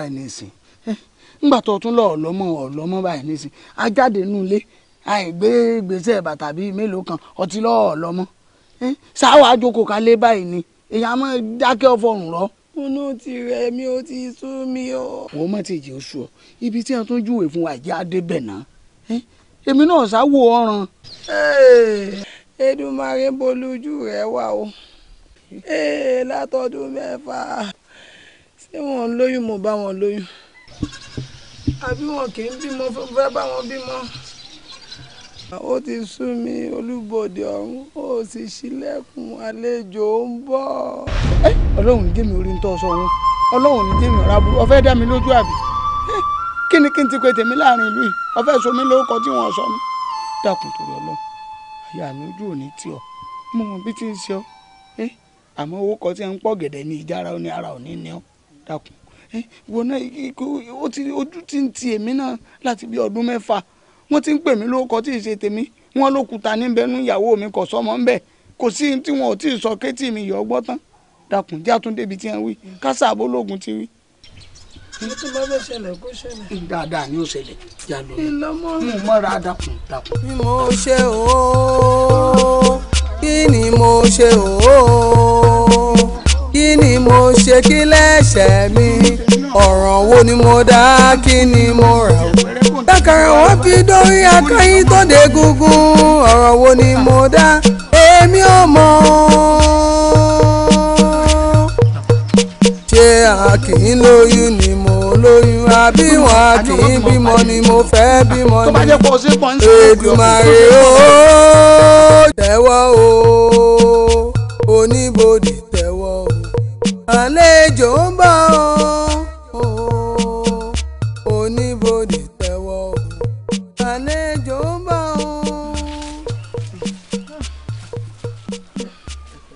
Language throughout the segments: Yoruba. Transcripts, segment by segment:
báyìí nísìn ńgbà tó tún lọ ọlọmọ ọlọmọ báyìí nísìn ajáde nù ilé àìgbé gbèsè bàtà bíi mélòó kan ọtí lọ ọlọmọ sáwọ àjòkò kalẹ̀ báyìí ni èèyàn máa dákẹ́ ọfọrùn rọ. inú ti rẹ̀ mi ó ti sú mi o. wọ́n mọ̀ tí ìjì oṣù ọ ibi tí wọ́n tún júwèé fún wa jẹ́ adébẹ̀ èmi náà sáwọ ọ̀ràn. Èdùmàrè bolójú rẹ̀ wà o látọdún mẹ́fà ṣé wọn lóyún mo bá wọn lóyún àbí wọn kì í bímọ fẹ́ bá wọn bímọ. ó ti sú mi olúbodè ọ̀hún ó sì ṣílẹ̀kùn àlejò ń bọ̀. ẹ ọlọ́run ní jẹ́mi orí ń tọ́ sọ ọlọ́run ní jẹ́mi ọ̀rá burú ọ̀fẹ́ dá mi lójú àbí kí ni kí n ti pe tèmi láàrin ìlú yìí ọ̀fẹ́ sọ mi lórúkọ tí wọ́n sọ mi. dákun torí ọlọ́run àyà mi ojú ò ní tì ọ́ mo mọ bí tí ń ṣe ọ́ àmọ́ owó kan tí ń pọ̀ gẹ̀dẹ̀ ní ìjára ó ní ara ò ní ní ọ́ dákun ìwọ náà ó ti ojú ti ń ti èmi náà láti bí ọdún mẹ́fà wọ́n ti ń pè mí lórúkọ tí ì ṣe tèmi wọ́n lókùúta níbẹ̀ nú ìyàwó mi kò sọmọ ńbẹ̀ kò sí tí wọn ò tí ì sọ kétí mi yọ ọgbọ́n tán dákun játúndé ibi tí wọ́n wí kásá abólógun ti wí. mo ti bá bẹ́ẹ̀ ṣẹlẹ̀ kó ṣẹlẹ̀. dáadáa ni ó ṣẹlẹ̀ já lọ rẹ̀ mo mọ́ra dákun dákun. kí ni mo ṣe o kí ni mo ṣe o kí ni mo ṣe kí lẹ́ṣẹ̀ mi ọ̀ràn wo ni mo dá kí ni mo rà ó. dákàrà wọn fi dórí akáyín tó dé gúngún ọ̀ràn wo ni mo dá èmi ò mọ̀ ṣé a kì í lóyún ni mo lóyún àbí wọn a kì í bímọ ni mo fẹ́ bímọ ni Èdùmàrè ó jẹ́wọ́ o. àlejò ń bọ̀ o oníbodè tẹ́wọ́ o àlejò ń bọ̀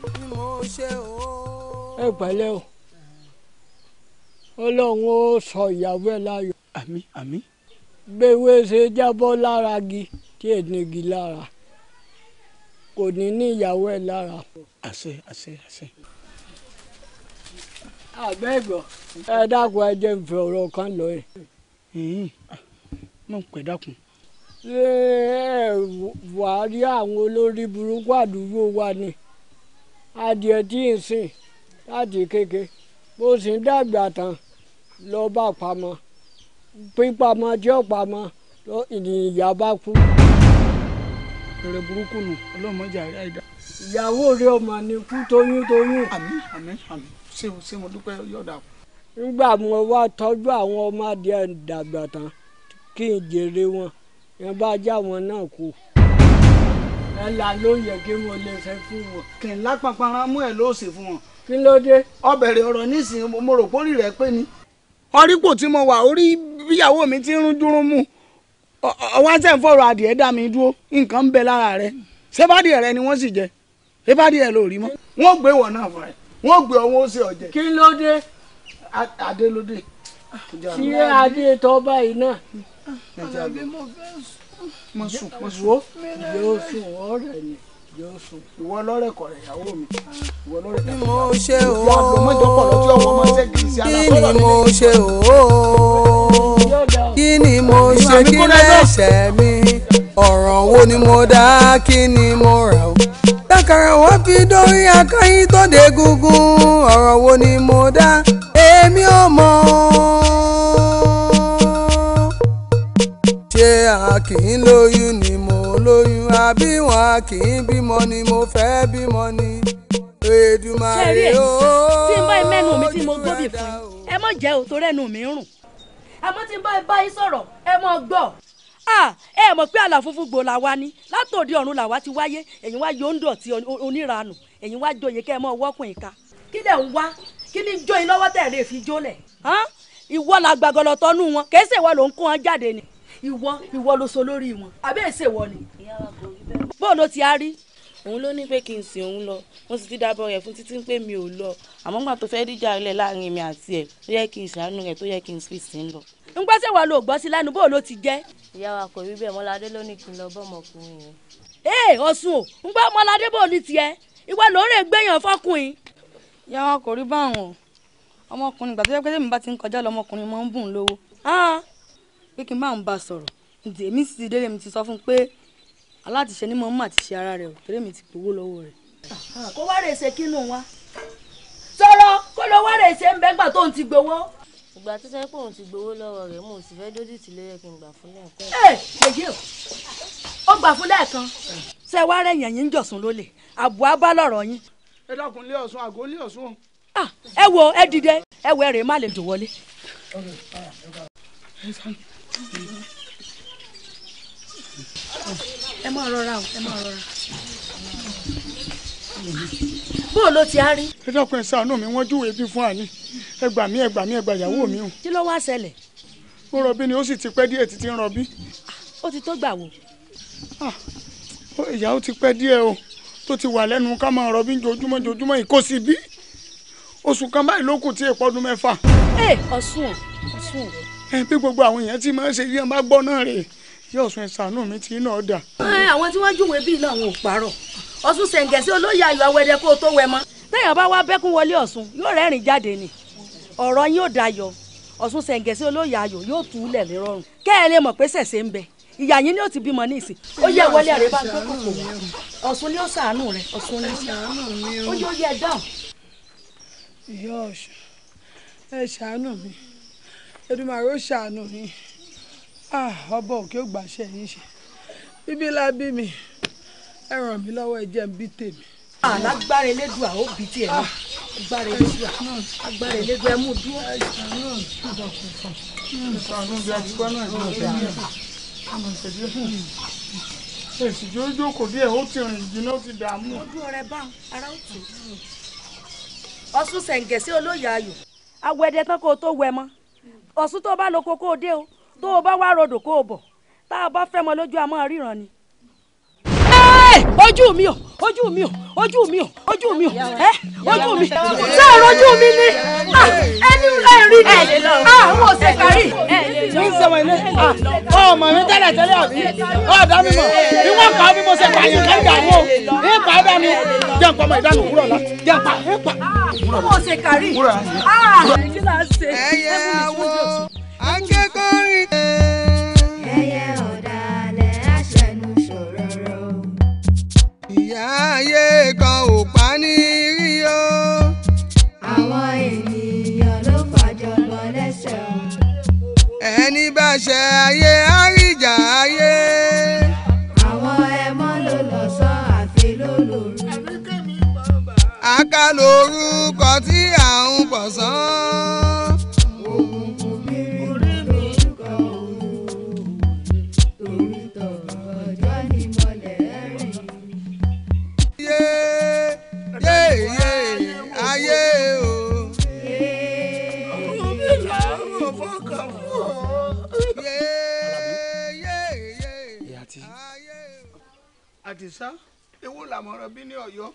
o ni mo ṣe o. ẹ pẹ̀lẹ́ o ọlọ́run ó sọ ìyàwó ẹ láyọ̀. àmín àmín. gbéwé ṣe jábọ́ lára gi tí ènìyàn lára kò ní ní ìyàwó ẹ lára. àṣẹ àṣẹ àṣẹ àbẹ́gbọ̀ ẹ dákun ẹ jẹ́ nfẹ́ ọ̀rọ̀ kan lọ yìí. mọ̀ ń pẹ́ dákun. ṣé ẹ wà á rí àwọn olórí burúkú àdúgbò wa ni adìẹ tí ń sìn láti kéke bó sì ń dàgbà tán lọ bá pamọ́ pípamọ́ tí ó pamọ́ ìyá bá kú. ọ̀rẹ́ burúkú nù ọlọ́mọdé àríyá ìdá. ìyàwó rẹ̀ ọmọ ni kú toyún toyún. àmín àmín àmín ṣeun ṣeun dúpẹ́ yọ̀dà. nígbà mo wá tọ́jú àwọn ọmọ adìẹ dàgbà tán kí n jèrè wọn yẹn bá já wọn náà kú. ẹ là ló yẹ kí mo lè fẹ́ fún wọn. kìnlá pampara mú ẹ ló ṣe fún wọn. kí ló dé. ọbẹ̀rẹ̀ ọ̀rọ̀ nísìnyí mo rò pórí rẹ̀ pé ni. orí tí mo wà orí bíyàwó mi ti ń dúró mú ọwọ́ àti ẹ̀fọ́rọ̀ adìẹ dá mi dúró nǹkan ń bẹ lára rẹ̀ ṣé bá díẹ̀ rẹ ni wọ́n sì jẹ ṣé bá díẹ̀ lórí mọ́ wọ́n gbé wọ̀ náà fún ẹ wọ́n gbé ọwọ́ ó ṣe ọ̀jẹ̀. kí ló dé. adé ló dé. tí adé tọ́ báyìí náà. àlàbí mo fẹ́ sùn. mo sùn mo sùn ó. yóò sùn ọ̀rẹ́ ni yóò sùn. ìwọ lọ́rẹ̀ kọ̀rẹ̀ ìyàwó mi. ìwọ lọ́rẹ̀ kọ̀rẹ̀. mo ṣe o. ìyá àlọ́ mọ́jọ́ pọ̀ lọ́jọ́ ọmọ ọmọ ṣẹ́gi sí alákọ̀ọ́lọ́ kí ni mo ṣe o. kí ni mo ṣe kí lẹ́sẹ̀ mi ọ̀ràn wo ni mo dá kí ni mo rà o lákàrà wọ́n fi dórí akáyín tó dé gungun ọ̀rọ̀ wo ni mo dá èmi ò mọ̀. ṣé a kì í lóyún ni mo lóyún àbí wọn a kì í bímọ ni mo fẹ́ bímọ ni Èdùmàrè o. tí n bá mẹ́nu mi tí mo gbóbì fún yín ẹ mọ̀ jẹ́ òtó rẹ̀ nù mí rùn àmọ́ tí n bá yín sọ̀rọ̀ ẹ mọ̀ gbọ́ ẹ mọ̀ pé àlà funfun gbòò làwa ni látòdì ọ̀run làwa ti wáyé ẹ̀yin wá yóò ń dọ̀tí oníranù ẹ̀yin wá jòyè kẹ́ ẹ mọ̀ wọ́kùn ìka kí lẹ̀ ń wá kí ni jó yín lọ́wọ́ tẹ̀lé fi jólẹ̀. ìwọ la gbàgọ́lọ̀ tọ́nú wọn kì í ṣèwọ ló ń kó wọn jáde ni ìwọ ìwọ ló so lórí wọn àbẹ́ẹ̀ ṣèwọ ni. bóòlù ti a rí òun ló ní pé kí n sìn òun lọ mo sì ti dábọ̀ rẹ̀ fún títí pé mi ò lọ àmọ́ gbà tó fẹ́ díjà rẹ̀ láàrin mi àti ẹ̀ tó yẹ kí n ṣàánú rẹ̀ tó yẹ kí n sì sìn lọ. ń gbọ́ sẹ́wà ló gbọ́ sí lánàá bó ló ti jẹ́. ìyá wa kò rí bẹ́ẹ̀ mọ́ládé ló ní kí n lọ bọ́ ọmọkùnrin yẹn. ee ọ̀sùn ò ń gbọ́ mọ́ládé bò ní tiẹ̀ ìwọ lóore gbẹ̀yàn fọkùnrin. ìyá wa kò rí báwọn ọmọkùnrin ti ń kọjá lọ ọmọkùnrin mọ́ aláàtìṣe ni mọ̀mọ́ àti ṣe ara rẹ̀ ò torí mi ti gbowó lọ́wọ́ rẹ̀. kó wá rè ṣe kínú wa sọ̀rọ̀ kó lọ wá rè ṣe ń bẹ́gbà tó ń ti gbowó. ìgbà tó sẹ́yìn pé òun ti gbowó lọ́wọ́ rẹ̀ mo sì fẹ́ dójú tì lóye kí n gbà fún lẹ́ẹ̀kan. ẹ ṣèyí o ó gbà fún lẹ́ẹ̀kan. ṣé wàá rẹ̀ yàn yín jọ̀sùn lólè àbọ̀ á bá lọ̀rọ̀ yín. ẹ dákun lé ọ̀sùn àgọ́ lé ọ̀sùn. ẹ wo ẹ dìde ẹ wẹ rèé má lè dùn wọlé. Thank you ẹ máa rọra o ẹ máa rọra. bóò ló ti á rí. ẹ dákun ẹ ṣàánú mi wọ́n júwèé bí fún àní ẹ gbà mí ẹ gbà mí ẹ gbà ìyàwó hmm, mi o. kí ló wá ṣẹlẹ̀. ó rọbí ni ó sì ti pẹ́ díẹ̀ títí ń rọbí. ó ti tó gbà wò. Ah, ìyàwó ti pẹ́ díẹ̀ o tó ti wà lẹ́nu ká máa rọbí jojúmọ́ jojúmọ́ yìí kò sí bí oṣù kan báyìí ló kù tí èèpọ̀ ọdún mẹ́fà. ẹ eh, ọ̀sùn ọ̀sùn. ẹ bí gbogbo àwọn èèyàn ti máa ń ṣe yíyan bá gbọ́ náà rèé yẹ ọ̀sùn ìsànú mi ti náà dà. àwọn tí wọ́n júwèé bíi náà wọn ò parọ́ ọ̀sùn ṣẹ̀ǹgẹ̀sí olóyè ayọ̀ awẹ́dẹ kó o tó wẹ mọ́. téèyàn bá wá bẹ́kún wọlé ọ̀sùn yóò rẹ́rìn jáde ni ọ̀rọ̀ yín ò dayọ̀ ọ̀sùn ṣẹ̀ǹgẹ̀sí olóyè ayọ̀ yóò tú u lẹ̀ lérọ̀rùn kẹ́ ẹ lè mọ̀ pé ṣẹ̀ṣẹ̀ ń bẹ ìyá yín ni ó ti bímọ ní ìsìn ó yẹ wọlé rẹ bá ń pẹ́ kòkò wá ọ̀sùn ni ó ṣàánú rẹ ọ̀sùn ni ó ó ṣàánú mi. Ah, ọba òkè ò gbàṣẹ yín ṣe bíbí la bí mi ẹ ràn mí lọ́wọ́ ẹ jẹ́ n bí tèmi. alágbára ah, elédùà ó bí tiẹ̀ náà agbára ah, elédùà agbára elédùà ẹ mú dúró. ìsànú bí ajíkọ́ náà yóò dá ọmọ ìṣèjì èsì tí ó jókòó díẹ̀ ó ti rìn jìnnà ó ti dààmú. ojú ọ̀rẹ́ bá ara ó tù ú. ọ̀ṣun ṣẹ̀ǹgẹ̀ sí olóyè ayò. awẹ́dẹ tán kó o tó wẹ̀ mọ́ ọ̀ṣun tó bá lo kókó o dé o tó o bá wá rodò kó o bọ̀ tá a bá fẹ́ mọ lójú àmọ́ ríran ni ojú mi o ojú mi o ojú mi o ojú mi o ẹ ojú mi sọ̀rọ̀ ojú mi ni ẹni ẹ̀rí ni àwọn òṣèkárí. mi ń sọmọ ilé ọmọ mi tẹ́lẹ̀ tẹ́lẹ̀ àbí ọ̀dà mi mọ̀ bí wọ́n kà á bí mo ṣe pa yín lẹ́yìn àwọn o ní pa ẹ̀dá mi jẹ́ nǹkan ọmọ ìdáná òwúrọ̀ la jẹ́ pa ẹ̀ pa. àwọn òṣèkárí. ẹ̀yẹ àwọn akẹ́kọ̀ọ́rin. ẹyẹ ọ̀dàlẹ̀ aṣẹ́nu ṣòroro. ìyá ayé kan ò pa ní rí o. àwọn ènìyàn ló fàjọgbọ́n lẹ́sẹ̀ o. ẹni bá ṣe ayé àríjà ayé. àwọn ẹmọ ló lọ sọ àfi ló lòrú. aká tí à ń pọ̀ sán. àdìsá ewu làmọ̀ràn bí ní ọ̀yọ́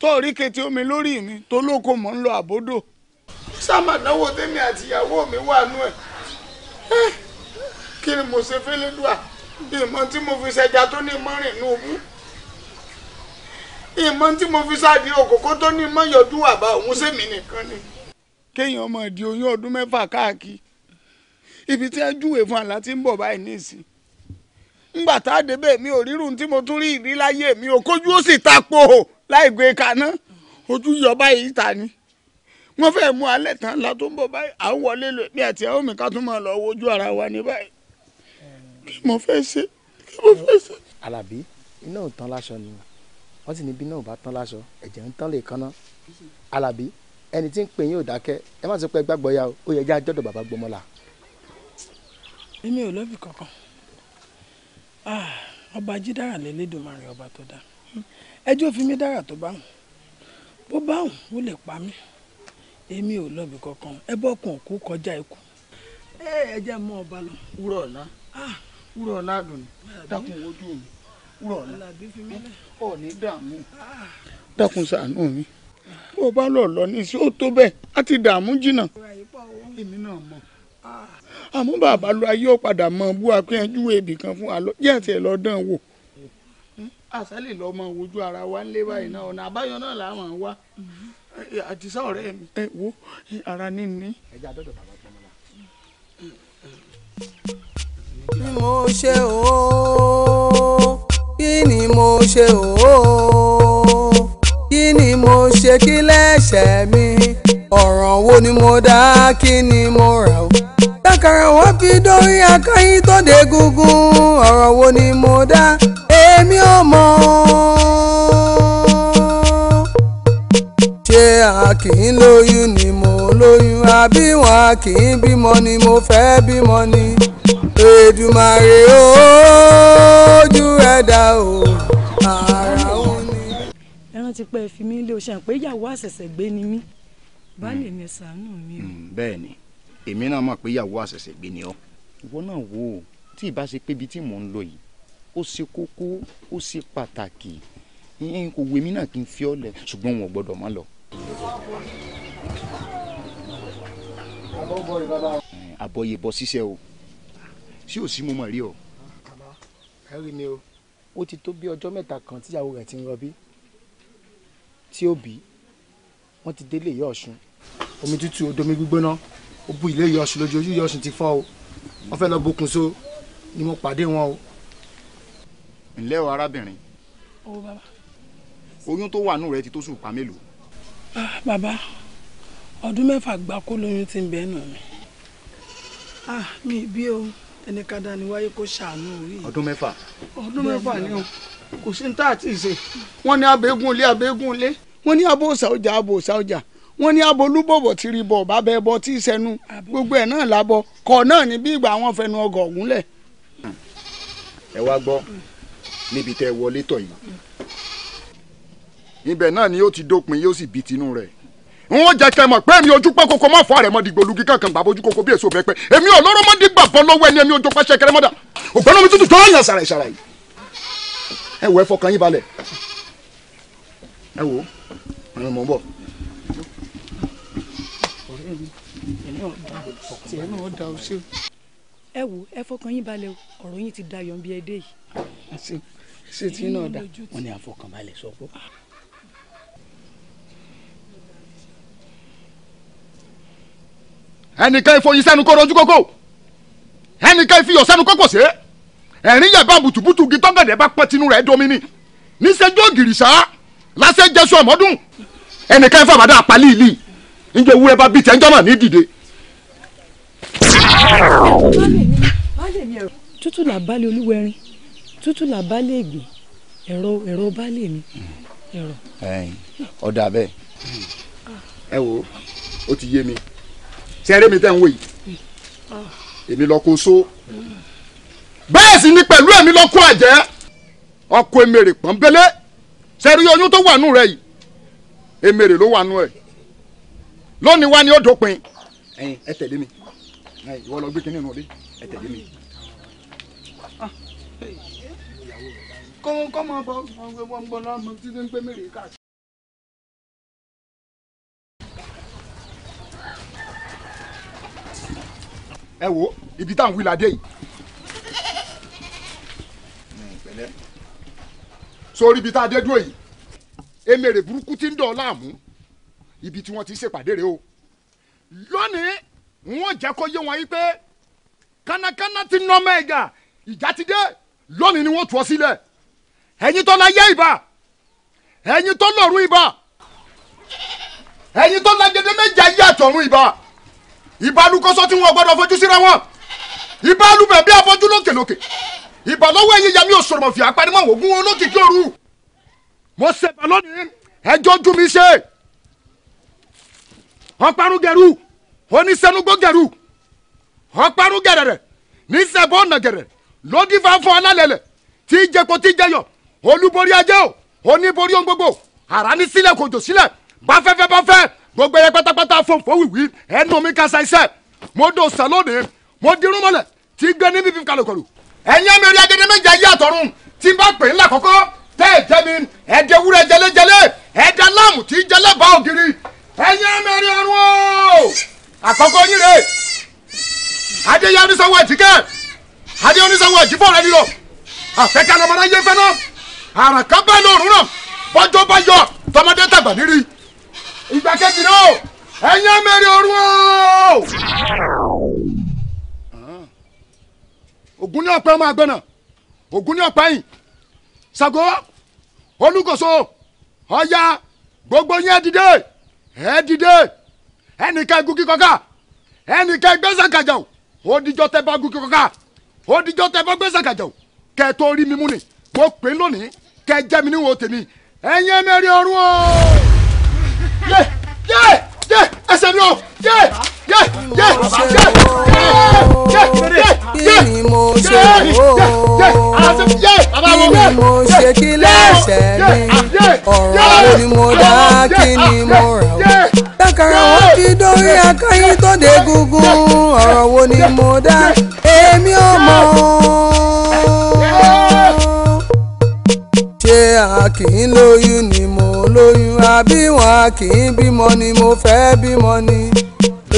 tó rí kété omi lórí mi tó lóko mọ̀ ń lọ àbódò sáàmà náwó tèmi àtìyàwó mi wà nú ẹ̀ eh, kí ni mo ṣe fẹ́lẹ́ dùà ìmọ̀ tí mo fi ṣẹja tó ní mọ́rin nù mú ìmọ̀ tí mo fi ṣáàdì òkòkò tó ní mọ́yọ̀dún àbá òun sèmi nìkan ni. kéèyàn ọmọ ìdí oyún ọdún mẹ́fà káàkiri ibi tí a júwèé fún àlá tí ń bọ̀ báyìí nísìnyí ngbà tá a débẹ̀ mi ò rírun tí mo tún rí ìrí láyé mi ò kójú ó sì ta po o láì gbé kaná ojú yọ báyìí ta ni wọ́n fẹ́ẹ́ mú alẹ́ tán la tó ń bọ̀ báyìí à ń wọlé lò bí àti àwọn mi tún máa lọ wojú ara wa ní báyìí kí mo fẹ́ ṣe kí mo fẹ́ ṣe. alábí iná ò tán láṣọ ni wọ́n sì ní bí náà ò bá tán láṣọ ẹ̀jẹ̀ ń tán lè kanná alábí ẹni tí ń pè yín ò dákẹ́ ẹ má sọ pé gbàgbọ́ ya o ó yẹ jẹ́ àjọ́dọ̀ bàbá gbọmọlá. èmi ò lọ́bì kankan Ah, ọba jídára lẹ́lẹ́dùnmarè ọba tó dá ẹjọ́ fi mí dára tó bá wùn bó bá wùn ó lè pa mí èmi ò lọ́ọ̀bì kankan ẹ bọ́kùn òkú kọjá ikú ẹ jẹ́ mọ́ ọba lọ. wúrọ̀ ọ̀la ah. wúrọ̀ ọ̀la dùn dákun ojú mi wúrọ̀ ọ̀la ọ̀ ní dààmú ah. dákun ṣàánú mi bó o bá lọ lọ ní sí ó tó bẹ́ẹ̀ á ti dààmú jìnnà èmi náà mọ̀ àmọ́ bàbá lọ ayé ó padà mọ bú akíyanjú èbì kan fún wa jẹ́ àti ẹ̀ wò hmm? àṣálẹ̀ lọ mọ ojú ara wa ń lé báyìí náà ọ̀nà àbáyọ náà là wọ́n wá hmm. àtisá ọ̀rẹ́ mi. ẹ wo ara ní kí mo ṣe ooo kí ni mo ṣe ooo kí ni mo ṣe kí lẹ́ṣẹ̀ mi ọ̀ràn wo ni mo dá kí ni mo rà o takara wọn fi dórí akáyín tó dé gungun ọ̀rọ̀ wo ni mo dá èmi ò mọ̀ ṣé a kì í lóyún ni mo lóyún àbí wọn a kì í bímọ ni mo fẹ́ bímọ ni Èdùmàrè ojú ẹ̀dá o ara òun ni. ẹ rántí pé ẹ fi mí lé o ṣe àpéyàwó àṣẹ̀ṣẹ̀ gbé ni mí baálé mi ṣàánú mi o. Hmm, bẹ́ẹ̀ ni èmi náà mọ̀ pé ìyàwó àṣẹ̀ṣẹ̀ gbé ni ọ́. ìwọ náà wo tí ìbá ṣe pé ibi tí mò ń lọ yìí ó ṣe kókó ó ṣe pàtàkì ìyẹn kò wé mi náà kí n fi ọ́ lẹ̀ ṣùgbọ́n wọn ò gbọ́dọ̀ má lọ. àbọ̀yè bọ̀ ṣiṣẹ́ o sí ò sí mo mọ̀ rí ọ. ó ti tó bí ọjọ́ mẹ́ta kan tíyàwó rẹ̀ ti ń rọbí tí ó bí wọ́n ti délé ìyá ọ̀ṣun omi tútù odomi gbígbóná ó bu ilé yọsùn lójú ojú yọsùn ti fọ́ o wọ́n fẹ́ lọ bokun so ni mo pàdé wọn o. ǹlẹ́ o arábìnrin. owó bàbá. oyún tó wà nù rẹ ti tó sùn pa mélòó. Ah, bàbá ọdún mẹ́fà gbáko lóyún ti ń bẹ́ẹ̀ nù mí. Ah, mi bí o ẹnìkadà ni wáyé kó ṣàánú rí. ọdún mẹ́fà. ọdún mẹ́fà ni o kò sí ní tá a ti ṣe wọ́n ní abẹ́gun ilé abẹ́gun ilé wọ́n ní abóòsà ọjà abóòsà ọjà wọ́n ní abolúbọ̀bọ̀ ti rí bọ̀ bá bẹ́ẹ̀ bọ́ tí ì sẹ́nu gbogbo ẹ̀ náà lábọ̀ kọ́ náà ní bí ìgbà wọn fẹnu ọgọ̀ ọ̀gùn lẹ̀. ẹ wá gbọ́ níbi tẹ́ wọlé tọ̀ yìí ibẹ̀ náà ni yóò ti dópin yóò sì bí tinú rẹ̀ n ó jẹ́ kẹ́ mọ̀ pé èmi ojú pé kókó má fọ́ àrẹ̀ mọ́ dìgbò lugi kankan bàbá ojú kókó bí èso bẹ́ẹ̀ pẹ́ èmi ọlọ́rọ̀ mọ́ dìgbà bọ́ lọ́wọ́ ẹni èmi ojú pẹ́ ṣẹkẹrẹ mọ́dà ògbẹ́ni omi tútù tó ń yàn sàrà ìsàrà yìí ẹ wọ ẹ fọkàn yín balẹ̀ ẹ wò ẹ mọ̀ bọ̀. tiẹ̀ náà ó da ọ sí. ẹ wo ẹ fọkàn yín balẹ̀ ọ̀rọ̀ yín ti da yọ̀ bí ẹ dé yìí. àti ṣé tí náà dà wọn ni àfọkànbalẹ̀ sọ pé. ẹnìkan ìfòyín sẹ́nu kó rojú kókó ẹnìkan ìfìyọ̀ sẹ́nu kókó sí ẹ̀rín yàgbá bùtùbùtù gi tọ́gàdẹ́ bá pẹ́ tinú rẹ̀ domi ni níṣẹ́jú ògìrì sá lásẹ̀ jẹ́sùn ọmọdún ẹnìkan ìfọ̀ àbádá àpálí ìlì ńjẹ́ owó ẹ bá bí tẹ́ńjọ́mọ̀ ní dìde tútù là bálé olúwẹrin tútù là bálé ègbè ẹ̀rọ ẹ̀rọ bálé mi ẹ̀rọ. ọ̀dà bẹ́ẹ̀ ah. ẹ wo ó ti yé mi ṣe eré mi tẹ́ ń wò yìí ah. èmi lọ kó so bẹ́ẹ̀ sì ni pẹ̀lú èmi lọ kó àjẹ́ ọkọ emèrè pọ́nbélé ṣẹ́rí oyún tó wà nù rẹ̀ yìí emèrè ló wà nù rẹ̀ lónìí wá ni ó dópin ẹ tẹ̀lé mi. ìwọ lọ gbé kinní nù dé ẹ tẹ̀lé mi. Ah. kọ́ máa bọ̀ wọ́n ń bọ̀ lọ́mọ títí ń pé mẹ́rin káàkiri. ẹ wo ibi tá à ń wí ládé yìí. sórí ibi tá a dé dúró yìí emèrè burúkú ti ń dọ̀ ọ́ láàmú ibi tí wọ́n ti ṣèpàdé rèé o lónìí wọ́n jẹ́ kó yé wọn yìí pé kánákáná ti nà ọmọ ẹ̀gà ìjà ti dé lónìí ni wọ́n tù ọ́ sílẹ̀ ẹ̀yin tó la yẹ ìbà ẹ̀yin tó lòrú ìbà ẹ̀yin tó la gèdè méje ayé àtọ̀run ìbà ìbálùkọ́sọ tí wọ́n gbọ́dọ̀ fojú síra wọn ìbálùbẹ̀ bí afọ́jú lókèlókè ìbàlọ́wọ́ ẹ̀yẹ yẹmi òṣòròmọ̀ fìyà panimọ̀ ògún olókìkí òru mo ṣèbà lónìí ẹjọ́ ojú mi ṣe ọ̀parun gẹ̀rú hɔn nisɛnugbɔ gɛru hɔkparu gɛrɛrɛ nisɛbɔ nɛgɛrɛ lɔdifa fɔ alalɛlɛ tí jẹko tí jẹyọ olúborí ajé o oníborí ohun gbogbo ara ní sílẹ̀ kò jò sílẹ̀ báfẹ́fẹ́ báfẹ́ gbogbo ẹyẹ pátápátá fòǹfò wìwì ẹnu mi kasa iṣẹ́ mo dò sẹ́ lónìí mo dirun mọ́lẹ̀ tí gbé ní bíbí kalokolo ẹ̀yin amẹ́rí agẹdẹ méje ayé àtọ̀run tí n bá pè ńlá kọ́kọ́ tẹ́ ẹ jẹ́ mi ẹ̀dẹ̀ wúrẹ́ jẹlẹ́jẹlẹ́ ẹ̀dẹ̀ láàmù tí jẹlẹ́ bá ògiri ẹ̀yin amẹ́rí ọ̀run o àkọ́kọ́ yín rèé adéyé onísanwó ẹ̀tíkẹ́ adéyé onísanwó ẹ̀jíbọ̀ rẹ nílò àfẹ́kẹ́ lọ́mọdé yé fẹ́ náà àràkà bẹ́ẹ̀ lóòrùn náà bọ́jọ́ bá yọ tọmọdé tàgbà nírí ìgbà kejì náà ẹ̀yán mẹ́rin ọ̀run o. ògùn ní ọ̀pẹ ọmọ àgbẹ̀nà ògùn ní ọ̀pẹ yìí sago olùkóso ọ̀ya gbogbo yẹn dìde ẹ̀ dìde ẹnìkan egun kíkọ ká ẹnìkan gbẹ́sẹ̀ kàjà o odijọ́ tẹ bá egun kíkọ ká odijọ́ tẹ bá gbẹ́sẹ̀ kàjà o kẹ́ẹ̀tọ́ rí mi mú ni mo pè é lónìí kẹ́ẹ̀ jẹ́ mi níwò tèmi ẹ̀yin mẹ́rin ọ̀run o yé yé yé ẹsẹ̀ mi o yé yé yé yé yé yé yé kí ni mo ṣe o kí ni mo ṣe kí lẹ́sẹ̀ mi ọ̀rọ̀ wo ni mo dá kí ni mo rà o dákàrà wọn fi dórí akáyín tó dé gúngún ọ̀rọ̀ wo ni mo dá èmi ò mọ̀. ṣé a kì í lóyún ni mo lóyún àbí wọn a kì í bímọ ni mo fẹ́ bímọ ni.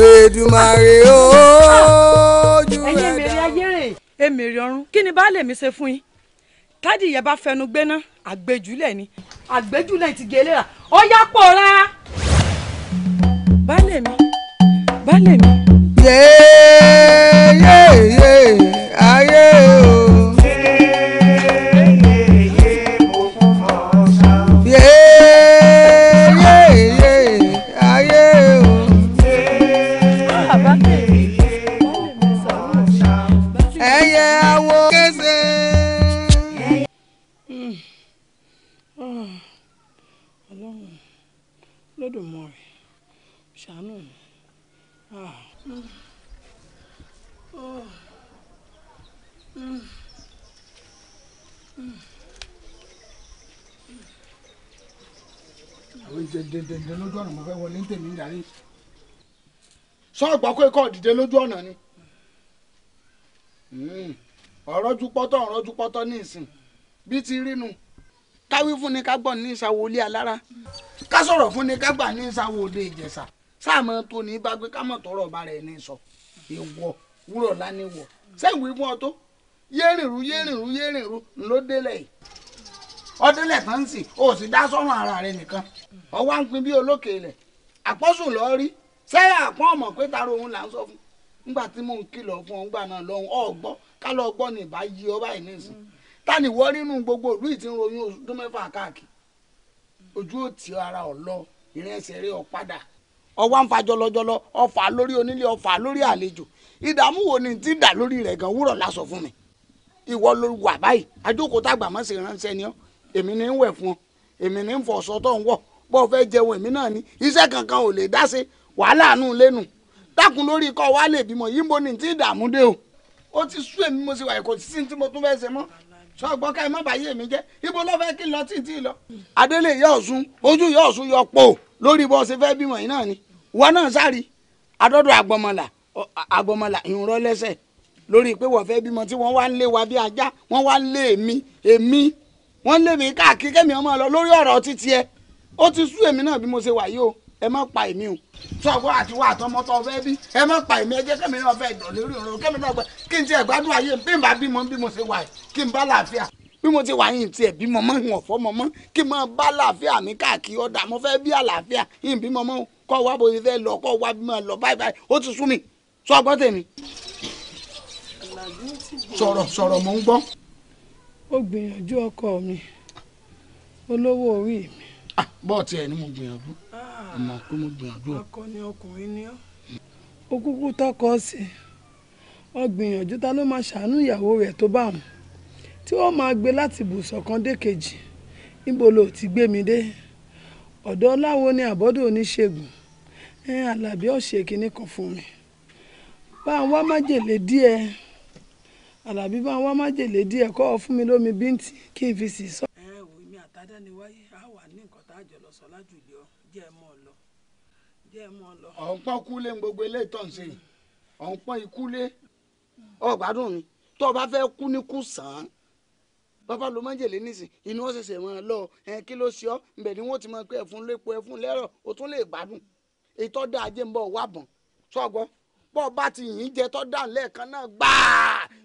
Èdùmàrè ojú rẹ̀ dá. ẹ̀yin mèrè ayé rè é mèrè ọ̀run kí ni baálé mi ṣe fún yín tádì yẹn bá fẹnu gbéná àgbéjúlẹ̀ ni àgbéjúlẹ̀ ti gé léra ó yá pòórá. baálé mi baálé mi. yéé. dèdèdèdè lójú ọ̀nà mo fẹ́ wọlé ní tèmi ìdarí sọ́ọ̀gbọ́ pé kọ́ dìde lójú ọ̀nà ni hmm. ọ̀rọ̀jú pọ́tọ́ ọ̀rọ̀jú pọ́tọ́ ní ìsìn bí ti rínu káwí fún ni ká gbọ́ ní ìsàwọ̀ olé alára ká sọ̀rọ̀ fún ni ká gbà ní ìsàwọ̀ olé ìjẹ̀ṣà sáàmọ́ tó ní bá gbé kámọ̀ tọrọ ọba rẹ̀ ní sọ ìwọ wúrọ̀ lánìwọ̀ sẹ́wìn fún ọ tó yéèrìnrú yéèrìnrú yéèrìnrú ló délẹ̀ yìí. ọdúnlẹ̀ tán ń sìn o sì dá sọ́run ara rẹ nìkan ọwọ́ à ń pin bí olókè ilẹ̀ àpọ́sùn lọ rí sẹ́yà àpọ́n ọmọ pé taro òun là ń sọ fún nígbà tí mò ń kìlọ̀ fún ọgbà náà lọ́hùn ká lọ gbọ́ yí ọba yìí nìsín tani gbogbo ìlú ìtì ń ọdún mẹ́fà káàkiri ara lọ ìrẹsẹ̀ rẹ padà jọlọjọlọ ọfà lórí onílé ọfà lórí àlejò ìdààmú wo ni ti dà lórí gan wúrọ̀ lásọ fún mi ìwọ ló wà èmi ní ń wẹ̀ fún ọ èmi ní ń fọṣọ tó ń wọ̀ bọ́ọ̀ fẹ́ jẹun èmi náà ní iṣẹ́ kankan ò lè dá ṣe wàhálà àánú lẹ́nu dákun lórí kọ́ wa lè bímọ yìí ń bo ní ti dààmú dé o ó ti sú èmi mo sì wà kò sí tí mo tún fẹ́ ṣe mọ́ sọgbọ́n ká ẹ má bàyé mi jẹ́ ibo ló fẹ́ kí n lọ tí tí lọ. adélé yọ ọ̀sùn ojú yọ ọ̀sùn yọ pò lórí bó ṣe fẹ́ bímọ yìí náà ni wọn náà sáré adọ́dọ̀ àgbọ̀mọ̀là àgbọ̀mọ̀là ìrún lẹ́sẹ̀ lórí pé wọ́n fẹ́ bímọ tí wọ́n wá ń lé wa bí ajá wọ́n wá ń lé èmi èmi wọ́n lé mi káàkiri kẹ́mi ọmọ lọ lórí ọ̀rọ̀ títí ẹ ó ti sú èmi náà bí mo ṣe wà yìí o ẹ má pa èmi o sọgbọ́n àti wà àtọmọ tó fẹ́ bí ẹ má pa èmi ẹ jẹ́ kẹ́mi náà fẹ́ dọ̀ lórí ọ̀rọ̀ kẹ́mi náà gbẹ kí n tiẹ̀ gbádùn ayé mi bí n bá bímọ bí mo ṣe wà yìí kí n bá làáfíà bí mo ti wà yìí tiẹ̀ bímọ mọ́ ìwọ̀n fọ́ mọ́ mọ́ kí n máa bá làáfíà mi káàkiri ọ̀dà mo fẹ́ bí àlàáfíà yìí bímọ mọ́ kọ́ wa bó ṣe mo lọ báyìí báyìí ó ti sú mi sọgbọ́n tèmi sọ̀rọ̀ sọ̀rọ̀ mò ń gbọ́ ó gbìyànjú ọkọ mi olówó orí mi. Ah, bọ́ọ̀tì ẹ̀ ni mo gbìyànjú ọmọ ah, pé mo gbìyànjú. akọni ọkùnrin ni ọ́. ó kúkú tọkọ sí ọ gbìyànjú ta ló máa ṣàánú ìyàwó rẹ̀ tó bá mu tí wọ́n máa gbé láti ibùsọ̀ kan dé kejì níbo ló ti gbé mi dé ọ̀dọ̀ láwo ni àbọ́dọ̀ oníṣègùn ẹ̀ alábí ọ̀sẹ̀ kìíní fún mi bá a wá májèlé díẹ̀ alábí bá wá májèlé díẹ̀ kọ́ ọ fún mi lómi bíntì kí n fi sì sọ. ẹ wò mí àtàdáni wáyé a wà ní nǹkan tá a jọ lọ sọ lájùlé ọ jẹ́ ẹ mọ́ ọ lọ jẹ́ ẹ mọ́ ọ lọ. ọ̀n pọ́n kúlé gbogbo ilé ìtọ̀ ń ṣe ọ̀n pọ́n ikúlé ọ̀gbádùn mi tó o bá fẹ́ kú ní kú sàn án bàbá ló májèlé nísìn inú wọn ṣẹ̀ṣẹ̀ máa lọ ẹ kí ló ṣe ọ ǹbẹ̀ ni wọ́n ti máa pé ẹ̀fún lépo ẹ̀fún lẹ́rọ̀ o tún lè gbádùn ètò ajé ń bọ̀ wá bọ̀n sọ́gbọ́n bọ́ọ̀ bá ti yìn jẹ tọ́ dà lẹ́ẹ̀kan náà gbáà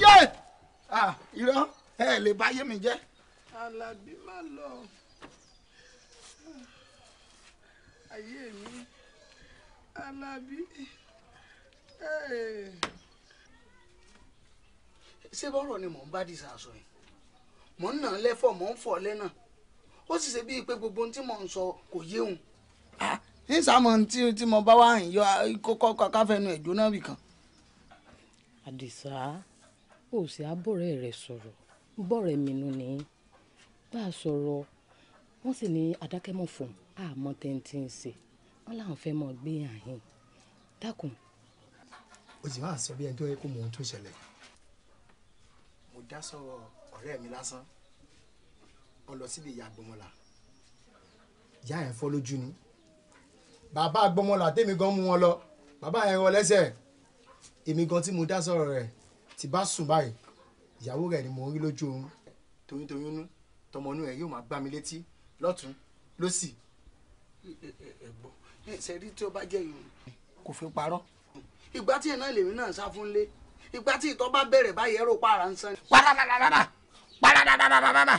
yé irọ́ ẹ lè bá yé mi jẹ́. alábí má lọ ayé mi alábí ṣé bọ́rọ̀ ni mò ń bá dìsa sọ yìí mò ń nà án lẹ́fọ̀ mò ń fọ̀ lẹ́nà ó sì ṣe bíi pé gbogbo ohun tí mò ń sọ kò yé òun. nísàmù tí tí mo bá wà ń yọ kókó káfẹ́nu ẹ̀jọ́ náà bìkan. àdìsá ò sì abọ́rẹ́ rẹ̀ sọ̀rọ̀ bọ́rẹ̀ mìínú ni bá a sọ̀rọ̀ wọ́n sì ní adákẹ́mọ̀ fún àmọ́ tẹ́ntì ń ṣe wọ́n láwọn fẹ́ mọ̀ gbé àhín dákun. o sì máa sọ bí ẹni tó yẹ kó mọ ohun tó ṣẹlẹ̀. mo dá sọ̀rọ̀ ọ̀rẹ́ mi lásán ó lọ síbi ìyá gbọmọlà ìyá ẹ̀ fọ́ lójú ni bàbá gbọmọlà tèmi gan mú wọn lọ bàbá yẹn wọ lẹ́sẹ̀ èmi gan tí mo dá sọ̀rọ̀ rẹ̀ tí bá sùn báyìí ìyàwó rẹ̀ ni mò ń rí lójú oorun toyúntoyún nú tọmọ inú rẹ̀ yóò máa gbá mi létí lọ́tún lọ́sì. ẹ̀gbọ́n ṣẹ̀rí tí ó bá jẹ́ ìrù kò fi parọ́. ìgbà tí iná lèmi náà sá fún lé ìgbà tí ìtọ́ bá bẹ̀rẹ̀ báyìí ẹ̀rọ para ń san. paradadadada paradadadada.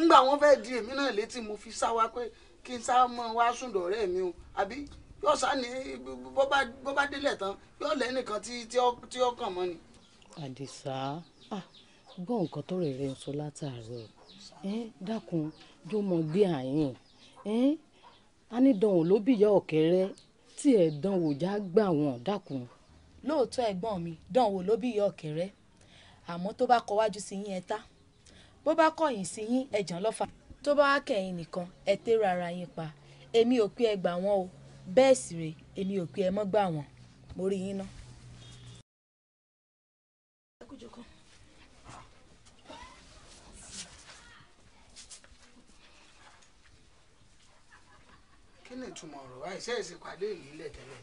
ńgbà wọn fẹ́ di èmi náà létí mo fi sá wa pé kí n sá mọ́ wa sùn dọ̀rẹ́ mi o àbí yóò sá ní bó bá délẹ̀ tán yóò lẹ́nìkan tí ó kàn mọ́ ni àdìsá gbọ́ nǹkan tó rẹ̀ rẹ̀ ń sọ látàárọ̀ dákun jó mọ gbé àyìn anídànwò ló bìyà ọ̀kẹ́rẹ́ tí ẹ̀ dánwò já gbà wọ́n dákun. lóòótọ́ ẹ̀gbọ́n mi dánwò ló bìyà ọ̀kẹ́rẹ́ àmọ́ tó bá kọ wájú sí yín ẹ ta bó bá kọ̀yìn sí yín ẹ̀jàn lọ́fà tó bá wá kẹ̀yìn nìkan ẹ tẹ́rọ ara yín pa èmi ò pé ẹ gbà wọ́n o bẹ́ẹ̀ sì rè èmi ò pé ẹ mọ́ gbà wọ́n mo rí yín náà jókòó jókòó. kí ni ìtumọ̀ ọ̀rọ̀ wa ìṣe ìsìnpàdé yìí lẹ̀ tẹ́lẹ̀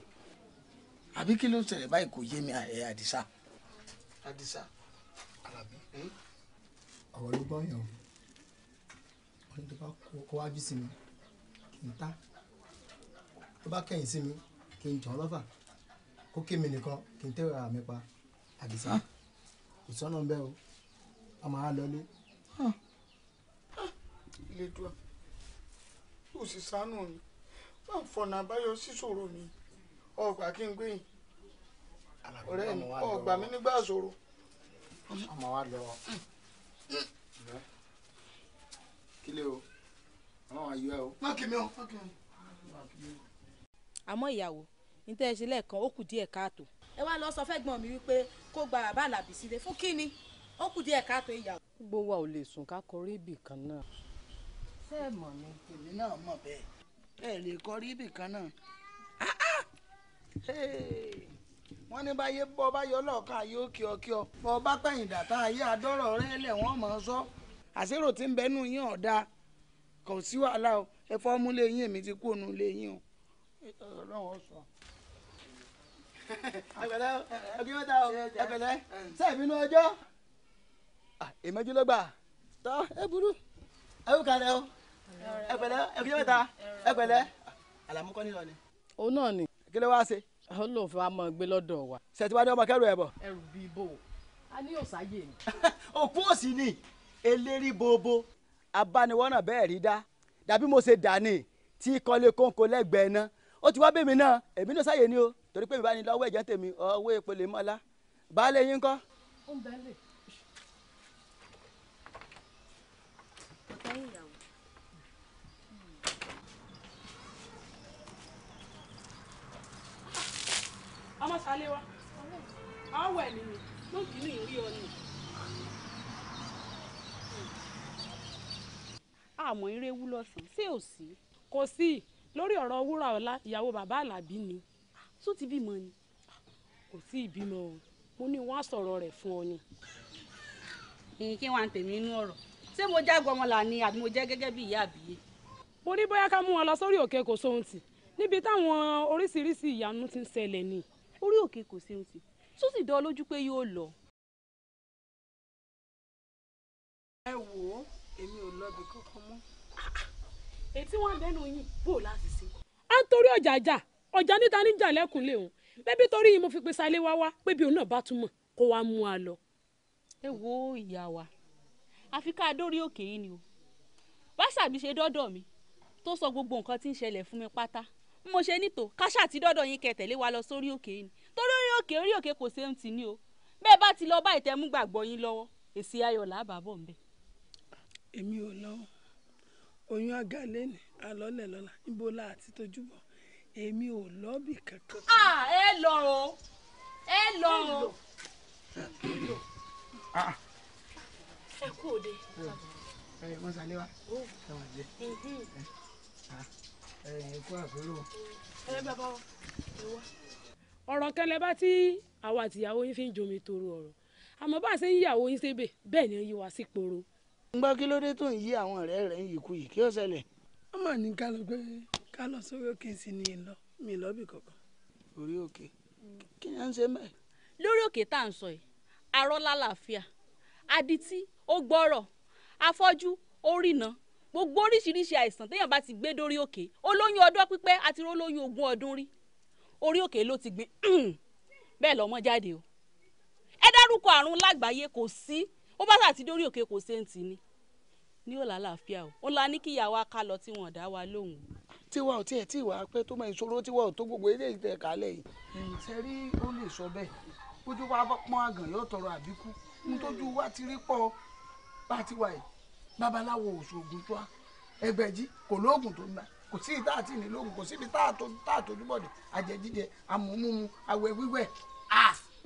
àbí kí ló ṣẹlẹ̀ báyìí kò yé mi ẹ̀ àdìsá. àdìsá. alábí ọ̀rọ̀ ló gbọ́ yàn ó ní tó bá kó wájú sí mi kì í ta tó bá kẹ́yìn sí mi kì í jàn lọ́fà kó kí mi nìkan kì í tẹ́wọ̀ àmì pa àdìsá kò sọ́nà ń bẹ́ o a máa lọlé. ìlédùá ah. yóò sì ṣàánú mi má fọ̀nà àbáyọ síṣòro mi ọgbà kí n gbẹ̀yìn ọ̀rẹ́ mi ọgbà mi nígbà ṣòro. a máa wá lọ kílẹ̀ o àwọn àyọ̀ ẹ o. má kí mi o. àmọ́ ìyàwó ní tẹ́ ẹ ṣe lẹ́ẹ̀kan ó kù díẹ̀ káàtó ẹ wá lọ sọ fẹ́ gbọ́n mi wípé kó gba bàbá àlàbì sílé fún kíni ó kù díẹ̀ káàtó ìyàwó. gbogbo wa ò lè sùn ká kọrí ibì kan náà. ṣé ẹ mọ̀ ni èmi náà mọ̀ bẹ́ẹ̀ ẹ lè kọrí ibì kan náà ah, ah! wọ́n ní báyé bọ́ báyọ̀ lọ́ọ̀kan ayé òkè ọ̀kẹ́ ọ bọ́ bá pẹ̀yìn dàtà ayé àdọ́rọ̀ rẹ lẹ̀ wọ́n mọ̀ ọ́ sọ àṣírò tí ń bẹnu yín ọ̀dà kò sí wàhálà o ẹ fọ́ mú lé yín èmi ti kú ònú lé yín o ọlọ́run ọ̀sán ẹgbẹ̀lẹ́ ọgbẹ́mẹ́ta ẹgbẹ̀lẹ́ sẹ́ẹ̀mínú ọjọ́ èmẹ́jú ló gbà tọ́ ẹ burú ẹwùkalẹ̀ o ẹgbẹ̀lẹ́ ọgbẹ́mẹ́ta ẹgbẹ̀lẹ́ àlàmúkọ́ nílọ ni. òun náà ni. kí ló wáá ṣe. ó lóun fẹ́ máa gbé lọ́dọ̀ wa. sẹ̀tìwádìí ọmọ kẹrù ẹ̀ bọ̀. ẹrù bíi bò a ní òsáyè ni. òkú òsì ni eléri bobo abániwọ́nà bẹ́ẹ̀ rí dá dàbí mo ṣe dà ní tí kọ́lé kóńkó lẹ́gbẹ̀ẹ́ náà ó ti wá bèmí náà èmi náà sáyè ni o torí pé ìbáni lọ́wọ́ ẹ̀jẹ̀ tèmi ọwọ́ epo lè mọ́lá baálé yín kọ́. ọmọ sálé wa ọwọ́ ẹ̀ nìyí ló ń bínú ìrí ọ ni. àmọ́ eré wú lọ́sàn-án ṣé ò sí. kò sí lórí ọ̀rọ̀ wúrà ọlá ìyàwó bàbá àlàbí ni tó ti bímọ ni. kò sí ìbímọ o mo ní wọn á sọ̀rọ̀ rẹ̀ fún ọ ni. ìyìn kí wọn tèmi inú ọ̀rọ̀ ṣé mo já gbọmọlà ni àbí mo jẹ́ gẹ́gẹ́ bí ìyá àbíyé. mo ní bóyá ká mú wọn lọ sórí òkè kò sóhun tì níbi táwọn oríṣiríṣi ìyanu ti ń ṣẹlẹ̀ ni. orí òkè kò sóhun tì tó sì dán lójú pé yóò lọ. ẹ wò ó èmi ò lọbi kankan mọ́. ètí wọn bẹnu yìí bò láti ṣe. a ń torí ọjà jà ọjà níta níjà lẹ́kùn lé òun bẹ́bí torí yìí mo fi pe sálé wá wá pé bí òun náà bá tún mọ̀ kó wá mú a lọ. ẹ wo ìyá wa àfi ká a dórí òkè yìí ni o báṣàbí ṣe dọ́dọ̀ mi tó sọ gbogbo nǹkan tí ń ṣẹlẹ̀ fún mi pátá mo ṣe nítò káṣà tí dọ́dọ̀ yín kẹ́ tẹ̀lé wa lọ sórí òkè yìí ni torí orí òkè orí òkè kò ṣe ń tì ní o bẹ́ẹ̀ bá ti lọ bá ìtẹ́mú gbàgbọ́ yín lọ́wọ́ èsì ayọ̀ làbà bọ̀ ń bẹ̀. èmi ò lọ oyún àgàlẹ́ ni àlọ́lẹ̀ lọ́la níbo la àti tójú bọ̀ èmi ò lọ́bì kankan. ẹ lọ o ẹ lọ o. ẹ ah. kú òde. ẹ wọ́n sálẹ̀ wá ẹ wọ́n jẹ ẹ kú àbúrò. ẹ bàbá wa ẹ wá. ọ̀rọ̀ kan lẹ bá tí àwa àtìyàwó yín fi ń jomi toro ọ̀rọ̀ àmọ́ bá a ṣe ń yàwó yín sébè bẹ́ẹ̀ ni yín wá sí poro. ń gbọ́ kí ló dé tó ń yí àwọn ọ̀rẹ́ rẹ̀ ń yìí kú yìí kí ó ṣẹlẹ̀. wọ́n mọ̀ ní kálọ̀ pé ká lọ sórí òkè sí ni lọ mi lọ bì kankan. orí òkè kí ni à ń ṣe mẹ́. lórí òkè tá à ń sọ yìí arọ lálàáfíà adití ó gbọ́rọ̀ afọ́jú ó rìnà gbogbo oríṣiríṣi àìsàn téèyàn bá ti gbé dórí òkè olóyún ọdún pípẹ́ àti olóyún ogún ọdún rí orí òkè ló ti gbé bẹ́ẹ̀ lọ́mọ jáde o ẹ dárúkọ àrùn lágbàáyé kò sí ó bá sàti dórí òkè kò séǹtì ni ní ò lálàáfíà o ó la ní kíyàwó aká lọ tí wọn dá wa lóhùn tiwa ò tiẹ̀ tí ìwà pẹ́ tó mọ ìṣòro tiwa ò tó gbogbo eléyìí tẹ̀ kálẹ̀ yìí. ṣe rí ó lè sọ bẹ́ẹ̀ bójú wa pọ́n àgàn yóò tọrọ àbíkú ń tójú wa ti rí pọ̀ bá ti wà yìí babaláwo òṣògùn tó a ẹgbẹ̀jì kò lóògùn tó ń gbà kò sí ìta àti ìní lóògùn kò síbi tá àtòjúbọ̀dẹ̀ àjẹjíjẹ àmúmúmu àwẹ̀ wíwẹ̀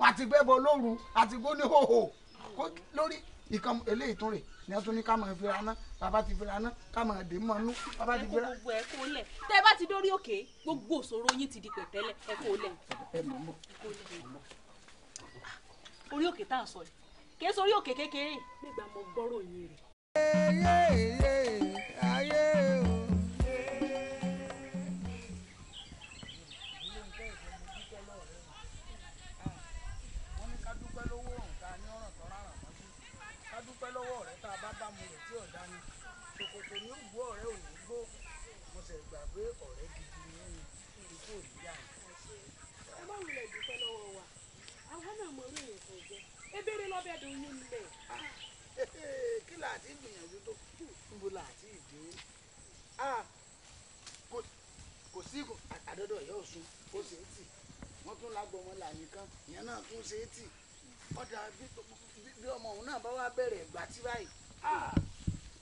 àti gbẹ́bọ lóru àti gbóníhòhò lórí ìkànnì eléyìí tún rèé ni a tún ní ká máa fira ná bàbá ti fira ná ká máa dè mọ́ nú bàbá ti fira. ẹ kó gbogbo ẹ kó lẹ tẹ bá ti dórí òkè gbogbo òṣòro yín ti di pẹ̀tẹ́lẹ̀ ẹ kó lẹ. orí òkè tá a sọ yìí kì í sọ orí òkè kékeré nígbà mo gbọ́rọ̀ yín rè. ayé ayé o. pé ọ̀rẹ́ gidi ni níbi tí ò ẹ má wulẹ̀ dúpẹ́ lọ́wọ́ wa àwọn náà mọ orí èèyàn kan jẹ ebèrè lọ́bẹ̀ dùn yín nílẹ̀. Ah, kí là gbìyànjú tó níbo là á ah, kò sí àdọ́dọ̀ yóò sun ó ṣe é tì wọ́n tún lágbo ọmọ là nìkan ìyẹn náà tún ṣe é tì ọ̀dà bí ọmọ òun náà bá wá bẹ̀rẹ̀ ẹ̀gbá tí báyìí ah,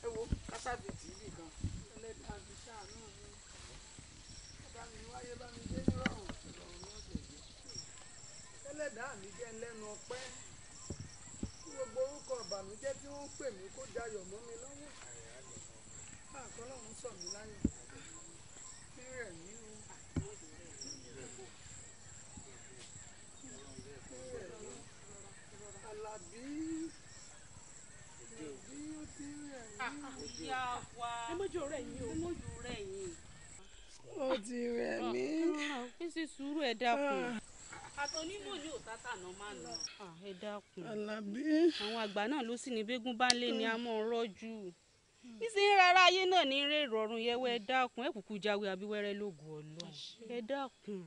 ẹ wo kásáfìtì yìí kan ẹlẹ́dàá fi ṣàánú mi ẹlẹ́dàá mi jẹ́ lẹ́nu ọpẹ́ kí gbogbo orúkọ ìbànújẹ́ tí wọ́n ń pè mí kó dayọ̀ mọ́ mi lọ́wọ́ àkọlọ́hún sọ mí láyọ̀ kí rẹ̀ mí o kí rẹ̀ mí ó ti rẹ̀ mí ah, ah, o. ẹ mọ́jú rẹ̀ yín o ó ti rẹ̀ ah, mí. kí sì sùúrù ẹ dákun. Ah. àtọ̀ ni ní òtátà náà máa nà. Ah, ẹ dákun. alábí. àwọn àgbà náà ló sì ní bégún bá ń lé ní amọ̀ rọ́jú hmm. nísìnyí rárá ayé náà ní eré ìrọ̀rùn yẹwọ́ ẹ dákun ẹ kúkú jáwé abíwẹ́rẹ́ lóògùn ọlọ́run ẹ dákun.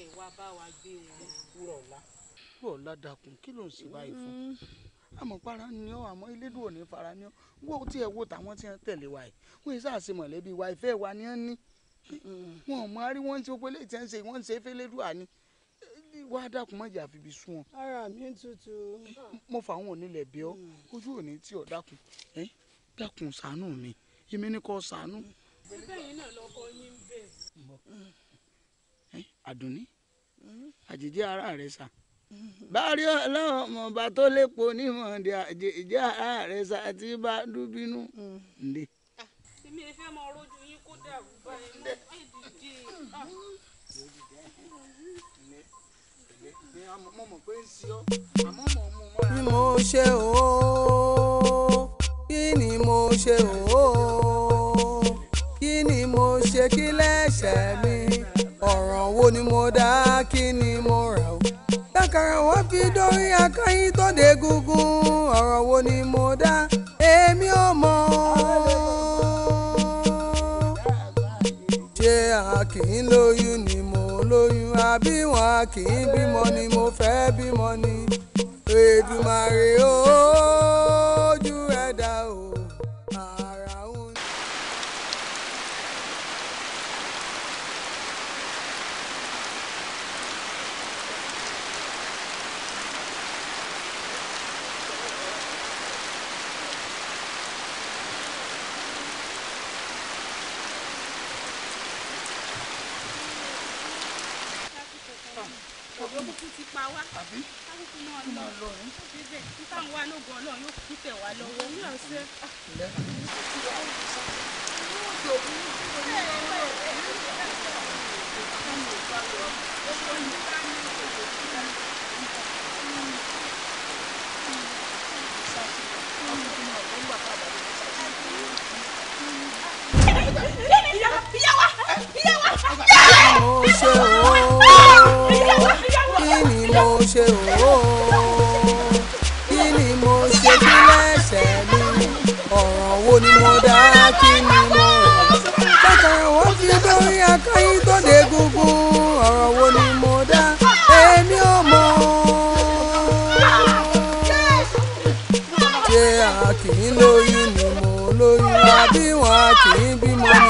ẹ wá bá wa gbé wọn. rọ̀lá rọ̀lá dákun kí ló ń ṣe báyìí fún àmọ́ hmm. para ni ọ́ àmọ́ elédùn ò ní fara ni ọ́ wọ́n tiẹ̀ wo tàwọn tí wọ́n tẹ̀lé wa yìí wọ́n yìí wa ìfẹ́ wa ni wọ́n ní wọn ò mọ arí wọn ń ṣe gbogbo eléyìí tẹ́ ń ṣe wọ́n ń ṣe fẹ́lẹ́dùà ni wá dákun má jà fi bi sún ọ. ara mi ń tutù. mo fà wọn onílẹ̀ bí ọ hmm. ojú òní tí ọ dákun ẹ dákun ṣàánú mi èmi ni kò ṣàánú. bẹ́ẹ̀ yín náà lọ́kọ yín bẹ́ẹ̀. àdùnní hmm. àjèjì ara rẹ sà hmm. bárí ọlọ́mọ ọba tó lépo onímọ̀ọ́dẹ àjèjì ara rẹ sà tí bá dúbínú ǹdẹ. Ah, èmi ẹ fẹ́ mọ rojú kí mo ṣe ooo kí ni mo ṣe ooo kí ni mo ṣe kí lẹ́ṣẹ̀ mi ọ̀ràn wo ni mo dá kí ni mo rà o lákàrà wọ́n fi dórí akáyín tó dé gúngún ọ̀ràn wo ni mo dá èmi ò mọ̀ ọ́ ṣé a kì í lóyún ni mo lóyún àbí wọn a kì í bímọ ni mo fẹ́ bímọ ni Èdùmàrè ojú ẹ̀dá o. máa kí ni mo ṣe o. mo dá kí ni mo bàtà wọn fi dórí akáyí tó dé gúngún ọ̀rọ̀ wo ni mo dá èmi ò mọ̀ ṣé a kì í lóyún ni mo lóyún àbí wọn a kì í bímọ ni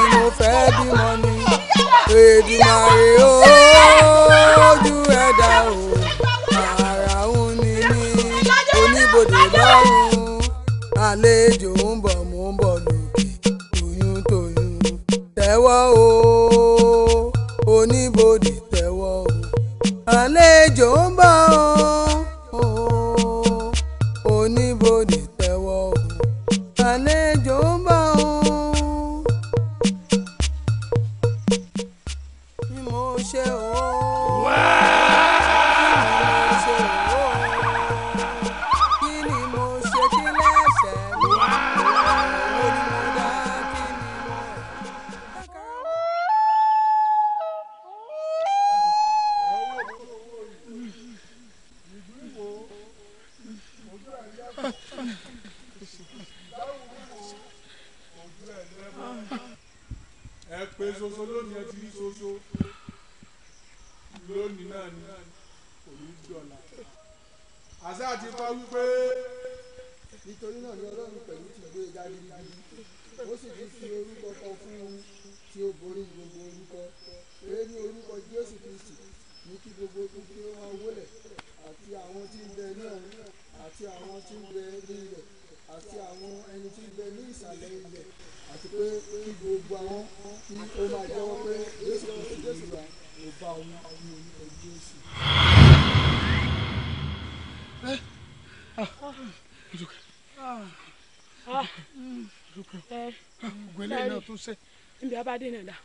ìyá bá dènà dà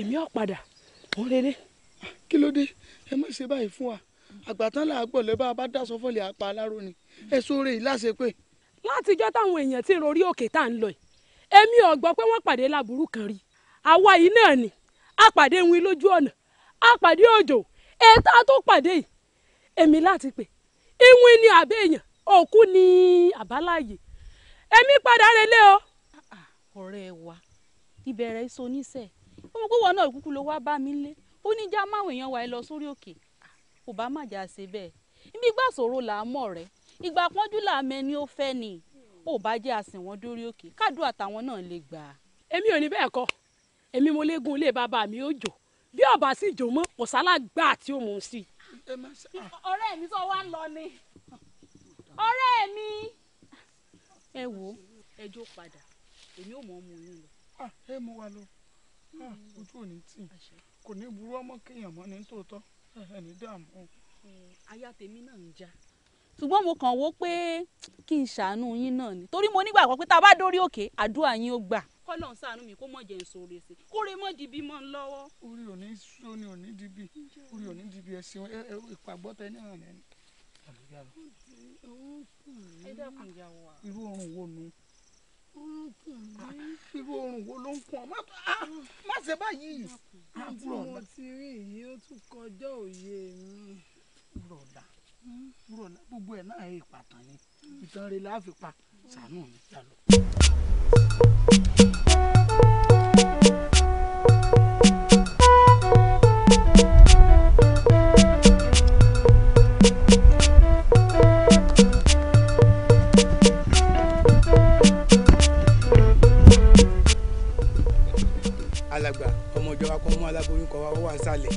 èmi ò padà òun rere. kí ló dé ẹ má ṣe báyìí fún wa àgbàtán là á gbọ̀ lẹ́bàá bá dáṣọ fọ́lẹ̀ apá aláró ni ẹ sóore yìí láṣẹ pé. látijọ́ táwọn èèyàn ti rorí òkè tá à ń lọ yìí èmi ò gbọ́ pé wọ́n pàdé láburú kan rí àwa yìí náà ni a pàdé wín lójú ọ̀nà a pàdé òjò ètò tó pàdé yìí èmi láti pè ìwín ni àbẹ́ òkú ni àbáláyé èmi padà relé o. Ah, ah, ọ̀rẹ́ wa ìbẹ̀rẹ̀ iṣo oníṣẹ́ ó mọ̀ pé wọn náà kúkú ló wá bá mi lé ó ní já máwọn èèyàn wa ẹ lọ sórí òkè kò bá má jà ṣe bẹ́ẹ̀ ibi ìgbà ṣòro là á mọ̀ rẹ ìgbà pọ́njú là á mẹni ó fẹ́ ni ò bá jẹ́ àsìn wọn dórí òkè kádùn àtàwọn náà lè gbà. èmi ò ní bẹ́ẹ̀ kọ́ èmi mo léegun ilé bàbá mi ó jò bí ọba sì jò mọ́ kò sálágbá tí ó mú un sí. ọ̀rẹ́ mi sọ wá ń lọ ni ọ̀rẹ́ mi. ẹ wo ẹjọ́ padà èmi ò mọ̀ ọ́ mu yín Ah, ah, hmm. ẹ mú wa lọ ojú ò ní tì kò ní burú ọmọ kéèyàn mọ́ ní tòótọ́ eh, ẹni dààmú. Hmm. aya tèmi náà ń já. ṣùgbọ́n mo kàn wò pé kí n ṣàánú yín náà ni torí mo nígbàgbọ́ pé tá a bá dórí òkè àdúrà yín ó gbà. kọ́lọ̀ ń ṣàánú mi kó mọ̀ jẹ́ èso rẹ̀ sí kórè mọ́ dìbí mọ́ ń lọ́wọ́. orí ò ní sọ ni ò ní dìbí orí ò ní dìbí ẹsìn ìpàgbọ́tẹ ní àná ẹni. irú oorun wo nu orúnkún mi orun wo ló ń kún ọ má ah, ṣe báyìí. àbúrò ọ̀la mo ti rí èyí ó tún kọjá òye mi. àbúrò ọ̀la àbúrò ọ̀la gbogbo ẹ̀ náà ìpàtàn ni ìtàn rẹ̀ la pa ṣàánú mi yà lọ. ọmọ aláboyún kan wá wá sálẹ̀.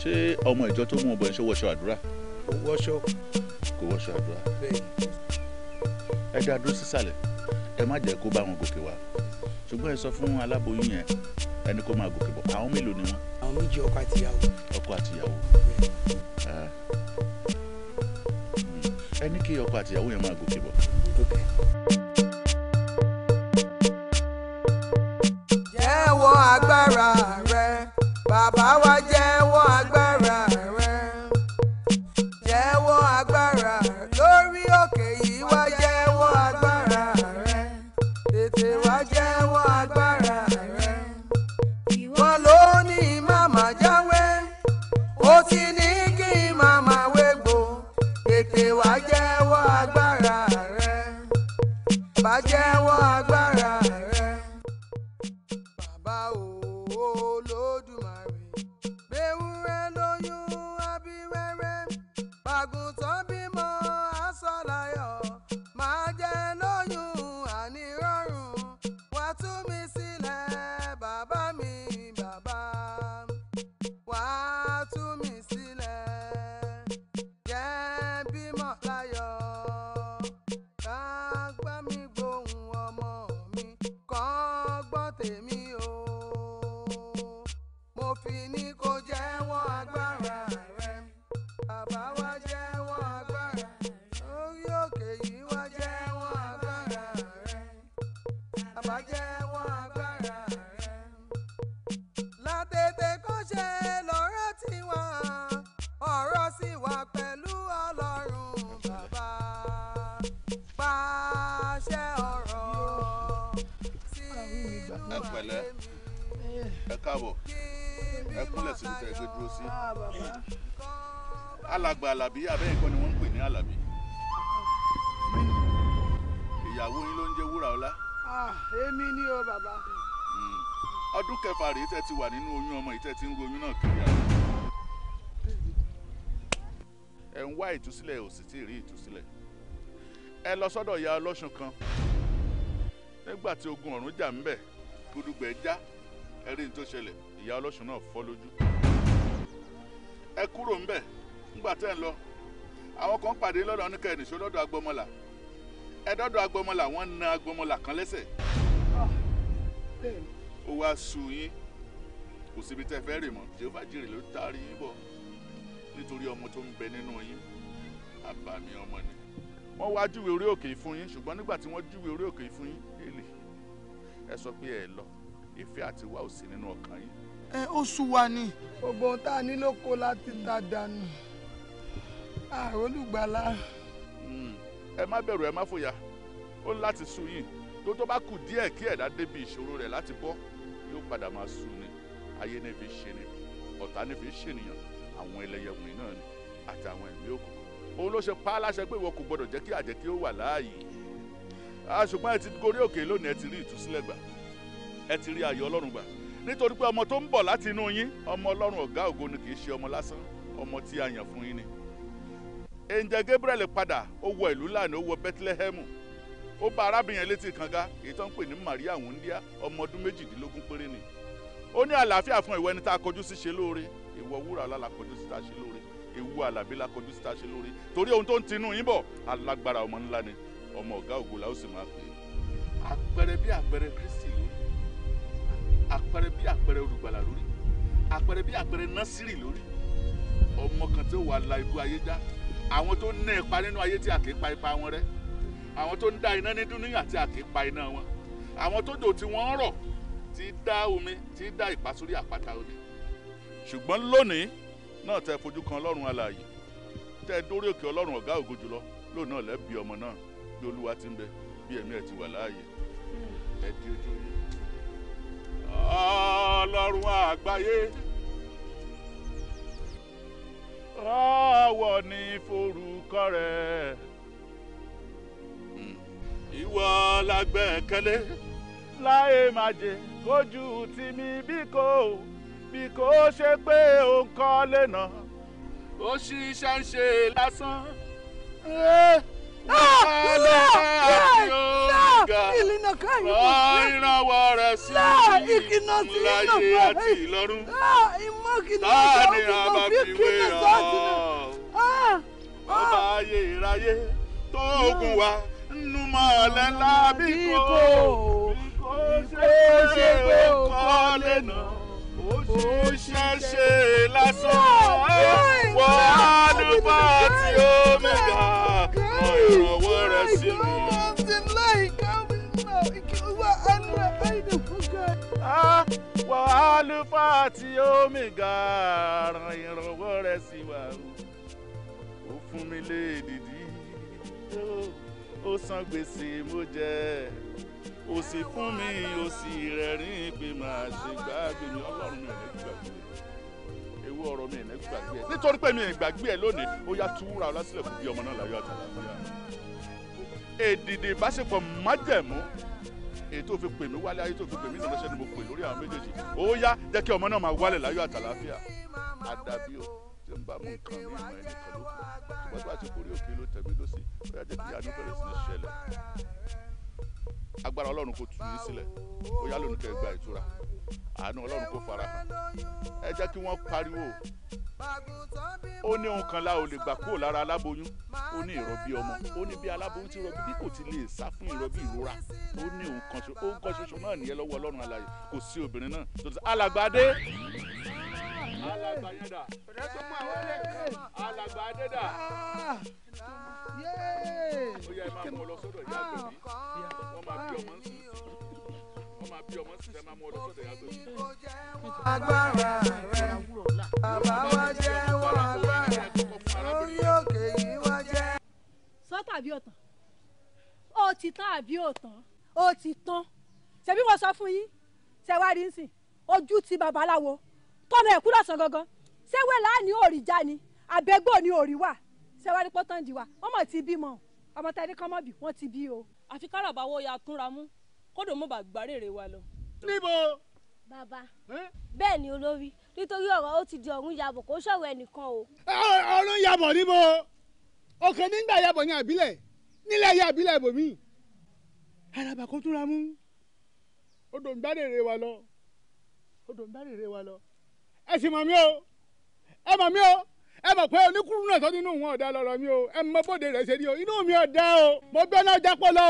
ṣé ọmọ ìjọ tó mú ọbọ ẹ ṣe wọṣọ àdúrà. kò wọṣọ. kò wọṣọ àdúrà. bẹ́ẹ̀ ẹ dá dúró sísàlẹ̀ ẹ má jẹ́ kó bá wọn gòkè wá ṣùgbọ́n ẹ sọ fún aláboyún yẹn ẹni kó máa gòkè bọ̀ àwọn mélòó ni wọ́n. àwọn méjì ọkọ àtìyàwó. ọkọ àtìyàwó. Ah. Hmm. ẹ ní kí ọkọ àtìyàwó yẹn máa gòkè bọ̀. jẹ́wọ́ agbára rẹ bàbá wa jẹ́wọ́ agbára rẹ jẹ́wọ́ agbára lórí òkè yìí wá jẹ́wọ́ agbára rẹ tètè wá jẹ́wọ́ agbára rẹ ìwọ ló ní màmá jáwé ó ti ní kí màmá wégbò tètè wá jẹ́wọ́ agbára rẹ bá jẹ́wọ́ agbára. àlàbí abẹ́yìn kan ni wọ́n ń pè ní àlàbí. ìyàwó yín ló ń jẹ́ wúrà ọlá. Ah, èmi ni o bàbá. Hmm. ọdún kẹfà rèé tẹ́ ti wà nínú oyún ọmọ ìtẹ́ ti ń royún náà kiri àná. ẹ ń wá ìtúsílẹ̀ ò sì tí rí ìtúsílẹ̀. ẹ lọ sọ́dọ̀ ìyá ọlọ́sùn kan nígbà tí ogun ọ̀run jà ń bẹ̀ gudugbẹ̀ já ẹ rí ní tó ṣẹlẹ̀ ìyá ọlọ́sùn náà fọ́ lójú. ẹ kúrò ń bẹ̀ ńgbà tẹ́ ń lọ àwọn kan pàdé lọ́dọ̀ oníkà ẹ̀nìṣó lọ́dọ̀ agbọmọlà ẹ̀dọ́dọ̀ agbọmọlà wọ́n na agbọmọlà kan lẹ́sẹ̀ ó wá su yín kò síbi tẹ́ fẹ́ rè mọ́ jehova jírè ló taari yín bọ̀ nítorí ọmọ tó ń bẹ nínú yín àbàmì ọmọ ni wọ́n wá júwe orí òkè fún yín ṣùgbọ́n nígbà tí wọ́n júwe orí òkè fún yín èlè ẹ sọ pé ẹ lọ ìfẹ́ àti wá ò nínú ọkàn yín. ẹ ó sú wa ni. gbogbo tá a ní ló kó láti ta dànù. Ah, olùgbàlà. Hmm. ẹ má bẹ̀rù ẹ má fòyà ó ń láti sú yín tó tó bá kù díẹ̀ kí ẹ̀dá débi ìṣòro rẹ̀ láti bọ́ yóò padà máa sú ni ayé ní fi ṣe ni ọ̀tá ní fi ṣènìyàn àwọn ẹlẹ́yẹ̀wìn náà ni àti àwọn ẹ̀mí òkùnkùn òun ló ṣe pa á láṣẹ pé ìwọ kò gbọdọ̀ jẹ́ kí àjẹ́ kí ó wà láàyè ah, ṣùgbọ́n ẹ ti gorí òkè lónìí ẹ ti rí ìtúsílẹ̀ gbà ẹ ti rí ayọ̀ ọlọ́run gbà nítorí pé ọmọ tó ń bọ̀ láti inú yín ọmọ ọlọ́run ọ̀gá ògo ni kì í ṣe ọmọ lásán ọmọ tí a yàn fún yín ni ẹ̀ǹjẹ̀ Gabriel padà ó wọ ìlú lánàá ó wọ Bethlehem ó bá arábìnrin létí kànga èyí tó ń pè ní Maria wúndíá ọmọ ọdún méjìdínlógún péré ni ó ní àlàáfíà fún ìwọ ẹni tá a kọjú sí ṣe lóore ìwọ wúrà ọlá la sí tá ṣe lóore ewu àlàbí la kọjú sí tá a ṣe lóore torí ohun tó ń tinú yín bọ̀ alágbára ọmọ ńlá ni ọmọ ọ̀gá ògo la ó sì máa pè é àpẹẹrẹ bí àpẹẹrẹ Kristi lórí àpẹẹrẹ bí àpẹẹrẹ olùgbàlà lórí àpẹẹrẹ bí àpẹẹrẹ násírì lórí ọmọ kan tí wà la ibú ayé já àwọn tó ń ná ipa nínú ayé tí a kì í pa ipa wọn rẹ àwọn tó ń dá iná ní dúníyà tí a kì í pa iná wọn àwọn tó dò tí wọ́n ń rọ̀ tí dá omi tí dá ìpá sórí àpáta òde ṣùgbọ́n lónìí náà tẹ fojú kan ọlọ́run alààyè tẹ dórí òkè ọlọ́run ọ̀gá ògo jùlọ lóun náà lẹ́bi ọmọ náà bí olúwa ti ń bẹ bí ẹ̀mí ẹ̀ ti wà láàyè ẹ di ojú yìí ọlọ́run àgbáyé ráwọ̀ ní forúkọ rẹ̀. ìwọ lágbẹ́kẹ̀lé. láyé má jẹ́ kójú tì mí bí kò bí kò ṣe pé ó ń kọ́ lẹ́nà ó ṣiṣẹ́ ń ṣe lásán. Eh! ìrànwọ́ rẹ̀ sí i láyé àti ìlọ́run táàní àbàfiwé ràn ọba ah! ayé ìráyé tó ogun wa nínú mọ̀ọ́lẹ́ lábí kò kò ṣe é kọ́ lẹ́nà ó ṣẹ̀ṣẹ̀ lásán wọ́n á lù bá ti omi gbà mọ ìrànwọ́ rẹ̀ sí mi. wàhálù fàtí omi gàràn ìrànwọ́ rẹ̀ sí wa ó fún mi lé dìdí ó san gbèsè mo jẹ. O sì fún mi ó sì rẹ̀rín pé màá ṣe gbàgbé mi ọlọ́run mi ò ní gbàgbé e. ewu ọ̀rọ̀ mi ò ní gbàgbé ẹ̀ e. nítorí pé mi ò gbàgbé ẹ̀ e lónìí ó yá túwúra ọlásílẹ̀ kò bí ọmọ náà láyọ̀ àtàlàfíà èdìdì ìbáṣepọ̀ májẹ̀mú èyí tó fi pè mí wálé ayé tó fi pè mí ìrànlọ́sẹ̀ ni mo pè lórí àwọn méjèèjì ó yá jẹ́ kí ọmọ náà máa wálẹ̀ láyọ̀ àtàlàfíà àdàbí o tí n bá mú nǹkan mi ìmọ̀ ẹnìkan ló kù ṣùgbọ́n tó bá ti borí òkè ló tẹ̀mí ló sì ó yá jẹ́ kí àánú bẹ̀rẹ̀ sí ní ṣẹlẹ̀ agbára ọlọ́run kò tù yín sílẹ̀ ó yá lónìí kẹ́ gba ìtura àánú ọlọ́run kò fara hàn ẹ jẹ́ kí wọ́n pariwo ó ní ohun kan la ò lè gbà kúrò lára aláboyún ó ní ìrọbí ọmọ ó ní bí aláboyún ti rọbí bí kò ti lè sá fún ìrọbí ìrora ó ní ohun kan ṣoṣo náà nìyẹn lọ́wọ́ ọlọ́run alààyè kò sí obìnrin náà tó ti alàgbàdé alàgbàdédà rẹ́sọ̀mọ́ àwọn ẹlẹ́gbẹ́ alàgbàdédà ó yẹ ẹ máa mú ọ lọ sọ́dọ̀ ìyá àgbẹ̀bí wọ́n máa bí ọmọ ń sùn wọ́n máa bí ọmọ sísẹ́ máa mú ọdún sọ́dọ̀ yàtọ̀. agbára rẹ bàbá wa jẹ́ wọ́n agbára lórí òkè yìí wá jẹ́. sọ tàbí ọ̀tàn ó ti tán àbí ọ̀tàn ó ti tán ṣebí wọ́n sọ fún yín ṣẹ̀wárí ń sìn ojú ti babaláwo tọ́mọ ẹ̀kú lọ́sàn gangan ṣéwé láàánú òrì já ni àbẹ́gbò ni òrì wà ṣẹ̀wárí pọ́tàn dì ọmọ ti bímọ ọmọ tẹ́ni kọ́mọ́bì wọ́n ti bí o. àfi káràbáwọ̀ ya túnra mú kódò mo bá gbàrèrè wa lọ. níbo. bàbá bẹ́ẹ̀ ni olórí nítorí ọ̀rọ̀ ó ti di ọ̀run yabọ̀ kó sọ̀rọ̀ ẹnìkan o. ọ̀run yabọ̀ níbo òkè nígbà yabọ̀ ní àbílẹ̀ nílẹ̀ ayé àbílẹ̀ ibòmí. araba kó túra mú odò ń gbàrèrè wa lọ odò ń gbàrèrè wa lọ ẹ sì mọ̀ mí o ẹ mọ̀ mí o ẹ mọ̀ pé oníkúrú náà sọ nínú wọn ọ̀dà lọ́rọ̀ mi o ẹ mọ bóde rẹ̀ ṣe rí o inú mi ọ̀dà o mo gbẹ́ náà jápọ̀ lọ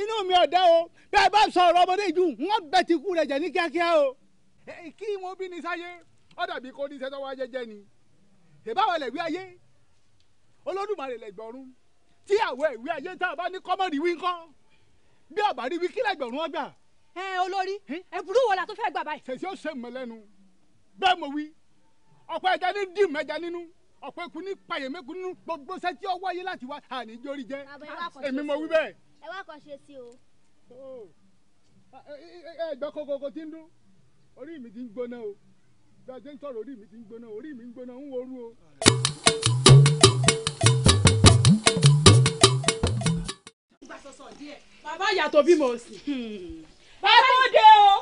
inú mi ọ̀dá o bẹ́ẹ̀ bá sọ̀rọ̀ ọmọdé jù wọ́n bẹ ti kú rẹ̀ jẹ́ ní kíákíá o. kí wọn bí ní sáyé ó dàbí kó ní sẹ́tọ́ wá jẹ́jẹ́ ni tèbáwọ̀ lẹ̀ wí ayé olódùmarè lẹ̀ gbọ̀rún tí àwọ̀ ìwé ayé tá a bá ní kọ́mọ́ rí wí ńkọ́ bí ọ̀bà rí wí kí lẹ̀ gbọ̀rún ọgbà. ẹ olórí ẹ̀bùrú wo la tó fẹ́ gbà báyìí. sèṣe ó ṣe mọ lẹ́nu bẹ́ẹ̀ mo wí ọ̀pọ̀ ẹja ní dì mẹ́ja nínú ọ̀pọ̀ eku ní payẹ̀mẹ́ku nínú gbogbo sẹ́tí ọwọ́ ayé láti wá àníjórí jẹ́ èmi mo wí bẹ́ẹ̀ ẹ wá kàn ṣe sí o. ẹ gbọ́ kókókó tí ń dún orí mi ti ń gbóná o bí ń sọ̀rọ̀ orí mi ti ń gbóná orí mi ń gbóná ń worú o. bàbá ìyàtọ̀ bímọ òsì bàbá òde o.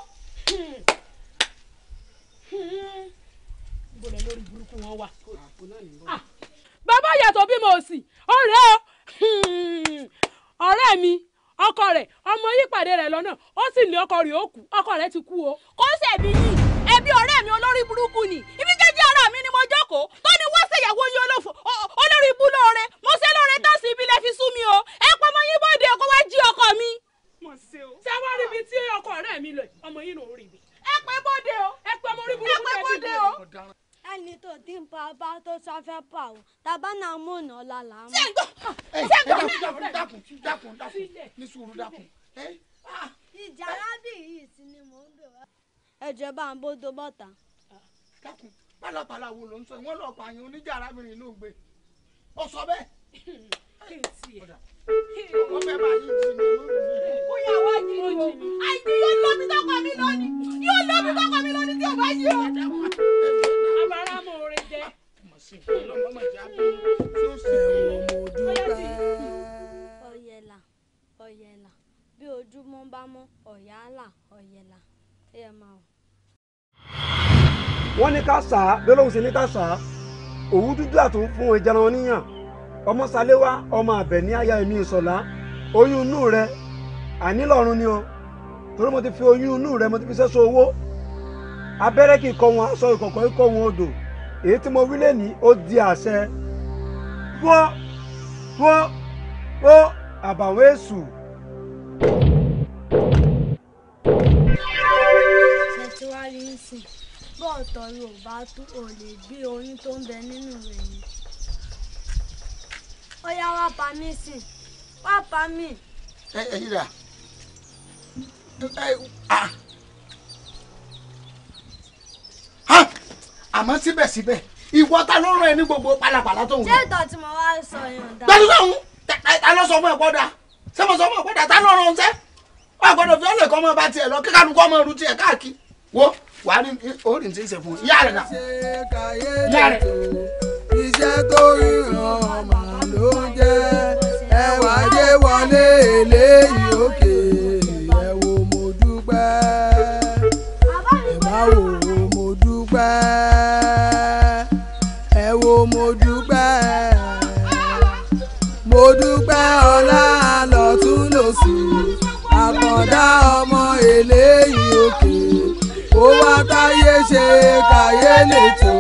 bọ́lá lórí burúkú wọn wà. Ah, ọ̀rẹ́ o. ọ̀rẹ́ mi ọkọ rẹ ọmọ yìí pàdé rẹ̀ lọ́nà ó sì ní ọkọ rẹ ó kú ọkọ rẹ ti kú o. kó sẹ̀bi yìí ẹbí ọ̀rẹ́ mi olórí burúkú ni ibi jẹ́jẹ́ ara mi ni mo jókòó tó ni wọ́n ṣèyàwó yín olórí mo ṣe ibi lẹ fi o ẹ yín ọkọ mi. ṣé wọ́n rí o ẹni tó ti ń pa bá tó sáfẹ́ pa ò tàbá náà mú ọ̀nà ọ̀la là ń. sẹ́ńgbọ́ sẹ́ńgbọ́ ah, eh, dákun dákun dákun ní sùúrù dákun. Eh? Ah. ìjà eh? arábì yìí sì ni mò ń bẹ̀ wá. ẹ̀jẹ̀ bá ń bójú bọ́ta. Ah, dákun pálapàla wo ló ń sọ ìwọ́n lọ́ọ́ pààyàn oníjà arábìnrin ló gbé ọ sọ bẹ́ẹ̀. kí n tiẹ̀ ọmọ fẹ́ máa yí jì mí lónìí. ó yà wá jì ó jì mí. àìsí yóò lọ bí tọkọ mi lónìí yóò lọ bí tọkọ mi lónìí tí o bá yí o. abara mo rẹ jẹ. ọ̀yẹ̀là ọ̀yẹ̀là bí ojúmọ́ bá mọ́ ọ̀yàlà ọ̀yẹ̀là ẹ máa wọ̀. wọ́n ní ká sà á bí olóhùn sí ní ká sà á òwú dúdú àtúnfún ìjẹun níyàn ọmọ saléwá ọmọ àbẹ̀ ní aya èmi ìsọ̀lá oyún inú rẹ ànílọ́run ni o torí mo ti fi oyún inú rẹ mo ti fi sẹ́sọ owó abẹ́rẹ́ kì í kọ́ wọn aṣọ ìkọ̀kọ̀ ikọ̀ wọn odò èyí tí mo wí lẹ́ni ó di àṣẹ wọ́ wọ́ wọ́ àbàwọ́n èṣù. ṣètìwárí ń sìn bọ́ọ̀tọ̀ yorùbá tó ò lè gbé oyún tó ń bẹ nínú rẹ̀ yìí Oya wá pa mí sí wá pa mí. ẹ ẹ yíra ẹ ah ah àmọ́ síbẹ̀síbẹ̀ ìwọ ta ló rán ẹ ní gbogbo pálapàla tó ń wọ. ṣé ìtàn tí mo wá sọ yàn dá. gbẹ́dúgbẹ́ òun ta ló sọ fún ẹ gbọ́dọ̀ ṣé mo sọ fún ẹ gbọ́dọ̀ ta ló rán ọ ṣẹ́ wọ́n àgbọ̀dọ̀ fi ọ̀lẹ̀ kọ́ ọmọ bá tiẹ̀ lọ kí kánú kọ́ ọmọ ru tiẹ̀ káàkiri wo wàá ní orí ti ń ṣe fún ìyá rẹ̀ náà ìyá rẹ̀. iṣẹ́ ló ń jẹ́ ẹ wáyé wọlé eléyìí òkè ẹ wo mo dúpẹ́ ẹ má wo mo dúpẹ́ ẹ wo mo dúpẹ́ mo dúpẹ́ ọlá lọ́tún lọ́sì àkàndá ọmọ eléyìí òkè ó wá táyé ṣe káyé lè tó.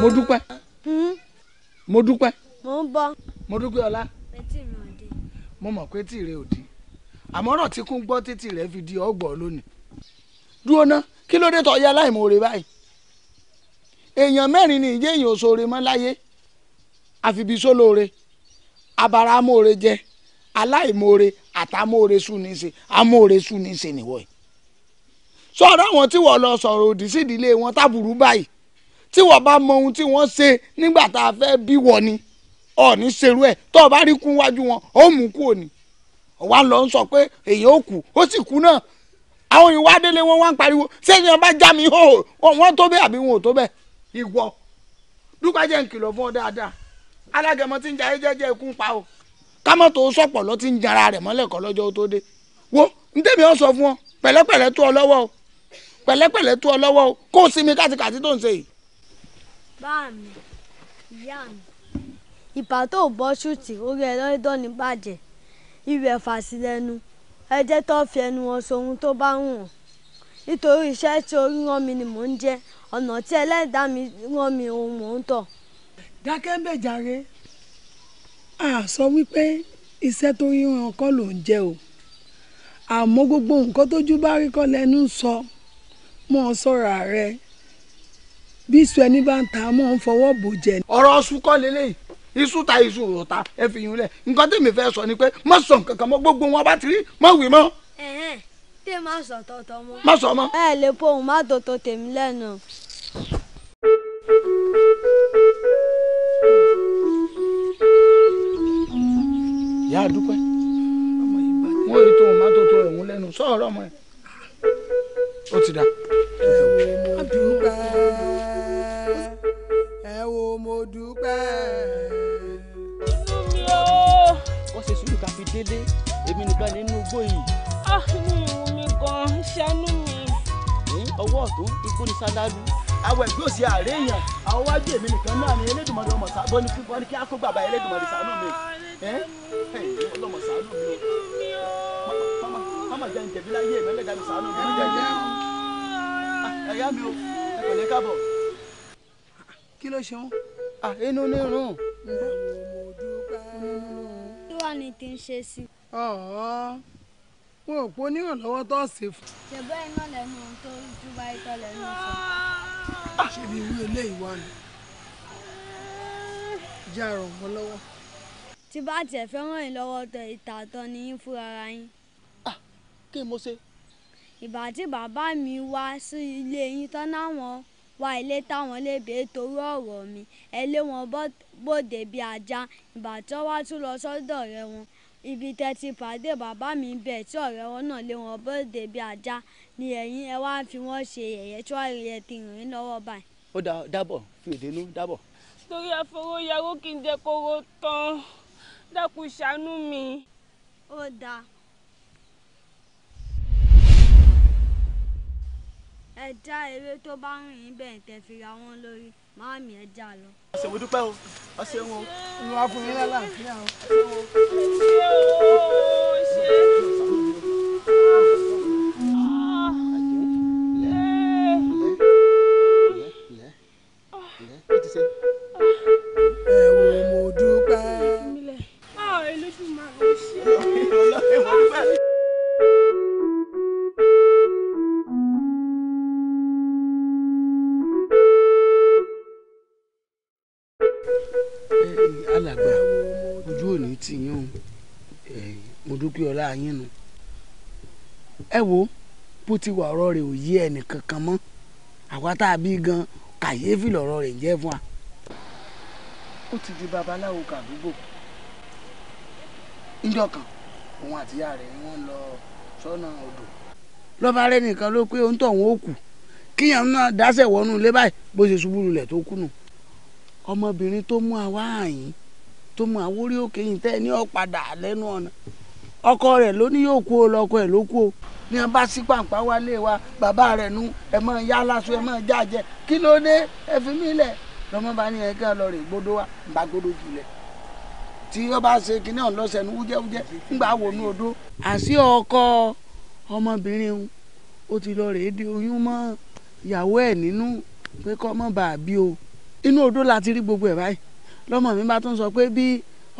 mo dúpẹ́ hmm? mo dúpẹ́ mo ń bọ̀ mo dúpẹ́ ọlá mo mọ̀ pé tí rẹ ò di àmọ́ ọ̀rọ̀ tí kún gbọ́ títí rẹ fi di ọgbọ̀n lónìí dúró ná kí ló dé tó yẹ aláìmoore báyìí èèyàn mẹ́rin ni ìjẹ́ èèyàn òṣòre mọ́ láyé àfibisólóore abaramóore jẹ́ aláìmóore àtàmóore sùn ní í ṣe amóore sùn ní í ṣe nìwọ yìí sọ̀rọ̀ àwọn tí wọ́n lọ sọ̀rọ̀ òdì sídìílé wọn tábùrú báyìí tí wọ́n bá mọ ohun tí wọ́n ṣe nígbà tá a fẹ́ bí wọ́n ni ọ̀ọ́ni ṣerú ẹ̀ tó o bá rí kún wájú wọn ó mú kú òní ọ̀wá lọ ń sọ pé èèyàn ó kú ó sì kú náà àwọn ìwà délé wọn wá ń pariwo sẹ́yìn ọba já mi hó wọ́n tó bẹ́ẹ̀ àbí wọn ò tó bẹ́ẹ̀ ìwọ dúpẹ́ jẹ́ ń kìlọ̀ fún ọ dáadáa alágẹmọ tí ń jayé jẹ́jẹ́ ikú ń pa o kámọ́ tó sọ̀pọ̀ lọ ti ń jara rẹ̀ mọ́lẹ̀ kọ́ lọ́jọ́ tó dé wo ntẹ́mi ọ̀ fún ọ pẹ̀lẹ́pẹ̀lẹ́ tú ọ lọ́wọ́ o pẹ̀lẹ́pẹ̀lẹ́ tú ọ lọ́wọ́ o kó o sinmi kátikàti tó ń ṣe yìí. bá mi ìyá mi ìbà tó bọ́ ṣùtì orí ẹ̀ lọ́dọ̀ ní bàjẹ́ ìwẹ̀ fàṣìlẹ́nu ẹ̀jẹ̀ tó fi ẹnu wọn sóhun tó bá wù wọ́n nítorí iṣẹ́ tí orí rán mi ni mò ń jẹ́ ọ̀nà tí ẹlẹ́dàá mi rán mi òun mò ń tọ̀ dákẹ́ ń bèjàre a sọ wípé iṣẹ́ tó yíran kọ́ ló ń jẹ́ o àmọ́ gbogbo nǹkan tójú bá rí kọ́ lẹ́nu sọ mọ́ ọ sọ̀rọ̀ rẹ bí iṣu ẹni bá ń ta mọ́ ọ fọwọ́ bò jẹ. ọ̀rọ̀ ọ̀sùn kọ́ lélẹ́yìí iṣu ta iṣu rò ta ẹ fi yín lẹ̀ nǹkan tèmi fẹ́ sọ ni pé má sọ nǹkan kan mọ́ gbogbo wọn bá ti rí mọ́ wí mọ́. tẹ má sọ tọ̀tọ̀ mọ́. má sọ mọ́. ẹ lè pohùn má tòótọ́ tèmi lẹ́nu. ìyá àdúpẹ́ wọ́n èyí tó ń má tó tó rẹ̀ wọ́n lẹ́nu sọ̀rọ̀ ọmọ ẹ̀ ó ti dà. ẹ wo mo dúpẹ́. inú mi o. wọ́n ṣe sùúrù ká fi délé èmi nìkan nínú igbó yìí. ah inú ìwú mi gan-an ṣàánú mi. ọwọ́ ọ̀tún igbó ni sádálù àwọ̀ ẹ̀gbẹ́ òsì àárẹ̀ èèyàn àwọn wájú èmi nìkan náà ni Elédùmarè ọmọ sáà bọ́ni kí wọ́n ní kí á kó bàbá Elédùmarè ṣàánú mi ẹ́ ẹ́ ọlọ́mọ ṣàánú mi o mama mama jẹ́ njẹ̀bi láyé ìmẹ́lẹ́dá mi ṣàánú mi jẹ́jẹ́ ah, ẹ̀yà mi o ẹ pẹ̀lẹ́ káàbọ̀. kí ló ṣe wọn. Ah, inú ní irun. kí wàá ní kí n ṣe sí. ọ̀ọ́ wọn ò pọ̀ ní ìrànlọ́wọ́ tó ṣe fún. ṣèbẹ́ iná lẹ́nu tó ju báyìí tó lẹ́nu sọ ṣe bí irú eléyìí wà ní ìjà ràn wọ́n lọ́wọ́. tí bá tiẹ̀ fẹ́ ràn yín lọ́wọ́ tẹ ìta ni yín fúnra ara yín. Ah, kí mo ṣe. ìgbà tí bàbá mi wá sí ilé yín tán láwọn wá ilé táwọn lè torí ọ̀rọ̀ mi ẹ lé wọn bóde bíi ajá ìgbà wá tún lọ sọ́dọ̀ ọ̀rẹ́ wọn ibi tẹ́ ti pàdé bàbá mi bẹ tí ọ̀rẹ́ wọn náà lé wọn bọ́ọ̀dẹ̀ bíi ajá ni ẹ̀yin ẹ wá fi wọ́n ṣe yẹ̀yẹ́ tí wàá rí ẹ ti rìn lọ́wọ́ báyìí. ó dábọ̀ fi òdenu dábọ̀. torí àforó kí n jẹ kóró tán dákun ṣàánú mi. ó dáa. ẹ já eré tó bá rìn bẹ́ẹ̀ tẹ́ fi ra wọn lórí máàmì ẹ já lọ. ọ̀sẹ̀ mo dúpẹ́ o ọ̀sẹ̀ wọn. inú wa fún yín lálàáfíà o. mo dúpẹ́. ilé ọ̀ ẹ alàgbà ojú òní tì yín o mo dúpẹ́ ọlá yín nu ẹ wo bó ti wà ọ̀rọ̀ rẹ̀ ò yé ẹnìkankan mọ́ àwa tá gan kàyéfì lọ̀rọ̀ rẹ̀ ń jẹ́ fún wa. ó ti di babaláwo kàdúgbò níjọ́ kan òun àtìyá rẹ̀ ni wọ́n lọ sọ́nà odò lọ́ba rẹ̀ nìkan ló pé ohun tó òun ó kù kíyàn náà dáṣẹ̀ wọnú ilé báyìí bó ṣe ṣubú lulẹ̀ tó kú ọmọbìnrin tó mú àwa àyín tó mú àwórí òkè yìí tẹ́ ẹ ní lẹ́nu ọ̀nà ọkọ rẹ̀ ló ní yóò kú o lọkọ ẹ̀ ló kú o ní wọn bá sí pàǹpá wálé wa bàbá rẹ̀ nu ẹ ya lásán ẹ mọ kí ló dé ẹ fi mí lẹ̀ bá ní ẹ ọkọ ọmọbìnrin ó ti lọ rèé di oyún ìyàwó inú odó la ti rí gbogbo ẹ̀ báyìí lọ́mọ mi bá tún sọ pé bí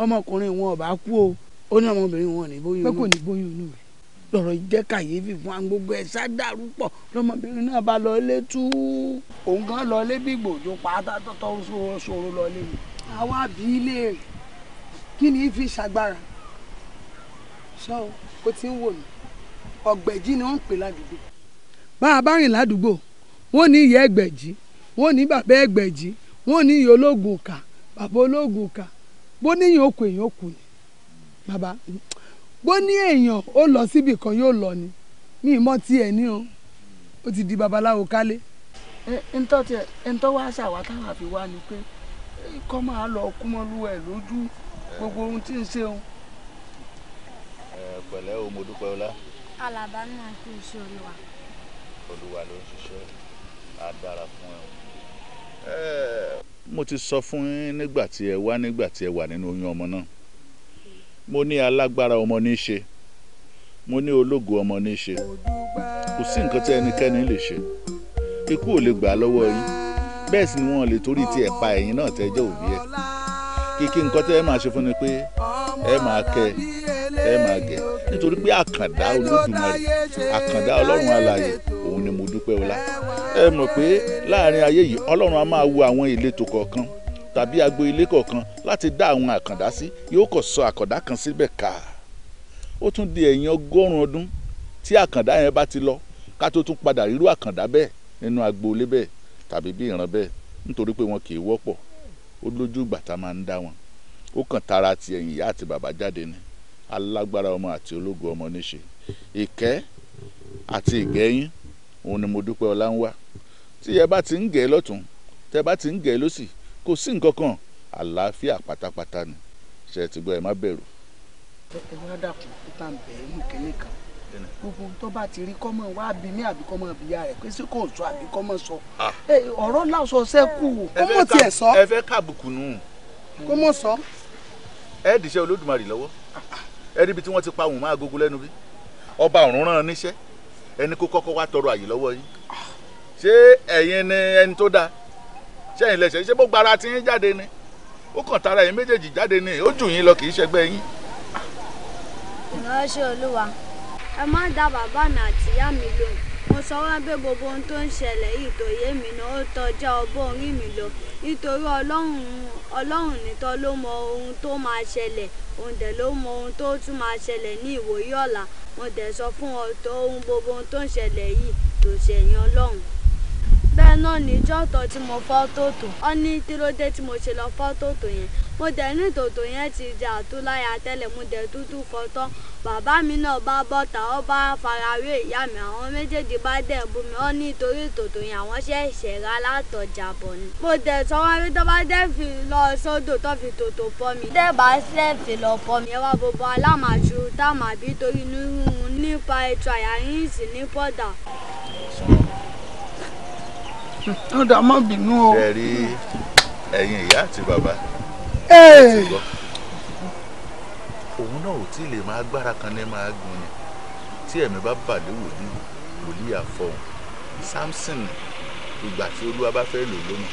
ọmọkùnrin wọn ò kú o ó ní ọmọbìnrin wọn ò ní bóyún inú pé kò ní bóyún inú rẹ̀ lọ́rọ̀ jẹ́ kàyéfì fún àwọn gbogbo ẹ̀ ṣáàdàrú pọ̀ lọ́mọbìnrin náà bá lọ ilé tú òun gan lọ ilé bí gbòòjò pátá tọ́tọ́ ṣòro lọ ilé mi. àwa bí ilé rẹ̀ kí ni fi ṣàgbára ṣọ́ o ti ń wò mí ọ̀gbẹ̀jì ni wọ́n ń pè ládùúgbò. bá a bá rìn ládùúgbò wọ́n ní ìyá ẹgbẹ̀jì wọ́n ní bàbá ẹgbẹ̀jì wọ́n ní ìyá ológun kà bàbá ológun kà bó níyàn okùn èèyàn okùn ni bàbá bó ní èèyàn ó lọ síbì kan yóò lọ ni ní ìmọ̀ tí ẹ̀ ní o ó ti di babaláwo kálé. ntọ́ tiẹ̀ ntọ́ wá ṣàwá táwa fi wá ni pé kọ́ máa lọ kú mọ́ lú ẹ̀ lójú gbogbo ohun tí ń ṣe o. ẹ pẹ̀lẹ́ o mo dúpẹ́ ọlá. alàbá náà kú iṣẹ́ olúwa. olúwa ló ń ṣiṣẹ́ á dára fún ẹ o. ẹ mo ti sọ fún yín nígbà tí ẹ wá nígbà tí ẹ wà nínú oyún ọmọ náà mo ní alágbára ọmọ ní í ṣe mo ní ológo ọmọ ní í ṣe kò sí nǹkan tí ẹnikẹ́ni lè ṣe ikú ò lè gbà lọ́wọ́ yín bẹ́ẹ̀ sì ni wọ́n lè torí tí ẹ̀ pa náà tẹ́ jẹ́ òbí ẹ̀ kíkí nǹkan tẹ́ ẹ máa ṣe fún ni pé ẹ máa kẹ́ ẹ máa gẹ̀ nítorí pé àkàndá olódùmarè àkàndá ọlọ́run alààyè òun ni mo dúpẹ́ ọlá ẹ mọ̀ pé láàrin ayé yìí ọlọ́run a máa wo àwọn ìletò kọ̀ọ̀kan tàbí agbo ilé kọ̀ọ̀kan láti dá àwọn àkàndá sí yóò kọ̀ sọ àkàndá kan síbẹ̀ ká ó tún di ẹ̀yìn ọgọ́rùn-ún ọdún tí àkàndá yẹn bá ti lọ ká tó tún padà rírú àkàndá bẹ́ẹ̀ nínú agbo ilé bẹ́ẹ̀ tàbí bí ìran bẹ́ẹ̀ nítorí pé wọn kì wọ́pọ̀ ó lójú ìgbà tá máa ń dá wọn ó kàn tara ti ẹ̀yìn ìyá àti bàbá jáde ni alágbára ọmọ àti ológo ọmọ níṣe ìkẹ́ àti ìgbẹ́yìn òun ni mo dúpẹ́ ọlá ń wá tí ẹ bá ti ń gẹ̀ lọ́tún tẹ́ bá ti ń gẹ̀ lọ́sì kò sí nǹkan kan àlàáfíà pátápátá ni ṣe ti gbọ́ ẹ má bẹ̀rù. ẹ wá dàpọ̀ tó tà ń bẹ̀ ẹ́ nù kínní kan gbogbo tó bá ti rí kọ́mọ wá bí mí àbí kọ́mọ bí ya rẹ̀ pé sí kò sọ àbí kọ́mọ sọ ọ̀rọ̀ láṣọ sẹ́kù kọ́mọ tiẹ̀ sọ. ẹ fẹ́ káàbùkù nù. kọ́mọ sọ. ẹ dìṣẹ́ olódùmarè lọ́wọ́ ẹ ríbi tí wọ́n ti pa òun máa gogo lẹ́nu bí ọba ọ̀run rán an níṣẹ́ ẹni kó kọ́kọ́ wá tọrọ àyè lọ́wọ́ yín ṣé ẹ̀yin ni ẹni tó dáa ṣé ẹ̀yin lẹ̀ṣẹ̀ ṣé bó ti tí yín jáde ni ó kàn tara ẹ̀yin méjèèjì jáde ni ó jù yín lọ kì í ṣẹgbẹ́ yín. ìránṣẹ́ olúwa ẹ má da bàbá àti mi lóhùn mo sọ wá pé gbogbo ohun ń ṣẹlẹ̀ yìí tó yé mi náà ó ọgbọ́n mi lọ nítorí ọlọ́run ló mọ ohun tó máa ṣẹlẹ̀ òǹdẹ̀ ló mọ ohun tó tún mo dẹ̀ sọ fún ọ tó ohun gbogbo tó ń ṣẹlẹ̀ yìí tó ṣẹ̀yìn ọlọ́run bẹ́ẹ̀ náà níjọ́ ọ̀tọ̀ tí mo fọ́ tòtò ó ní kílódé tí mo ṣe lọ fọ́ tòtò yẹn mo dẹ̀ ní tòtò yẹn ti jà tó láyà tẹ́lẹ̀ mo dẹ̀ tútù fọ́ tán bàbá mi náà bá bọ́ta ó bá farawé ìyá mi àwọn méjèèjì bá dẹ̀ bú mi ó ní torí tòtò yẹn àwọn ṣẹ̀ṣẹ̀ ra látọjà bọ̀ ni. mo dẹ̀ sọ wọn rí tó bá dẹ̀ fi lọ sódò tó fi tòtò fọ́ mi. dẹ́ bá ṣẹ̀ fi lọ fọ́ mi. ẹwà gbogbo alámàṣu táwọn àbí torí nírú nípa ètò àyàrínsì ní pọ́dà ó dá má bínú o. ẹ rí ẹ̀yin ìyá àti bàbá ẹ ti gbọ́ òun náà ò tí ì lè máa gbára kan ní máa gun ni tí ẹ̀mí bá bàdé wòlíì wòlíì àfọ̀hún Samson ìgbà tí olúwa bá fẹ́ lò lónìí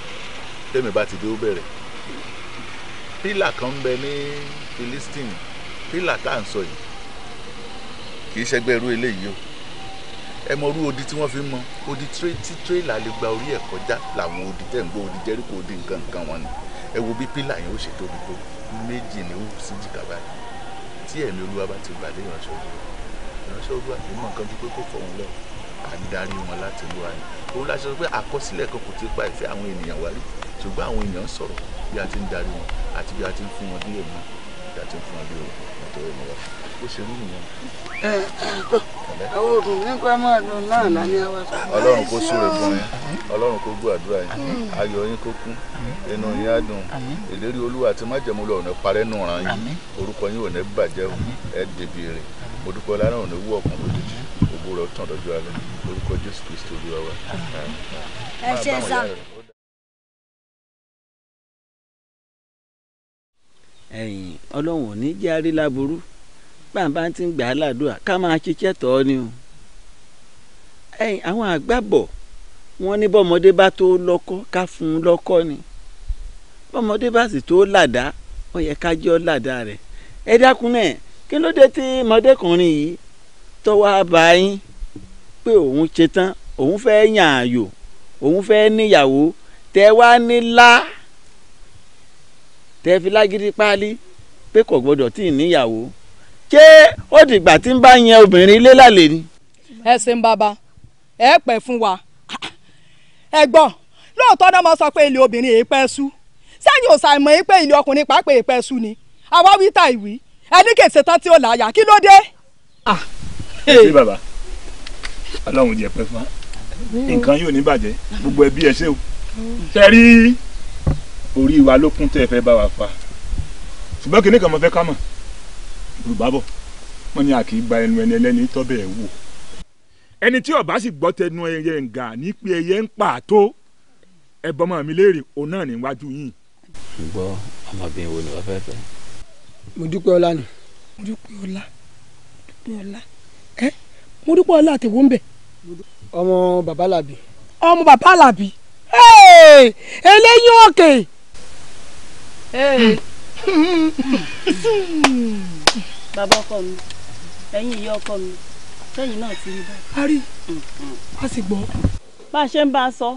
tẹ́mi bá ti dé ó bẹ̀rẹ̀ pílà kan ń bẹ ní Philistine pílà tá à ń sọ yìí kì í ṣẹgbẹ́ irú eléyìí o ẹ mọ orú odi tí wọ́n fi mọ odi tí tírélà lè gba orí ẹ̀ kọjá làwọn odi tẹ̀ ń gbọ́ odi jẹ́ríkò odi nǹkan nǹkan wọn ni ẹ wo bí pílà yẹn ó ṣe tóbi tó méjì ni ó sì jìkà báyìí tí ẹ̀mí olúwa bá ti gbà lé ìránṣẹ́ olúwa ìránṣẹ́ olúwa kì í mọ nǹkan ju pé kó fọ̀ wọn lọ àdarí wọn láti wá ni òun láti sọ pé àkọsílẹ̀ kan kò ti pa ìfẹ́ àwọn ènìyàn wáyé ṣùgbọ́n àwọn èèyàn sọ̀rọ̀ bí a ti ń darí wọn àti bí a ti ń fún wọn bí èmi bí a ti ń fún wọn bí òun nítorí wọn ó ṣe rí nìyẹn àwọn òdùn nípa máa dùn náà lálẹ́ àwọn. ọlọ́run kó súre fún yín ọlọ́run kó gbọ́ àdúrà yín ayọ̀ yín kó kún inú yín á dùn ìlérí olúwa àti májẹ̀mú lọ ọ̀nà parẹ́ nù ràn yín orúkọ yín ò ní bàjẹ́ o ẹ dèbí rẹ̀ mo dúpẹ́ lára òní wú ọ̀kan lójijì ògbó rẹ̀ tàn lọ́jọ́ alẹ́ orúkọ jésù kristu olúwa wa. ẹ ṣe sá. ẹ̀yìn ọlọ́run ò ní jẹ́ àrí láburú pàǹbá ti ń gbà á ládùúgbà ká máa ṣiṣẹ́ tọ́ ni o ẹ̀yin àwọn àgbàbọ̀ wọn ní bọ́mọdé bá tó lọ́kọ́ ká fún un lọ́kọ́ ni bọ́mọdé bá sì tó làdá ó yẹ ká jọ́ làdá rẹ̀ ẹ dákun náà kí ló dé tí mọ̀dékùnrin yìí tọ́wọ́ bá pé òun ṣetán òun fẹ́ yàn àyò òun fẹ́ níyàwó tẹ wá ní tẹ fi lágídí páálí pé kò gbọdọ̀ tí ì níyàwó ṣé ó dìgbà tí ń bá yan obìnrin ilé lálé ni. ẹ ṣeun bàbá ẹ pẹ́ fún wa ẹ gbọ́ lóòótọ́ náà mo sọ pé ilé obìnrin èé pẹ́ sú sẹ́yìn òsàmọ̀ yìí pé ilé ọkùnrin pàápàá èé pẹ́ sú ni àwa wí ta ìwí ẹni kì í ṣe tán tí ó láyà kí ló dé. Ah, ṣé bàbá ọlọ́run jẹ pẹ́ fún wa nǹkan yóò ní bàjẹ́ gbogbo ẹbí ẹ ṣe o ṣe rí orí wa ló kún tẹ́ ẹ fẹ́ bá wa fa ṣùgbọ́n kìnnìkan yorùbá bọ̀ wọ́n ní a kì í gba ẹnu ẹni ẹlẹ́ni tọ́bẹ̀ ẹ̀ wò. ẹni tí ọba sì gbọ́ tẹnu ẹyẹ ǹgà ní pé ẹyẹ ń pa àtó ẹ̀bọ̀n mọ̀ mi léèrè òun náà níwájú yìí. gbọ́ ọmọbìnrin wo ni wọ́n fẹ́ fẹ́. mo dúpẹ́ ọlá ni. mo dúpẹ́ ọlá dúpẹ́ ọlá ẹ mo dúpẹ́ ọlá àtẹ̀wọ́ ń bẹ̀. ọmọ bàbá làbí. ọmọ bàbá làbí eléyìí òkè. bàbá ọkọ mi ẹ̀yin ìyá ọkọ mi sẹ́yìn náà ti rí báyìí. a rí mm-hmm. a sì gbọ́. bá a ṣe ń bá a sọ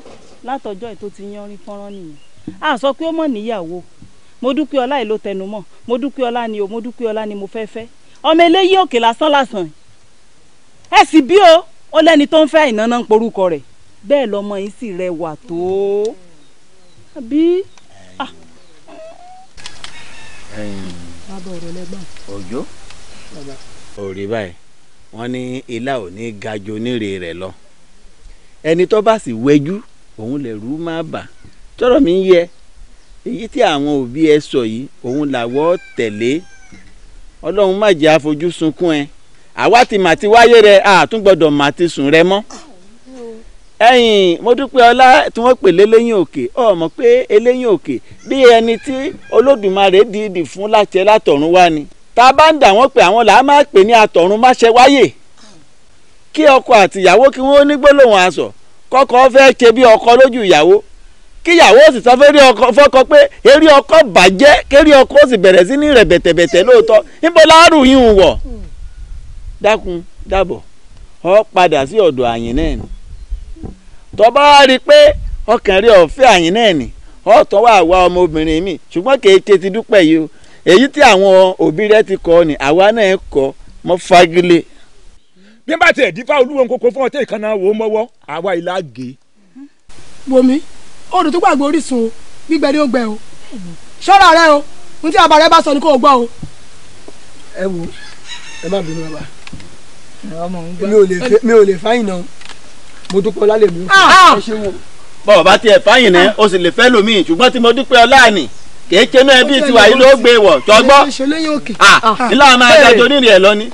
látọjọ́ ètò ti yan rí fọ́nrán nìyẹn a sọ pé ó mọ̀ níyàwó mo dúpẹ́ ọlá ìlò tẹnu mọ́ mo dúpẹ́ ọlá ni o mo dúpẹ́ ọlá ni mo fẹ́ fẹ́ ọmọ eléyìí òkè lásán lásán ẹ sì bí o ó lẹ́ni tó ń fẹ́ ìnáná ń porúkọ rẹ̀ bẹ́ẹ̀ lọmọ yìí sì rẹwà tó àbí. Ah. bàbá ọ̀rọ̀ òrì báyìí wọ́n ní ilá ò ní ga ju onírè rẹ̀ lọ ẹni tó bá sì wẹjú òun lè rú má bà tọrọ mi ń yẹ èyí tí àwọn òbí ẹ sọ yìí òun làwọ tẹ̀lé ọlọ́run má jẹ́ àfojú sunkún ẹ àwa ti mà ti wáyé rẹ àtún gbọ́dọ̀ mà ti sùn rẹ mọ́ ẹ̀yin mo dúpẹ́ ọlá tí wọ́n pè lélẹ́yìn òkè ọmọ pé eléyìn òkè bí ẹni tí olódùmarè dìídì fún láti ẹ látọ̀run wá ni. tá a bá ń dà wọ́n pé àwọn làá máa pè ní àtọ̀run máṣe wáyè kí ọkọ àtìyàwó kí wọ́n ní aṣọ kọ́kọ́ fẹ́ ṣe bí ọkọ lójú ìyàwó kíyàwó sì sọ ọkọ fọ́kọ pé ọkọ bàjẹ́ ọkọ sì bẹ̀rẹ̀ sí ní rẹ̀ bẹ̀tẹ̀bẹ̀tẹ̀ lóòótọ́ níbo láàrú yín ọ padà sí ọ̀dọ̀ àyìn náà ni rí i pé ọkàn rí ọ̀fẹ́ àyìn náà ni mi ṣùgbọ́n ti èyí tí àwọn òbí rẹ ti kọ ni àwa náà kọ mọ fagilé. bí n bá tiẹ̀ dífá olúwo nkoko fún ọtí ìkànnà wò mọ́wọ́ àwa ìlà gé. bomi odò tó gbàgbé orísun o gbígbẹ ni ó gbẹ o ṣọ́ra rẹ o ohun tí bàbá rẹ bá sọ ni kò gbọ́ o. ẹ wo ẹ má bínú bàbá mi ò lè fáyìn náà mo dúpọ̀ lálẹ́ mi ò ah! fẹ́ ṣé wọn. bọ́ọ̀ bá tiẹ̀ fáyìn náà o sì lè fẹ́ lómi ṣùgbọ́n tí mo dúpẹ́ ọláàní kìí ṣe náà ẹbí tiwa yìí ló gbé wọ̀ tọ́gbọ́ nílá ah, ah. máa dájọ́ nírìn ẹ̀ lọ ni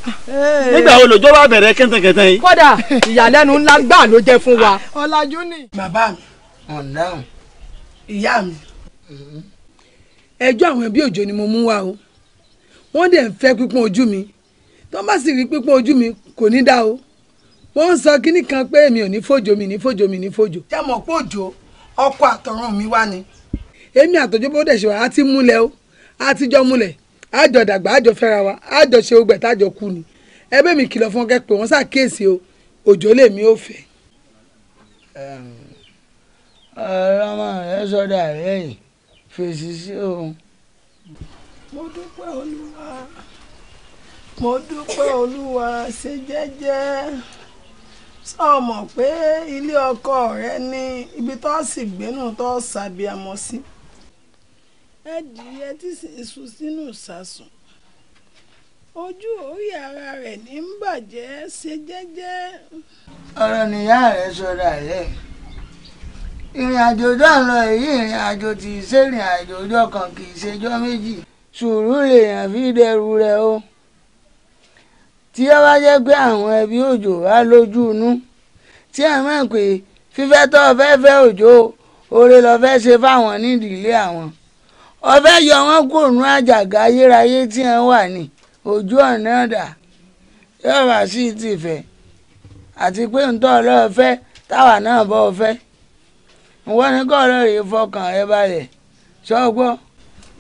nígbà wo lòjọ́ bá bẹ̀rẹ̀ kẹ́ntẹ̀kẹ́ntẹ́ yìí. kódà ìyàlẹ́nu ńlá gbà ló jẹ́ fún wa. ọ̀làjú ni. bàbá mi ọ̀nàrùn ìyá mi mm-hmm. ẹjọ́ àwọn ẹbí òjò ni mo mú wá o wọ́n dẹ̀ ń fẹ́ pípọ́n ojú mi tó bá sì rí pípọ́n ojú mi kò ní dá o wọ́n ń sọ kinní kan pé èmi ò ní fòjò mi ní fòjò mi ní fòjò. jẹ́ mọ̀ pé òjò ọkọ àtọ̀run mi wá ni èmi àtọjọ bó dẹ̀ ṣe wà á múlẹ̀ o á ti jọ múlẹ̀ á jọ dàgbà á jọ fẹ́ra wa á jọ ṣe ogbẹ̀ tá kú ni ẹbẹ́ mi kìlọ̀ fún ọkẹ́ pé wọ́n ṣàkíyèsí o òjò lèmi ò fẹ́. ọlọ́mọ rẹ sọ́dọ̀ rẹ̀ yìí fèsì sí òun. mo dúpẹ́ olúwa mo dúpẹ́ olúwa ṣe jẹ́jẹ́ sọ mọ̀ pé ilé ọkọ rẹ ní ibi tó sì gbénú tó sàbíamọ sí. Si adìyẹ tí sì ń sun sínú ìsásùn ojú orí ara rẹ̀ ní ń bàjẹ́ ṣe jẹ́jẹ́. ọ̀rọ̀ nìyá rẹ̀ sọ̀rọ̀ rẹ̀ ìrìn àjò tó ń lọ èyí ìrìn àjò tí í ṣe ìrìn àjò ọjọ́ kan kì í ṣejọ́ méjì sùúrù lèèyàn fi dẹrù rẹ̀ o tí ó bá jẹ́ pé àwọn ẹbí òjò wá lójú inú tí ẹ mọ̀ pé fífẹ́ tó fẹ́ fẹ́ òjò oore lọ fẹ́ ṣe fáwọn nídìílé àwọn ọ̀fẹ́ yọ wọ́n kò nú àjàgà ayérayé tí wọ́n wà ní ojú ọ̀nà ọ̀dà yóò wá sí tìfẹ́ àti pé ntọ́ ọlọ́ọ̀fẹ́ táwa náà bọ́ ọ̀fẹ́ wọ́n ní kọ́ ọ̀rọ̀ yìí fọkàn ẹ balẹ̀ ṣọ́gbọ́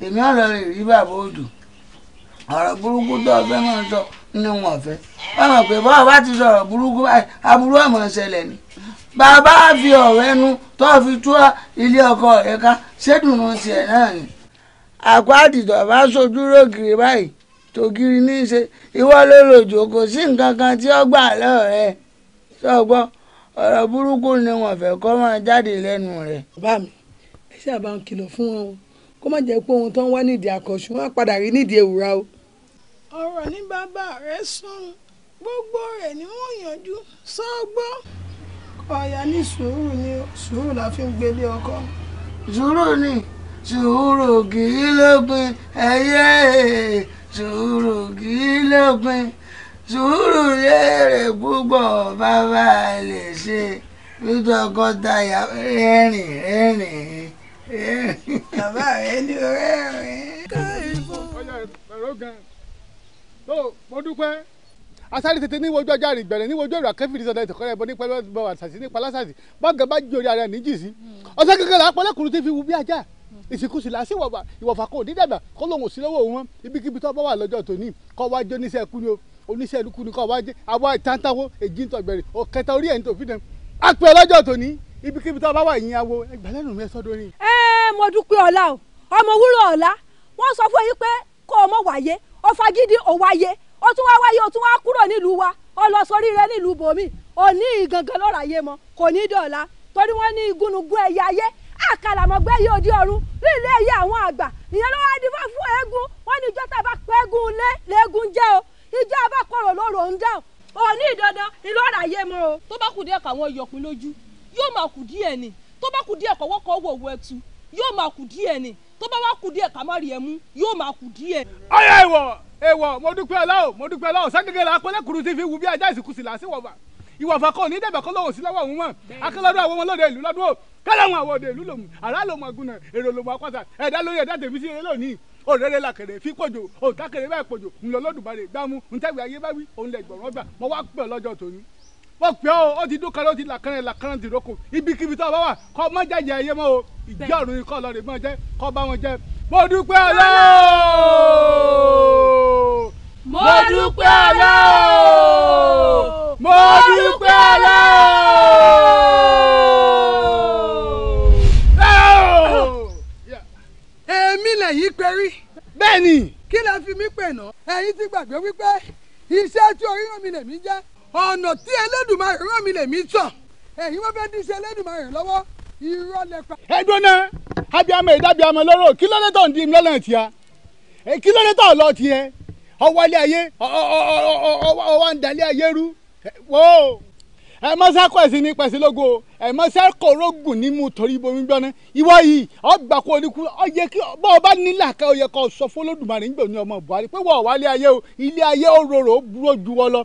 èmi ọ̀rọ̀ rẹ̀ rí bàbá odò ọ̀rọ̀ burúkú tó ọ̀fẹ́ máa ń sọ ní wọn fẹ́ wọ́n mọ̀ pé bọ́ọ̀ bá ti sọ̀rọ̀ burúkú aburú ọ̀mọ̀ ṣẹlẹ̀ ni bàbá fi ọ̀rọ̀ tó fi tú ilé ọkọ rẹ̀ ká ṣédùnú tiẹ̀ náà ni àpá àdìtọ̀ bá sojú rògiri báyìí tògiri ní í ṣe ìwọ ló lò jò kò sí nǹkan kan tí ó gbà lọ́rẹ̀ sọ́gbọ́ ọ̀rọ̀ burúkú ni wọ́n fẹ́ kọ́ máa jáde lẹ́nu rẹ̀. bàbá mi ẹ ṣáà bá ń kìlọ̀ fún wọn o kó má jẹ́ pé ohun tó ń wá nídìí àkànṣe wọn á padà rí nídìí ewúra o. ọ̀rọ̀ ní bàbá rẹ̀ sùn gbogbo rẹ̀ ni wọ́n yanjú sọ́gbọ́. ọ̀yà ní sùúrù ni sùúrù la fi ń gbélé ọkọ. sùúrù ni sùúrù kì í lópin ẹyẹ sùúrù kì í lópin sùúrù léèrè púpọ̀ bàbá lè ṣe lójútọkọtaya rẹ́rìn rẹ́rìn rẹ́rìn. bàbá rẹ ní rẹ́rìn. mo dúpẹ́ asáré tètè ní wojú ọjà rìgbẹ̀rẹ̀ ní wojú ọ̀rọ̀ akẹ́fìrí sọ̀dọ̀ ìtọ̀kọ́ ẹ̀bọ nípa ẹ̀bọ àṣàṣì nípa lásàṣì bọ́ọ̀gà bá jí orí ara ẹ̀ níjì sí ọ̀sẹ̀ kékeré àpọ̀lẹ́kùnrin tó fi wú bí ajá ìsìnkúsì làásì wàwà ìwàfà kò ní dàgbà kó lóun ò sí lọ́wọ́ òun mọ́ ibikíbi tó bá wà lọ́jọ́ tòní kọ́ wá jó níṣẹ́ ikú ni o oníṣẹ́ ikú ni kọ́ wá jẹ́ àwa ìtàntàwọ́ èjì ń tọ̀gbẹ̀rẹ̀ ọ̀kẹta orí ẹ̀ ń tò fi dẹ̀ á pẹ́ lọ́jọ́ tòní ibikíbi tó bá wà yín awo ẹgbẹ́lẹ́nu mi sọ́dọ̀ rìn. ẹ mo dúpẹ́ ọ̀la o ọmọ wúrọ̀ ọ̀la wọ́n sọ fún yín pé kó o mọ̀ wáyé o fagídí o wáyé o tún wá wáyé o tún wá kúrò nílùú wa o lọ sórí rẹ nílùú bòmí o ní ìgangan lọ́rọ̀ ayé mọ kò ní dọ̀la torí wọ́n ní igúnnugún ẹ̀yà ayé àkàlàmọ̀gbẹ́ yìí òdi ọ̀run ní ilé ayé àwọn àgbà ìyẹn ló wá di fún fún eégún wọn ní ìjọ tá a bá pẹ́ eégún lé léégún jẹ́ o ìjọ a kọ̀rọ̀ lóró ń dáhùn òní ìdandan ìlú ọ̀rọ̀ ayé mọ́ o. tó bá kù díẹ̀ káwọn yọkùn lójú yóò máa kù díẹ̀ ni tó bá kù díẹ̀ kọ́wọ́ kọ́ wò ẹtu yóò máa kù díẹ̀ ni tó bá wá kù díẹ̀ kámọ́ rí ẹ mú yóò máa ìwàfà kọ́ ní dẹ̀bẹ̀ kọ́ lọ́wọ́ sí lọ́wọ́ òun mọ̀ akẹ́lọ́dún àwọn ọmọlọ́dẹ ìlú lọ́dún o kẹ́lẹ́wọ̀n àwọn òde ìlú lòmù àrà lòmù àgùnà èrò lòmù àpáta ẹ̀dá lórí ẹ̀dá tèmi sí eré lónìí òrèrè la fi pòjò òtàkèrè bẹ́ẹ̀ pòjò ńlọlọ́dùnbarè gbámú ntẹ́gbẹ̀ ayé bá wí òun lẹ̀ gbọ̀rọ̀ wọ́n pẹ́ o ó ti dúkàrẹ́ ó ti làkàrẹ́ làkàrẹ́ ti roko ibikíbi tó bá wà kọ́ ọ mọ́jàjà ẹyẹ mọ́ o ìjẹ́ ọ̀run ikọ́ lọ́ọ̀rẹ́ mọ́ jẹ́ kọ́ bá wọn jẹ́ mo dúpẹ́ ọlọ́ọ̀ mo dúpẹ́ ọlọ́ọ̀. mo dúpẹ́ lọ. èmi lẹ́yìn perí. bẹ́ẹ̀ kí lẹ fi mí pè náà ẹ̀yin ti gbàgbé wípé iṣẹ́ tí orí ràn mí jẹ́ ọ̀nà tí Elédùmarè ràn mí wọ́n Elédùmarè lọ́wọ́ irọ́ abiamọ lọ́rọ̀ kí tó ń di kí lọ tiẹ̀ ayé ọwọ́ wo ẹ mọ́sá kọ̀ ẹ̀sìn ní pẹ̀sílógún o ẹ mọ́sá kọ̀ orógùn ní mu torí bomi gbọ́ná ìwọ yìí ọgbà kó oníkú ọyẹ kí bọ́ ọ bá nílà ká ọyẹ kó sọ fún olódùmarè nígbà ní ọmọ buhari pé wọ́n wálé ayé o ilé ayé ó rorò ó burú ju wọ́n lọ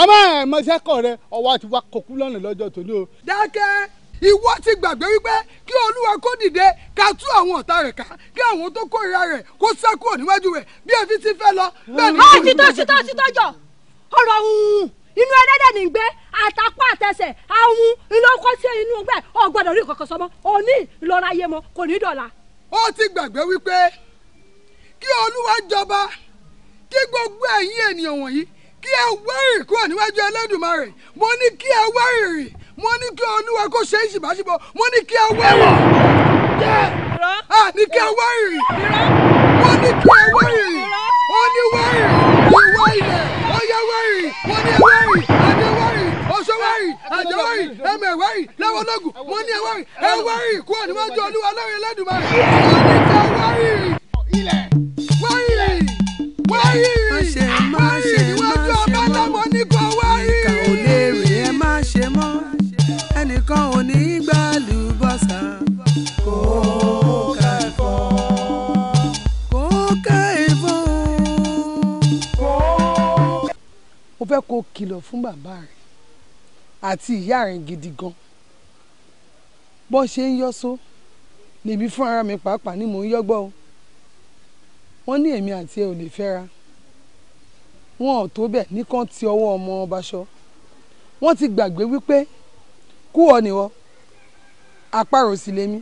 àmọ́ ẹ mọ́sá kọ̀ rẹ ọwọ́ àti wa kọ̀kú lọ́nà lọ́jọ́ tòní o. dákẹ́ ìwọ ti gbàgbé wípé kí olúwa kó dìde ká tú àwọn ọ̀tá rẹ̀ ká kí àwọn tó kórìíra rẹ̀ kó sá kúrò níwájú rẹ̀ bí ebi ti fẹ́ lọ. Ah, a ti tọ́ sí tọ́ sí tọ́jọ́ ọ̀rọ̀ ọ̀hún inú ẹlẹ́dẹ̀ ní gbé àtàkù àtẹsẹ̀ àwọn ìlọ́kọ́ sí inú gbẹ ọgbọ́dọ̀ rí kọ̀kọ́ sọmọ òní ìlọra yé mọ kò ní dọ̀la. ó ti gbàgbé wípé kí olúwa jọba kí gbogbo ẹ̀yin ènìyàn wọ̀nyí kí ẹ wẹ́rìn kúrò níwájú ẹlẹ́dùnmarè mo ní kí ẹ wẹ́rìn rìn mo ní kí olúwa kó ṣe é ṣìbáṣìbọ mo ní kí ẹ wẹ́wọ̀ ní kí ẹ wẹ́rìn mo ní kí ẹ wẹ́rìn ó ní wẹ́rìn ìwọ ilẹ̀ wẹ́rì adéwẹ́rì ọ̀ṣọ́wẹ́rì àjẹwẹ́rì ẹ̀mẹ̀wẹ́rì lẹ́wọ́lọ́gùn mo ní ẹ̀wẹ́rì ẹ̀wẹ́rì kúrò níwájú olúwa lọ́rin lẹ́dùnmáà wẹ́rì wẹ́rì wẹ́rì. fẹ́ kó kìlọ̀ fún bàbá rẹ̀ àti ìyá rẹ̀ gidi gan bó ṣe ń yọ́só lèmi fún ara mi pàápàá ni mò ń yọ́gbọ́ o wọ́n ní èmi àti ẹ ò lè fẹ́ra wọn ò tó bẹ́ẹ̀ nìkan ti ọwọ́ ọmọ ọba ṣọ wọ́n ti gbàgbé wípé kú ọ nìwọ àparò sì lèmi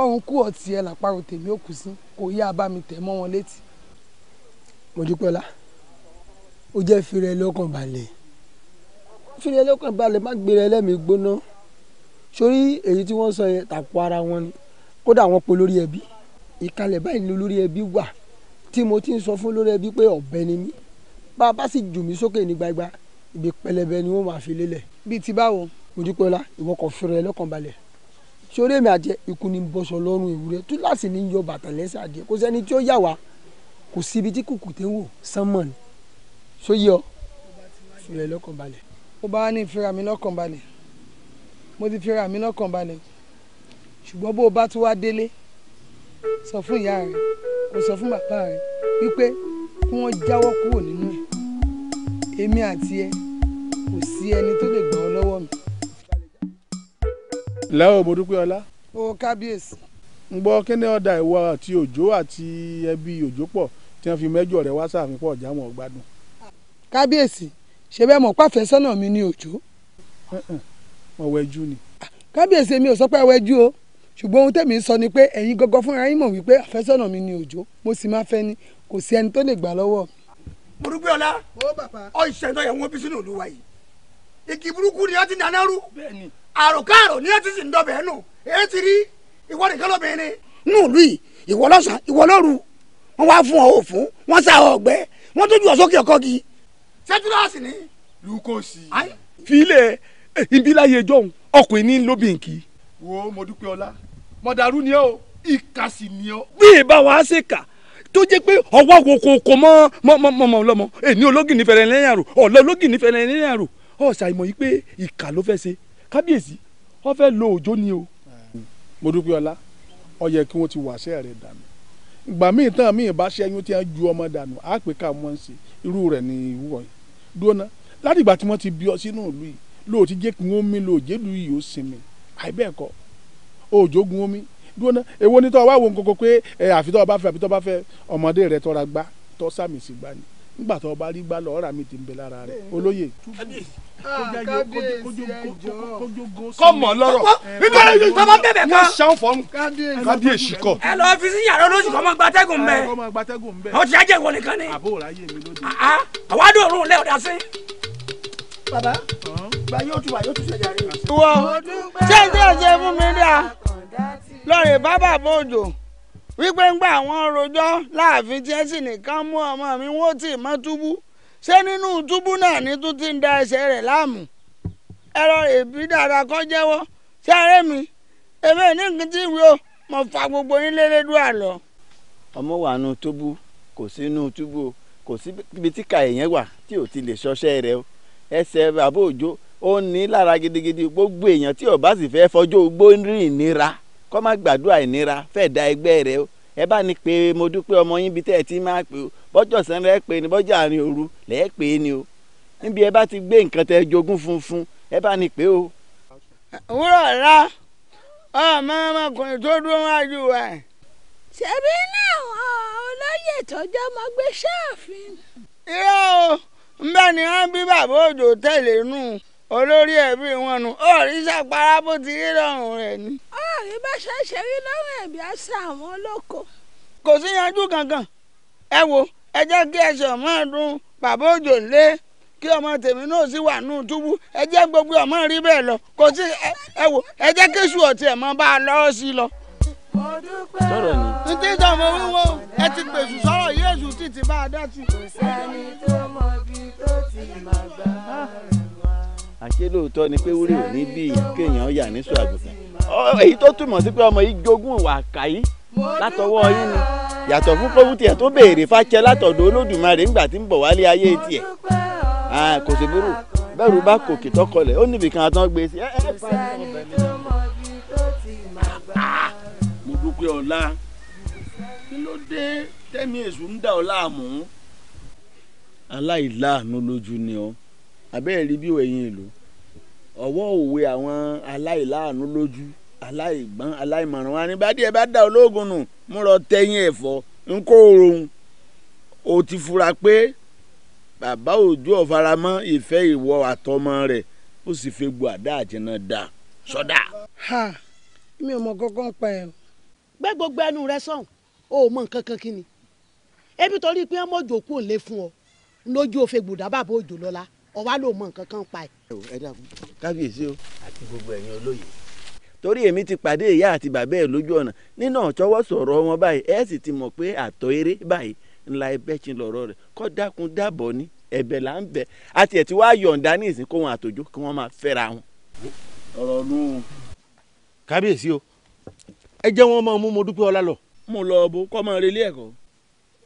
ọrùn kú ọ tiẹ̀ làparò tèmi ò kù sí kò yá a bá mi tẹ̀ mọ́ wọn létí. mo dúpẹ́ la ó jẹ́ fìrẹ lọ́kàn balẹ̀ fìrẹ lọ́kàn balẹ̀ má gbé rẹ lẹ́mìí gbóná sórí èyí tí wọ́n sọ yẹn tàkò ara wọn ni kódà wọ́n pe olórí ẹbí ìkàlẹ̀ báyìí ni olórí ẹbí wà tí mo ti ń sọ fún olórí ẹbí pé ọ̀bẹ ni mí bá a bá sì jù mí sókè ní gbagba ibi pẹlẹbẹ ni wọ́n máa fi lélẹ̀. bíi ti báwo. Mojípẹ́lá ìwọ kò fìrẹ lọ́kàn balẹ̀ sórí èmi àjẹ ikú ni bọ́sọ̀ lọ́rùn ìwúrẹ́ túláàsì ni yọ bàtà lẹ́sẹ̀ àdìẹ kò sẹ́ni tí ó yà wá kò síbi tí kùkùté wò sánmọ̀ sóyè ọ fìrẹ lọ́kàn balẹ̀ mo bá ní ìfira mi lọ́kàn balẹ̀ mo ti fira mi lọ́kàn balẹ̀ ṣùgbọ́n bó o bá tún wá délé sọ fún ìyá rẹ kò sọ fún bàbá rẹ wípé kí wọ́n jáwọ́ kúrò nínú ẹ̀ èmi àti ẹ kò sí ẹni tó lè gbà ọ́ lọ́wọ́ mi. lẹ́wọ̀ mo ọlá. o kábíyèsí. ń gbọ́ kíni ọ̀dà ìwọ àti òjò àti ẹbí òjò pọ̀ tí wọ́n fi mẹ́jọ rẹ̀ wá sáàfin pọ̀ jámọ̀ ọ̀gbádùn kábíyèsí ṣe bẹ́ẹ̀ mọ̀ pàfẹ́sọ́nà mi ní òjò. mo wẹjú ni. kábíyèsí mi ò sọ pé wẹjú o ṣùgbọ́n ohun tẹ̀mí sọ ni pé ẹ̀yin gangan fúnra yín mọ̀ wípé àfẹ́sọ́nà mi ní òjò mo sì máa fẹ́ ni kò sí ẹni tó lè gbà lọ́wọ́ mi. burúkú ọlá ọ ìṣẹ̀dọ̀ yẹn wọ́n bí sínú olúwa yìí igi burúkú ni wọ́n ti dáná rú àròkárò ni wọ́n ti sì ń dọ̀bẹ̀ nù èyí ti rí ìwọ nìkan lóbìnrin ní ìlú yìí ìwọ lọ́sàn ìwọ lóru wọ́n wá fún ọ òfun wọ́n sá ọ ọgbẹ́ wọ́n tójú ọ sókè ọkọ́ kìí ṣé gíláàsì ni. lukosi. filẹ ìbíláyé jọ̀hún ọkùnrin ní lóbìnkì. wo mo dúpẹ́ ọlá mọ̀dàrú ni ọ́ ìka sì ni ọ́. bí ìbá wa ṣe kà tó jẹ́ pé ọwọ́ wo kò kò mọ́ mọ́mọ́ ọlọ́mọ èmi ológìní fẹ̀rẹ̀ lẹ́yìn àrò ọ̀lẹ́ ológìní fẹ̀rẹ̀ lẹ́yìn àrò ọ̀sà ìmọ̀ yìí pé ìka ló fẹ́ ṣe kábíyèsí wọ́n fẹ́ lo òjò ni o. mo dúpẹ́ ọlá ó yẹ kí wọ́n ti wàṣẹ́ rẹ̀ dànù ìgbà míì tán míì bá ṣẹ́yún tí wọ́n ju ọmọ dànù á pè ṣe irú rẹ̀ ni ìwúwọ̀ yìí dúnà láti ìgbà tí wọ́n ti bí ọ sínú ìlú yìí lóòótí jẹ́ kí wọ́n mi lóòjé lu yìí ó sinmi àìbẹ́ẹ̀kọ́ òòjógun omi dúnà èwo ni tọ́ wá wo nǹkan kan pé àfitọ́ bá fẹ́ àfitọ́ bá fẹ́ ọmọdé rẹ tọ́ra gbá tọ́ sàmì sí gbani nígbà tó o bá rí gbá lọ ọ̀rà mi ti ń bẹ lára rẹ̀ olóyè. Ah, kọ́mọ lọ́rọ̀ nítorí ojú tó bá bẹ̀bẹ̀ kan. wọ́n ṣàn fọ́n kábíyèsí kọ. ẹ lọ fi sí yàrá olóṣù kọ́ gbatẹ́gùn mẹ́. kọ́ ti jẹ́ ìwọ nìkan ni. àbó ráyè mi lóde. àwa dùn òórùn lẹ́ ọ̀dà sí. bàbá gba yóò tún wà yóò tún ṣẹ̀dá rẹ̀. wọ́n ṣé ìdí ọ̀sẹ̀ fún mi dá lọ́ọ̀rẹ́ bábà bọ́ọ̀dọ̀ wípé ńgbà àwọn rojọ́ láàfin tí ẹ́sì nìkan mú ọmọ mi wọ́n tì mọ́ túbú ṣé nínú túbú náà ní tún ti ń da ẹsẹ̀ rẹ̀ láàmú ẹ̀rọ èbí dáadáa kọ́ jẹ́wọ́ ṣé ààrẹ mi èmi ní nǹkan tí ìwé o mo fa gbogbo yín lélẹ́dúrà lọ. ọmọ wà nù túbú kò sínú túbú o kò síbi tí ka èèyàn wà tí ò ti lè ṣọṣẹ́ rẹ o ẹsẹ̀ bàbá òjò ó ní lára gidigidi gbogbo èèyàn tí ó bá sì fẹ́ fọjọ́ ogbó ń rí ìnira kọ́ má gbàdúrà ìnira fẹ́ẹ̀ da ẹgbẹ́ rẹ o ẹ bá ní pé mo dúpẹ́ ọmọ yín bí tẹ́ ẹ ti máa pè o bọ́jọ́ sàn rẹ pé ni bọ́jọ́ àárín òru lẹ́ ẹ pè é ni o níbi ẹ bá ti gbé nǹkan tẹ jogún funfun ẹ bá ní pé o. òwúrọ̀ rà ọmọ ọmọkùnrin tó dúró wájú wa. ṣebí náà olóyè tọjọ mọ gbé ṣáàfin. irọ́ o ń bẹ́ẹ̀ ni wọ́n bí bàbá òjò tẹ̀lé nù olórí ẹbí wọn nù ọ̀rí ṣàpárá bó ti rí lọ́rùn rẹ̀ ni. ọ̀rí bá ṣe ṣe rí lọ́rùn ẹ̀bí àṣà àwọn olóko. kò sí yanjú kankan ẹ wo ẹ jẹ́ kí ẹsẹ̀ ọmọ ọdún bàbá òjò lé kí ọmọ tèmi náà sì wà nù túbú ẹ jẹ́ gbogbo ọmọ rí bẹ́ẹ̀ lọ kò sí ẹ wo ẹ jẹ́ kí èṣù ọ̀tí ẹ̀ mọ́ bá a lọ́ọ́ sí lọ. sọ̀rọ̀ ni. ní tí ìjọba wíwo ẹ ti pèsè sọ̀rọ̀ yéésù títí bá a dá sí. kò sẹ́ni tó mọ ibi tó ti máa gbà á. Ah àṣé lóòótọ́ ni pé wúrí ò ní bí kéèyàn yà ní sùn àgùntàn èyí tó túmọ̀ sí pé ọmọ yìí jogún ìwà àkàyí látọwọ́ yín ni yàtọ̀ fún pọ́wú tiẹ̀ tó béèrè fàṣẹ látọ̀dọ̀ olódùmarè ńgbà tí ń bọ̀ wálé ayé tiẹ̀ kò sí burú bẹ́ẹ̀rù bá kòkè tọkọlẹ̀ ó níbi kan àtàn gbé sí. mo dúpẹ́ ọ̀la kí ló dé tẹ́mi èṣù ń dà ọ́ láàmú. aláìláàánú lójú ni ọ́ àbẹ́ẹ̀ rí bí ẹ̀yin ìlú ọwọ́ òwe àwọn aláìláàánú lójú aláìgbọ́n aláìmọ̀ràn wa ní bàdí ẹ bá dá ológun nù mú lọ tẹ́yìn ẹ̀fọ́ ń kó oorun o ti fura pé bàbá òjò ọ̀faramọ́ ìfẹ́ ìwọ àtọmọ rẹ̀ ó sì fi gbọ́ àdá àjẹnà dà sọ́dà. ha mi ò mọ gángan pa ẹ o. gbé gbogbo ẹnu rẹ sọ̀hún o ò mọ nǹkan kan kí ni ebi torí pé ọmọ òjò kù ń lé fún ọ lójú òfegbùdà bàbá òjò lọ́la ọwá ló mọ nǹkan kan pa ẹ. ẹ dàkún kábíyèsí o àti gbogbo ẹ̀yin olóyè torí èmi ti pàdé ìyá àti bàbá ẹ lójú ọ̀nà nínú ọ̀tọ́wọ́ sọ̀rọ̀ wọn báyìí ẹ sì ti mọ̀ pé àtọ̀ eré báyìí ńlá ẹbẹ̀ tí ń lọ̀rọ̀ rẹ̀ kọ́ dákun dábọ̀ ni ẹ̀bẹ̀ là ń bẹ̀ àti ẹ̀ tí wàá yọ̀ǹda ní ìsìn kó wọn àtòjó kí wọ́n máa fẹ́ra wọn. ọ̀rọ̀ nù. kábíyèsí o ẹ jẹ́ wọn máa mú mo dúpẹ́ ọlá lọ. mo lọ bo kọ́ máa relé ẹ̀kọ́.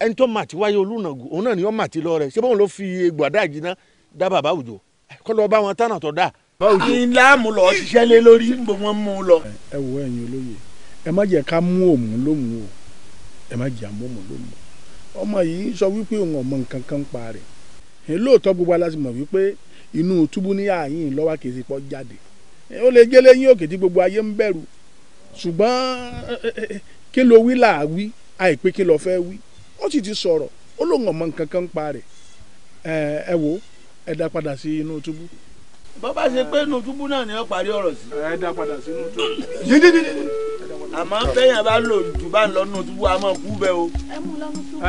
ẹni tó mà wáyé olùnàgù òun náà ni wọ́n mà ti lọ rẹ̀ ṣé báwọn ló fi egbò àdáàjì náà dá bàbá òjò kọ́ lọ bá wọn tánà tó dà. ńlá mú lọ ṣiṣẹ́ lé lórí gbogbo wọn mú un lọ. ẹ wo ẹ̀yin olóye ẹ má jẹ́ ká mú òmù lómù o ẹ má lómù ọmọ wípé òun ọmọ nǹkan kan pa lóòótọ́ gbogbo wípé inú túbú ní kì í ti pọ́ jáde ó lè gélé yín òkè tí gbogbo ayé ń bẹ̀rù ṣùgbọ́n kí ló wí là á wí àìpé kí fẹ́ wí ó sì ti sọ̀rọ̀ ó lóun ọmọ nǹkan ẹ dá padà sí inú túbú. bó bá ṣe pé inú túbú náà ni ó parí ọ̀rọ̀ sí. ẹ dá padà sí inú túbú. àmọ́ fẹ́yàn bá lò jù bá ń lọ inú túbú a máa kú bẹ́ẹ̀ o. ẹ mú lọ́nu túbú.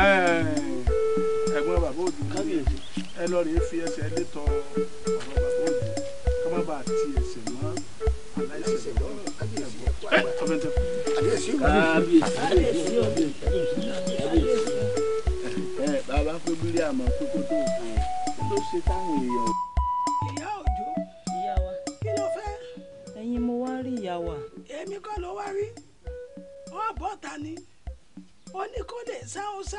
ẹ̀gbọ́n bàbá òdu kábíyèsí ẹ lọ rèé fi ẹsẹ̀ lé tọ ọ̀rọ̀ bàbá òdu ká má bàa ti ẹsẹ̀ mọ́ aláìsẹ̀ lọ́rùn kábíyèsí. kábíyèsí. bàbá pé bílíà máa kókó tó o ló ṣe táwọn èèyàn. ìyá òjò. ìyá wa. kí ló fẹ́. ẹ̀yin mo wá rí ìyá wa. èmi kọ́ ló wá rí wọn bọ́ta ni ó ní kó lè sá ó sá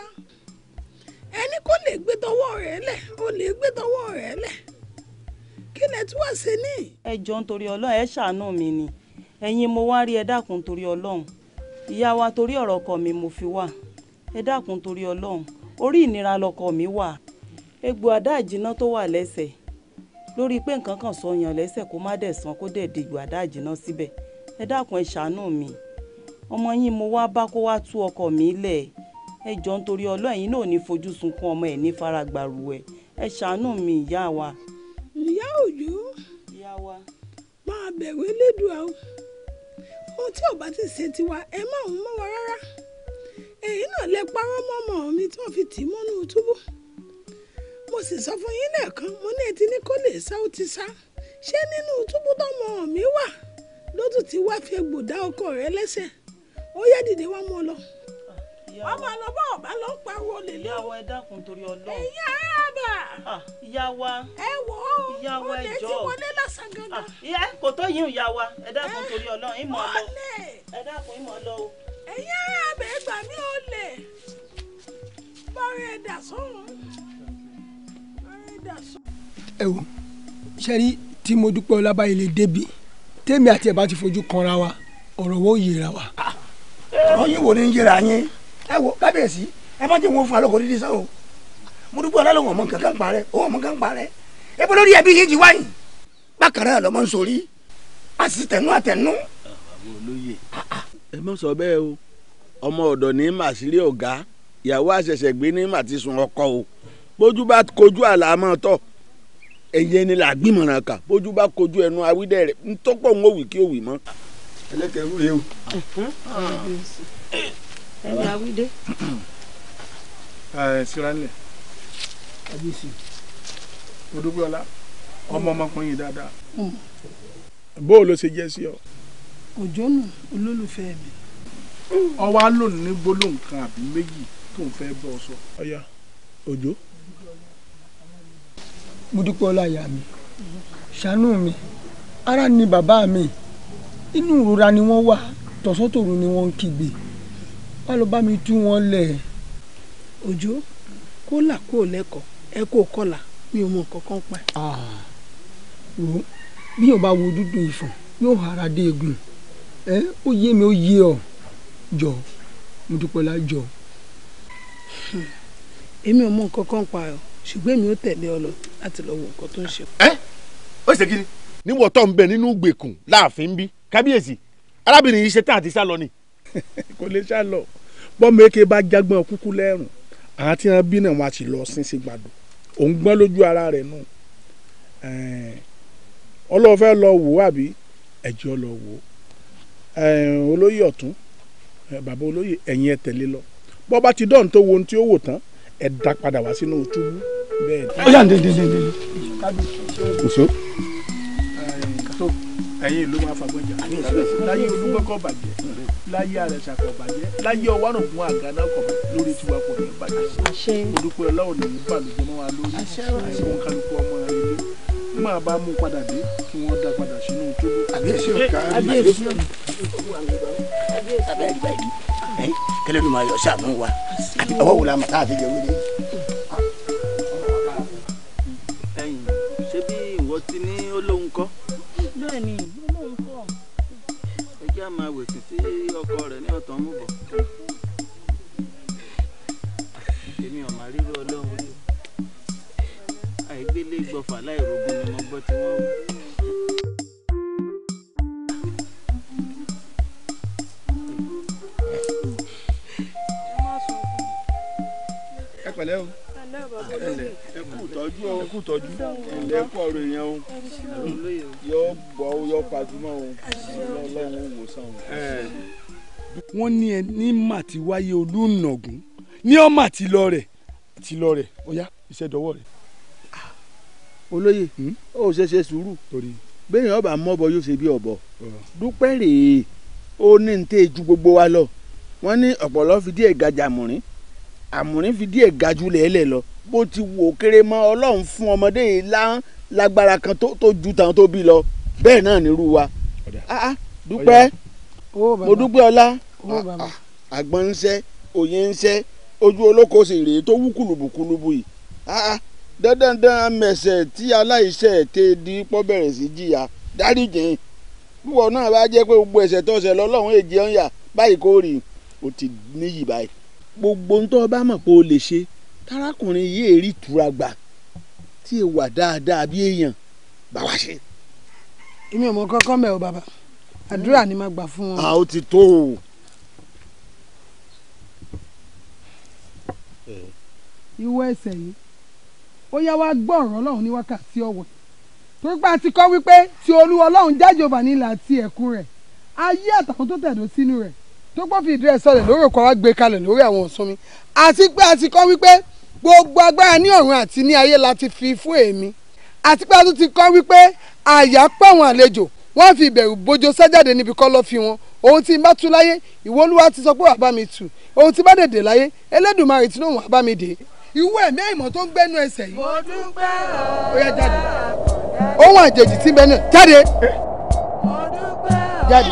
ẹni kó lè gbé tọwọ́ rẹ̀ lẹ̀ ó lè gbé tọwọ́ rẹ̀ lẹ̀ kí lẹ tí wàá ṣe ní. ẹ jọ nítorí ọlọ́run ẹ ṣàánú mi ni ẹ̀yin mo wá rí ẹ dákun torí ọlọ́run ìyá wa torí ọ̀rọ̀ ọkọ mi mo fi wà ẹ dákun torí ọlọ́run orí ìnira lọkọ mi wà egbò àdáàjìná tó wà lẹ́sẹ̀ lórí pé nǹkan kan sọyàn lẹ́sẹ̀ kó má dẹ̀ san kó dẹ̀ dìgbò àdáàjìná síbẹ̀ ẹ dákun ẹ ṣàánú mi ọmọ yín mo wá bá kó wá tú ọkọ mi lẹ̀ ẹ jọ nítorí ọlọ́ọ̀ yín náà ní fojú sunkún ọmọ ẹ̀ ní faragbàrú ẹ̀ ẹ ṣàánú mi ìyá wa. ìyá òjò máa bẹ̀wé lédùá o ohun tí ọba ti ṣe tiwa ẹ má òun mọ́ wa rárá èyí náà lè parọ́ mọ́ ọmọ mi tí wọ́n fi tì í mọ́nú túbú mo sì sọ fún yín lẹ́ẹ̀kan mo ní etí ní kó lè sá ó ti sá ṣé nínú túbú tọmọ mi wà lótú ti wá fi egbò dá ọkọ rẹ lẹ́sẹ̀ ó yá dìde wá mọ́ lọ ọmọ ọlọ́bọ̀ ọba ló ń pariwo lèlé ìyàwó ẹ dákun torí Ọlọ́run. ìyá àbà. ìyá wa. ẹ wò ó ìyàwó ẹ jọ. ti wọlé lásán gangan. ìyá kò tó yín ìyá wa ẹ dákun torí Ọlọ́run ah, ìmọ̀ lọ. Ah, ẹ dákun ìmọ̀ eh, lọ o. ìyá àbà ẹ gbà mí olè. bọ́ọ̀rẹ́ ẹ̀dà sóhun ẹ wò sẹ́rí tí mo dúpẹ́ ọlábàyè lè débi tèmi àti ẹ̀ bá ti fojú kanra wa ọ̀rọ̀ wo yẹra wa. ọ̀rọ̀ yín wo ni ń yẹra yín ẹ wò kábíyèsí ẹ má jẹ́ wọn fún alọ́kọ̀ dídí sáwọn mo dúpẹ́ ọlọ́lọ́wọ̀n ọmọ nǹkan kan parẹ́ owó ọmọ nǹkan parẹ́ ebi lórí ẹbí yìí ti wáyìn bákan náà lọ́mọ ń sori a sì tẹ̀nú àtẹ̀nú. ẹ má sọ bẹ́ẹ̀ o ọmọ ọ̀dọ̀ ní màsírí ọ̀gá ìyàwó àṣẹ̀ṣẹ̀ gbé ní màtísùn ọkọ o bójú bá kojú àlà àmọ́ tọ̀ ẹ̀yẹ ni là gbìmọ̀ràn kà bójú bá kojú ẹnu awídẹ́ rẹ̀ ntọ́pọ̀ ń òwì kí òwì mọ́. ẹlẹ́kẹ̀rú yẹ o. ẹni awídẹ́. ẹ siranlẹ̀ kábíyèsí odúgbòlá ọmọ ọmọkùnrin yìí dáadáa mm. bó o ló ṣe jẹ́ sí ọ. òjò nù olólùfẹ́ mi. ọwọ́ á lò ní gbólóhùn kan àbí méjì tó ń fẹ́ bọ́ ọ sọ. ọ̀ya òjò mo dúpẹ́ ọláyà mi ṣàánú mi ara ni bàbá mi inú ìrora ni wọ́n wà tọ̀sọ́tòru ni wọ́n ń kígbe wá lọ bá mi tú wọn lẹ̀. òjò kó là kó lẹ́kọ̀ọ́ ẹ kó kọ́là mi ò mọ nǹkan kan pa. Ah. wò bí yóò bá wo dúdú ìfọ̀n yóò hara dé egun ẹ ó yé mi ó yé ọ jọ mo dúpẹ́ lájọ. Hmm. èmi ò mọ nǹkan kan pa ọ́ ṣùgbọ́n èmi ò tẹ̀lé ọ lọ láti lọ wo nǹkan tó ń ṣe. ẹ ó ṣe kíni. níwọ̀ tó ń bẹ nínú gbèkùn láàfin bí kábíyèsí arábìnrin yìí ṣe tán àti sá lọ ni. kò lè sá lọ bọ́mọ eke bá jágbọ́n kúkú lẹ́rùn àwọn tí wọ́n bí náà wọ́n á ti lọ sin sí gbàdó òun gbọ́n lójú ara rẹ̀ nù ọlọ́wọ́ fẹ́ lọ wò àbí ẹ̀jẹ̀ ọ lọ wò olóyè ọ̀tún bàbá olóyè ẹ̀yìn ẹ̀ tẹ̀lé lọ bọ́ bá ti dọ́ọ̀n tó wo ohun tí ó wò tán ẹ dá padà wá sínú túbú bẹ́ẹ̀ ni. ó yà ní ní ní ní. nso. kàtó ẹ̀yin ìlú máa fagbọ́n jà láyé olúgbọ́kọ̀ bàjẹ́ láyé àrẹ̀sà kò bàjẹ́ láyé ọwárùn fún àgànà kò lórí tiwa kò ní bàjẹ́ olùkọ́ ọlọ́run ní ìbàlùjẹ́ mọ́ wa lórí àìsàn kálukú ọmọ rẹ lé máa bá mú padà dé kí wọ́n dá padà sínú túbú. àbí èsì ọ̀ka àbí èsì ọ̀ka. Eh, kẹlẹ́ ló máa yọ ṣàánú wa àti ọwọ́ wo la mọ̀ tá a fi jẹ wílé. ẹ̀yin ṣé bí ìwọ ti ní olóhùn kọ́. bẹ́ẹ̀ ni olóhùn kọ́. ẹ jẹ́ àmà wèsì sí ọkọ rẹ̀ ní ọ̀tọ̀ ń bọ̀. èmi ọ̀mà rírọ̀ ọlọ́run rí àìgbélé gbọ̀fà láì ni mo gbọ́ tí wọ́n pẹ̀lẹ́ o ẹ kú tọ́jú o ẹ kú tọ́jú ẹ kú ọ̀rọ̀ èèyàn o yọ bọ̀ o yọ pàdúmọ̀ o lọ́wọ́ wòsàn o. wọ́n ní ẹ ní màtí wáyé olùnàgún ní ọmọ àti lọ rẹ̀ àti lọ rẹ̀ ọ̀yá iṣẹ́ dọwọ́ rẹ̀. Ah, olóyè hmm? ó ṣe ṣe sùúrù béèyàn ọba mọ́bọ yóò ṣe bí ọ̀bọ dúpẹ́ rèé ó ní ní tẹ́ ju gbogbo wa lọ wọ́n ní ọ̀pọ̀lọ́ fi díẹ̀ gajà àmùrín fi díẹ̀ ga jù lẹ́ẹ̀lẹ̀ lọ bó ti wò kéré mọ́ ọlọ́run fún ọmọdé yìí lágbára kan tó ju tàn tó bí lọ bẹ́ẹ̀ náà nírú wa ah, ah, dúpẹ́ mo dúpẹ́ ọlá ah, àgbọn ń ṣẹ́ òye ń ṣẹ́ ojú olóko sì rèé tó wú kùlùbùkùlùbù yìí dandandan mẹsẹ̀ tí aláìṣẹ̀ tẹ di pọ́ bẹ̀rẹ̀ sí jìyà dáríjìn púpọ̀ náà bá jẹ́ pé gbogbo ẹ̀ṣẹ̀ tó ṣẹ̀ lọ́lọ́run èjì ọ̀yà báyìí kò rí o ti níyì báyìí gbogbo ń tọ́ bá mọ̀ pé o lè ṣe tarakùnrin yìí èrí ìtura gbà tí ì wà dáadáa bí èèyàn bá wá ṣe. èmi ò mọ kọ́kọ́ mẹ́ o bàbá àdúrà ni màá gbà fún wọn. a ó ti tó o. ìwọ ẹsẹ̀ yìí ó yá wá gbọ́ ọ̀rọ̀ ọlọ́run ní wákàtí ọ̀wọ̀ torí a ti kọ́ wípé tí olúwa ọlọ́run jẹ́ Jèhófà ní àti ẹ̀kú rẹ̀ ayé àtàwọn tó tẹ̀dó sínú rẹ̀ tó pọ̀ fi ìdí ẹ̀ sọlẹ̀ lórí òkú àwa gbé kalẹ̀ lórí àwọn ọ̀sán mi àti pé a ti kọ́ wípé gbogbo agbára ní ọ̀run àti ní ayé la ti fi fún èmi àti pé a tún ti kọ́ wípé àyà pẹ́ àwọn àlejò wọ́n fi ìbẹ̀rù bójó sẹ́jáde níbi kọ́ lọ́ fi wọn ohun tí n bá tú láyé ìwọ olúwa ti sọ pé wàá bá mi tù ohun tí bá dèdè láyé elédùnmarè tí lóun wàá bá mi dè ìwọ ẹ̀mí ìmọ̀ tó ń gbẹ́nu ẹsẹ̀ yìí ó yá jáde ohun àjèjì tí ń bẹ náà jáde jáde.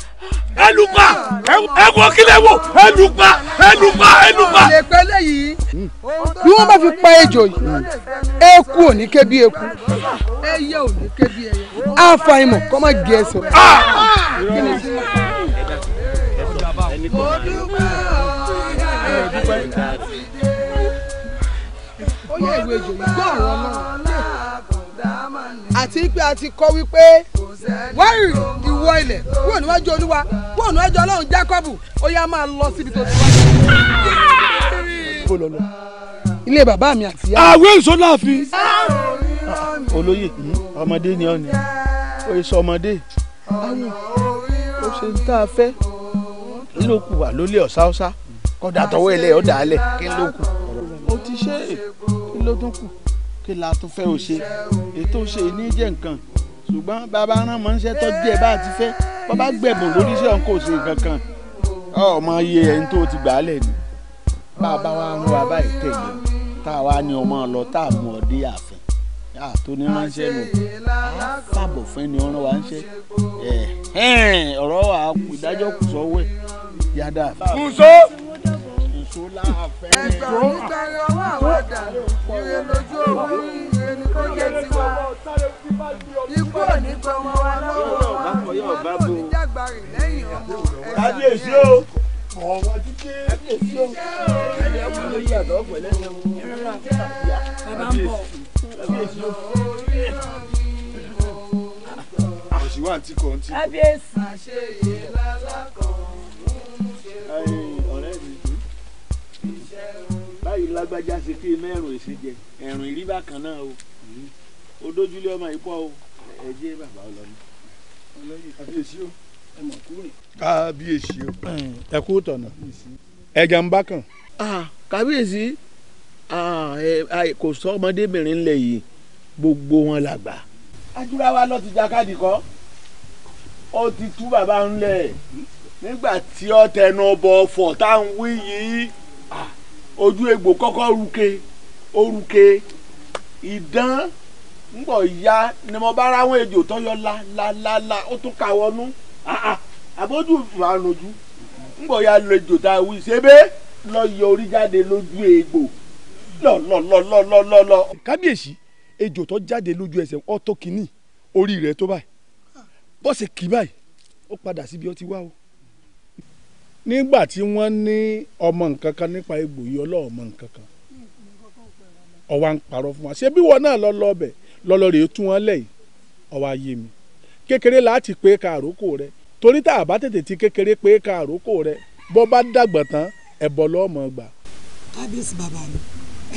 ẹlùpà ẹwọ kílẹ̀ wò ẹlùpà ẹlùpà ẹlùpà. bí wọ́n bá fi pa ejò yìí eku ò ní ké bí eku ẹyẹ ò ní ké bí ẹyẹ àfàìmọ̀ kọ́ má gé ẹ sọ. Ah! ó yẹ ìwé ejò yìí gbọ́ àti pé a ti kọ́ wípé wáyì ìwọ ilẹ̀ kúrò níwájú olúwa kúrò níwájú ọlọ́run jákọ́bù ó yá máa lọ síbi tó ti wá. ilé bàbá mi àti ìyá. àwẹ̀ ìsọláàfin. olóyè ọmọdé ni ọ ni oṣù ọmọdé àwọn ó ṣe ń tá a fẹ́ kí ló kù wà lólè ọ̀sáọ́sá kọ́dà tọwọ́ ẹ̀ lẹ̀ ọ̀dà alẹ̀ kí ló kù. mo ti ṣe kí ló tún kù kí la tún fẹ́ o ṣe ètò ṣe ní jẹ́ nǹkan ṣùgbọ́n bàbá rán mọ́ iṣẹ́ tọ́jú ẹ̀ bá ti fẹ́ bàbá gbẹ̀bùn lórí iṣẹ́ òun kò ṣe nǹkan ọmọ iye ẹni tó ti gbà á lẹ̀ ni bàbá wa ń wá báyìí tẹ̀lé tá a wá ní ọmọ lọ tá a mú ọ dé àfẹ́ àtò ní ránṣẹ́ nù fàbọ̀ fún ẹni ọ̀ràn wa ń ṣe ọ̀rọ̀ wa ìdájọ́ kù sọ́wọ́ yàda. kùsọ́ èso láàfẹ́. ẹgbẹ̀rún nígbà yẹn ọwọ́ àwọn ọ̀dà lójú owó ìrè ni jẹ́ tiwa. ikú òní kan wọn wá lọ́wọ́ wa ìwà tó ní jágbárì lẹ́yìn ọmọ ẹ̀ka kábíyèsí o. ọ̀wọ́ jíjẹ́ kábíyèsí o. ẹ̀yẹ ló yí àdó ọ̀pọ̀ ẹlẹ́yìn ọmọ kábíyèsí o. àṣìwà àti kọ̀ọ̀tì. kábíyèsí. àṣeyè lálákọ̀ọ́ lágbájá ṣe pé mẹ́rùn èsì jẹ ẹ̀rùn ìrí bákan náà o ó dójúlé ọmọ ìpọ́ o ẹ jẹ́ bàbá ọlọ́mọ. kábíyèsí o ẹ mọ̀ kúrò. kábíyèsí o ẹ kú tọ̀nà ẹja ń bá kàn. kábíyèsí kò sọ ọmọdébìnrin ńlẹ̀ yìí gbogbo wọn làgbà. ajúráwá ló ti jàkadì kọ́ ó ti tú bàbá ńlẹ̀ nígbà tí ó tẹnu bọ̀ fọ̀ tá wí yìí ojú egbò kọ́kọ́ ruke oruke ìdán ńgbọ̀ ya ni mo bá ráwọn ejò tó yọ la la la la ó tún ka wọnú ah, ah, àbójú àrùnjú ńgbọ̀ ya lọ ejò tá a wí ṣebé lọ yọ orí jáde lójú egbò lọlọlọlọlọ. kábíyèsí ejò tó jáde lójú ẹsẹ̀ ọ̀tọ̀ kìíní orí rẹ̀ tó báyìí bọ́sẹ̀ kì báyìí ó padà síbi ọtí wá o nígbà tí wọ́n ní ọmọ nǹkan kan nípa egbò yìí ọlọ́ọ̀mọ nǹkan kan ọwọ́ à ń parọ́ fún wa ṣé bí wọn náà lọ lọ ọbẹ̀ lọ́lọ́ rèé tú wọn lẹ́yìn ọwọ́ ayé mi kékeré láti pé ka àrókò rẹ torí tá a bá tètè ti kékeré pé ka àrókò rẹ bọ́ bá dàgbà tán ẹ̀bọ lọ́ọ̀mọ gbà. kábíyèsí bàbá mi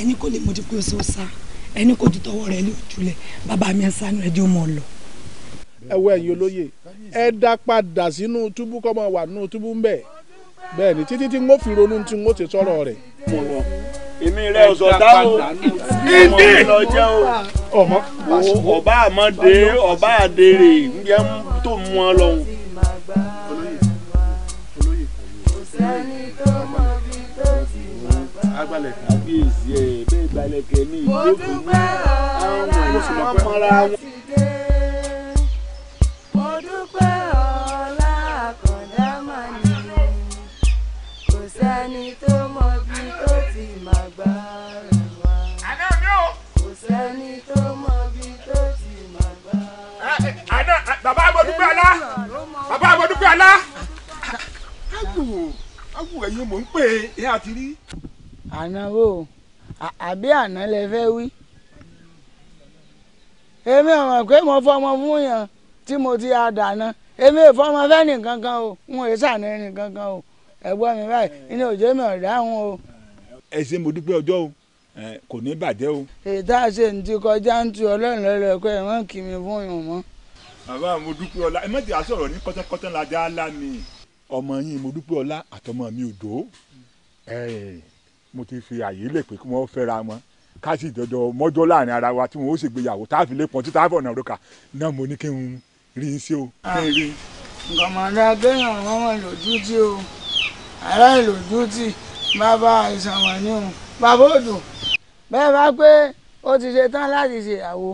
ẹni kò lè mojú pé ṣe ó sá ẹni kò ti tọwọ́ rẹ lè jùlẹ̀ bàbá mi ẹ sánú ẹ jẹ́ ó mọ̀ lọ ẹwọ ẹ̀yin olóye ẹ dá padà sínú túbú kọmọ wà nínú túbú ń bẹ bẹ́ẹ̀ ni títí tí n fi ronú tí n ti sọ̀rọ̀ rẹ̀. èmi rẹ ọ̀sọ̀ dá o ìdí ọba àmọ́dé ọba àdèrè ń yẹ tó mú ọ lọ́hùn. agbalẹ̀ kábíyèsí ẹ̀ bẹ́ẹ̀ gbalẹ̀ kẹ́mi sẹ́ni tó mọ bí tó ti máa gbá tó mọ bí tó eh, àná eh, bàbá bàbá agbódúpẹ́ ọlá. áwù áwù ẹ̀yin àná o àbí àná lè fẹ́ wí. èmi ò pé mo fọmọ fún yàn tí mo ti àdànà èmi ò fọmọ fẹ́ nìkankan o n ò sànà nìkankan o. ẹ gbọ́ mi báyìí inú òjò mi ò dáhùn o. ẹ ṣe mo dúpẹ́ ọjọ́ o kò ní bàjẹ́ o. ètò àṣẹ ní ti kọjá ń tu ọlọ́run lọ́lọ́ ẹ̀kọ́ ẹ̀ wọ́n kì mí fún ìwọ̀n mọ́. bàbá mo dúpẹ́ ọlá ẹ mọ̀tì àsọ̀rọ̀ ní kọ́tẹ́kọ́tẹ́ lajá ńlá ni ọmọ yín mo dúpẹ́ ọlá àtọmọ mi odò mo ti fi àyè lè pé kí wọ́n fẹ́ra wọn ká sì dọdọ mọ́jọ́ láàrin ara wa tí wọn ó ṣègbéyàwó tá a fi lè pọn títà fọ̀nà òrùka náà mo ní kí n rí i sí o. nǹkan mọ̀ ní abẹ́yàn wọn wọn lòdù tí o ará ìlòjútì bàbá ìsànwàníhùn bàbá òdùn bẹ́ẹ̀ bá pé ó ti ṣe tán láti ṣèyàwó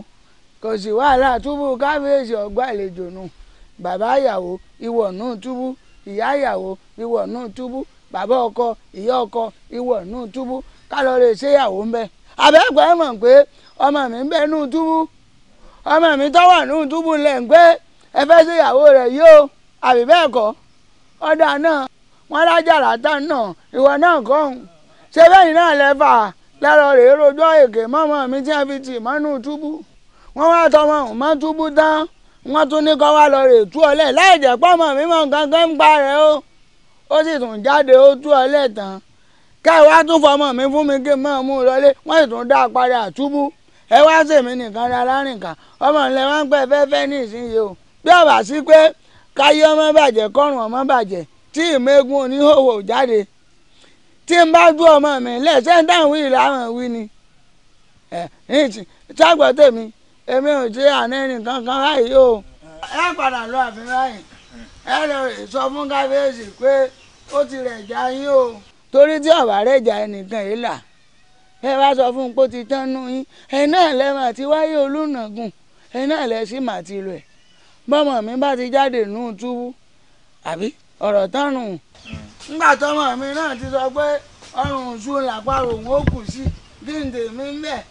kò sí wàhálà túbú kábíyèsí ọgbà àlejò nù bàbá ìyàwó ìwọ nù túbú ìyá ìyàwó ìwọ nù túbú bàbá ọkọ ìyá ọkọ ìwọ nù túbú ká lọ lè ṣèyàwó ń bẹ àbẹ́gbẹ́ mọ̀ pé ọmọ mi ń bẹ nù túbú ọmọ mi tó wà nù túbú lẹ̀ ẹ fẹ́ ṣèyàwó rẹ̀ yìí àbí bẹ́ẹ̀ kọ́ ọ̀dà náà wọ́n rájà ràtà náà ìwọ náà kọ́hún ṣé bẹ́yìn náà lẹ́fà lẹ́rọ rèé rojọ́ èké mọ́mọ́ mi tí wọ́n fi tì mọ́nú túbú wọ́n wá tọmọ òun mọ́ túbú tán wọ́n tún ní kọ́ wá lọ rè tú ọlẹ̀ láì jẹ́ pọ́mọ mi kankan ń pa rẹ̀ o ó sì tún jáde ó tú ọlẹ̀ tán káìwá tún fọmọ mi fún mi kí n mọ̀ mú lọlé wọ́n sì tún dá a parí àtúbú ẹ wá sèmi nìkan ra lárìnkà ọmọ ńlẹ wọn pẹ fẹfẹ ní ìsinyìí o bí ọba sí pé káyé ọmọ bàjẹ́ kọ́rùn ọmọ bàjẹ́ tí ìmẹ́gun oníhòòhò jáde tí n bá dú ọmọ mi lẹ́sẹ̀ ń dáhùn wíì láwọn wí ni ságbọ́ tèmi èmi ò ṣe ànẹ́ni kankan báyìí o. ẹ padà lọ àfin báyìí ẹ lọ sọ fún kábíyèsí pé ó ti rẹ̀ já yín o. torí tí ọ̀bà rẹ̀ jà ẹnìkan yìí là ẹ wá sọ fún un pé ó ti tán nú yín ẹ náà lẹ mà ti wáyé olùnàgùn ẹ náà lẹ sí mà lọ ẹ bọ́mọ mi bá ti jáde nù túbú àbí ọ̀rọ̀ tọ́rùn ńgbà hmm. tọmọ mi náà ti sọ pé ọrùn ṣu làpárò òun ó kù sí gíǹdè mi ń bẹ̀.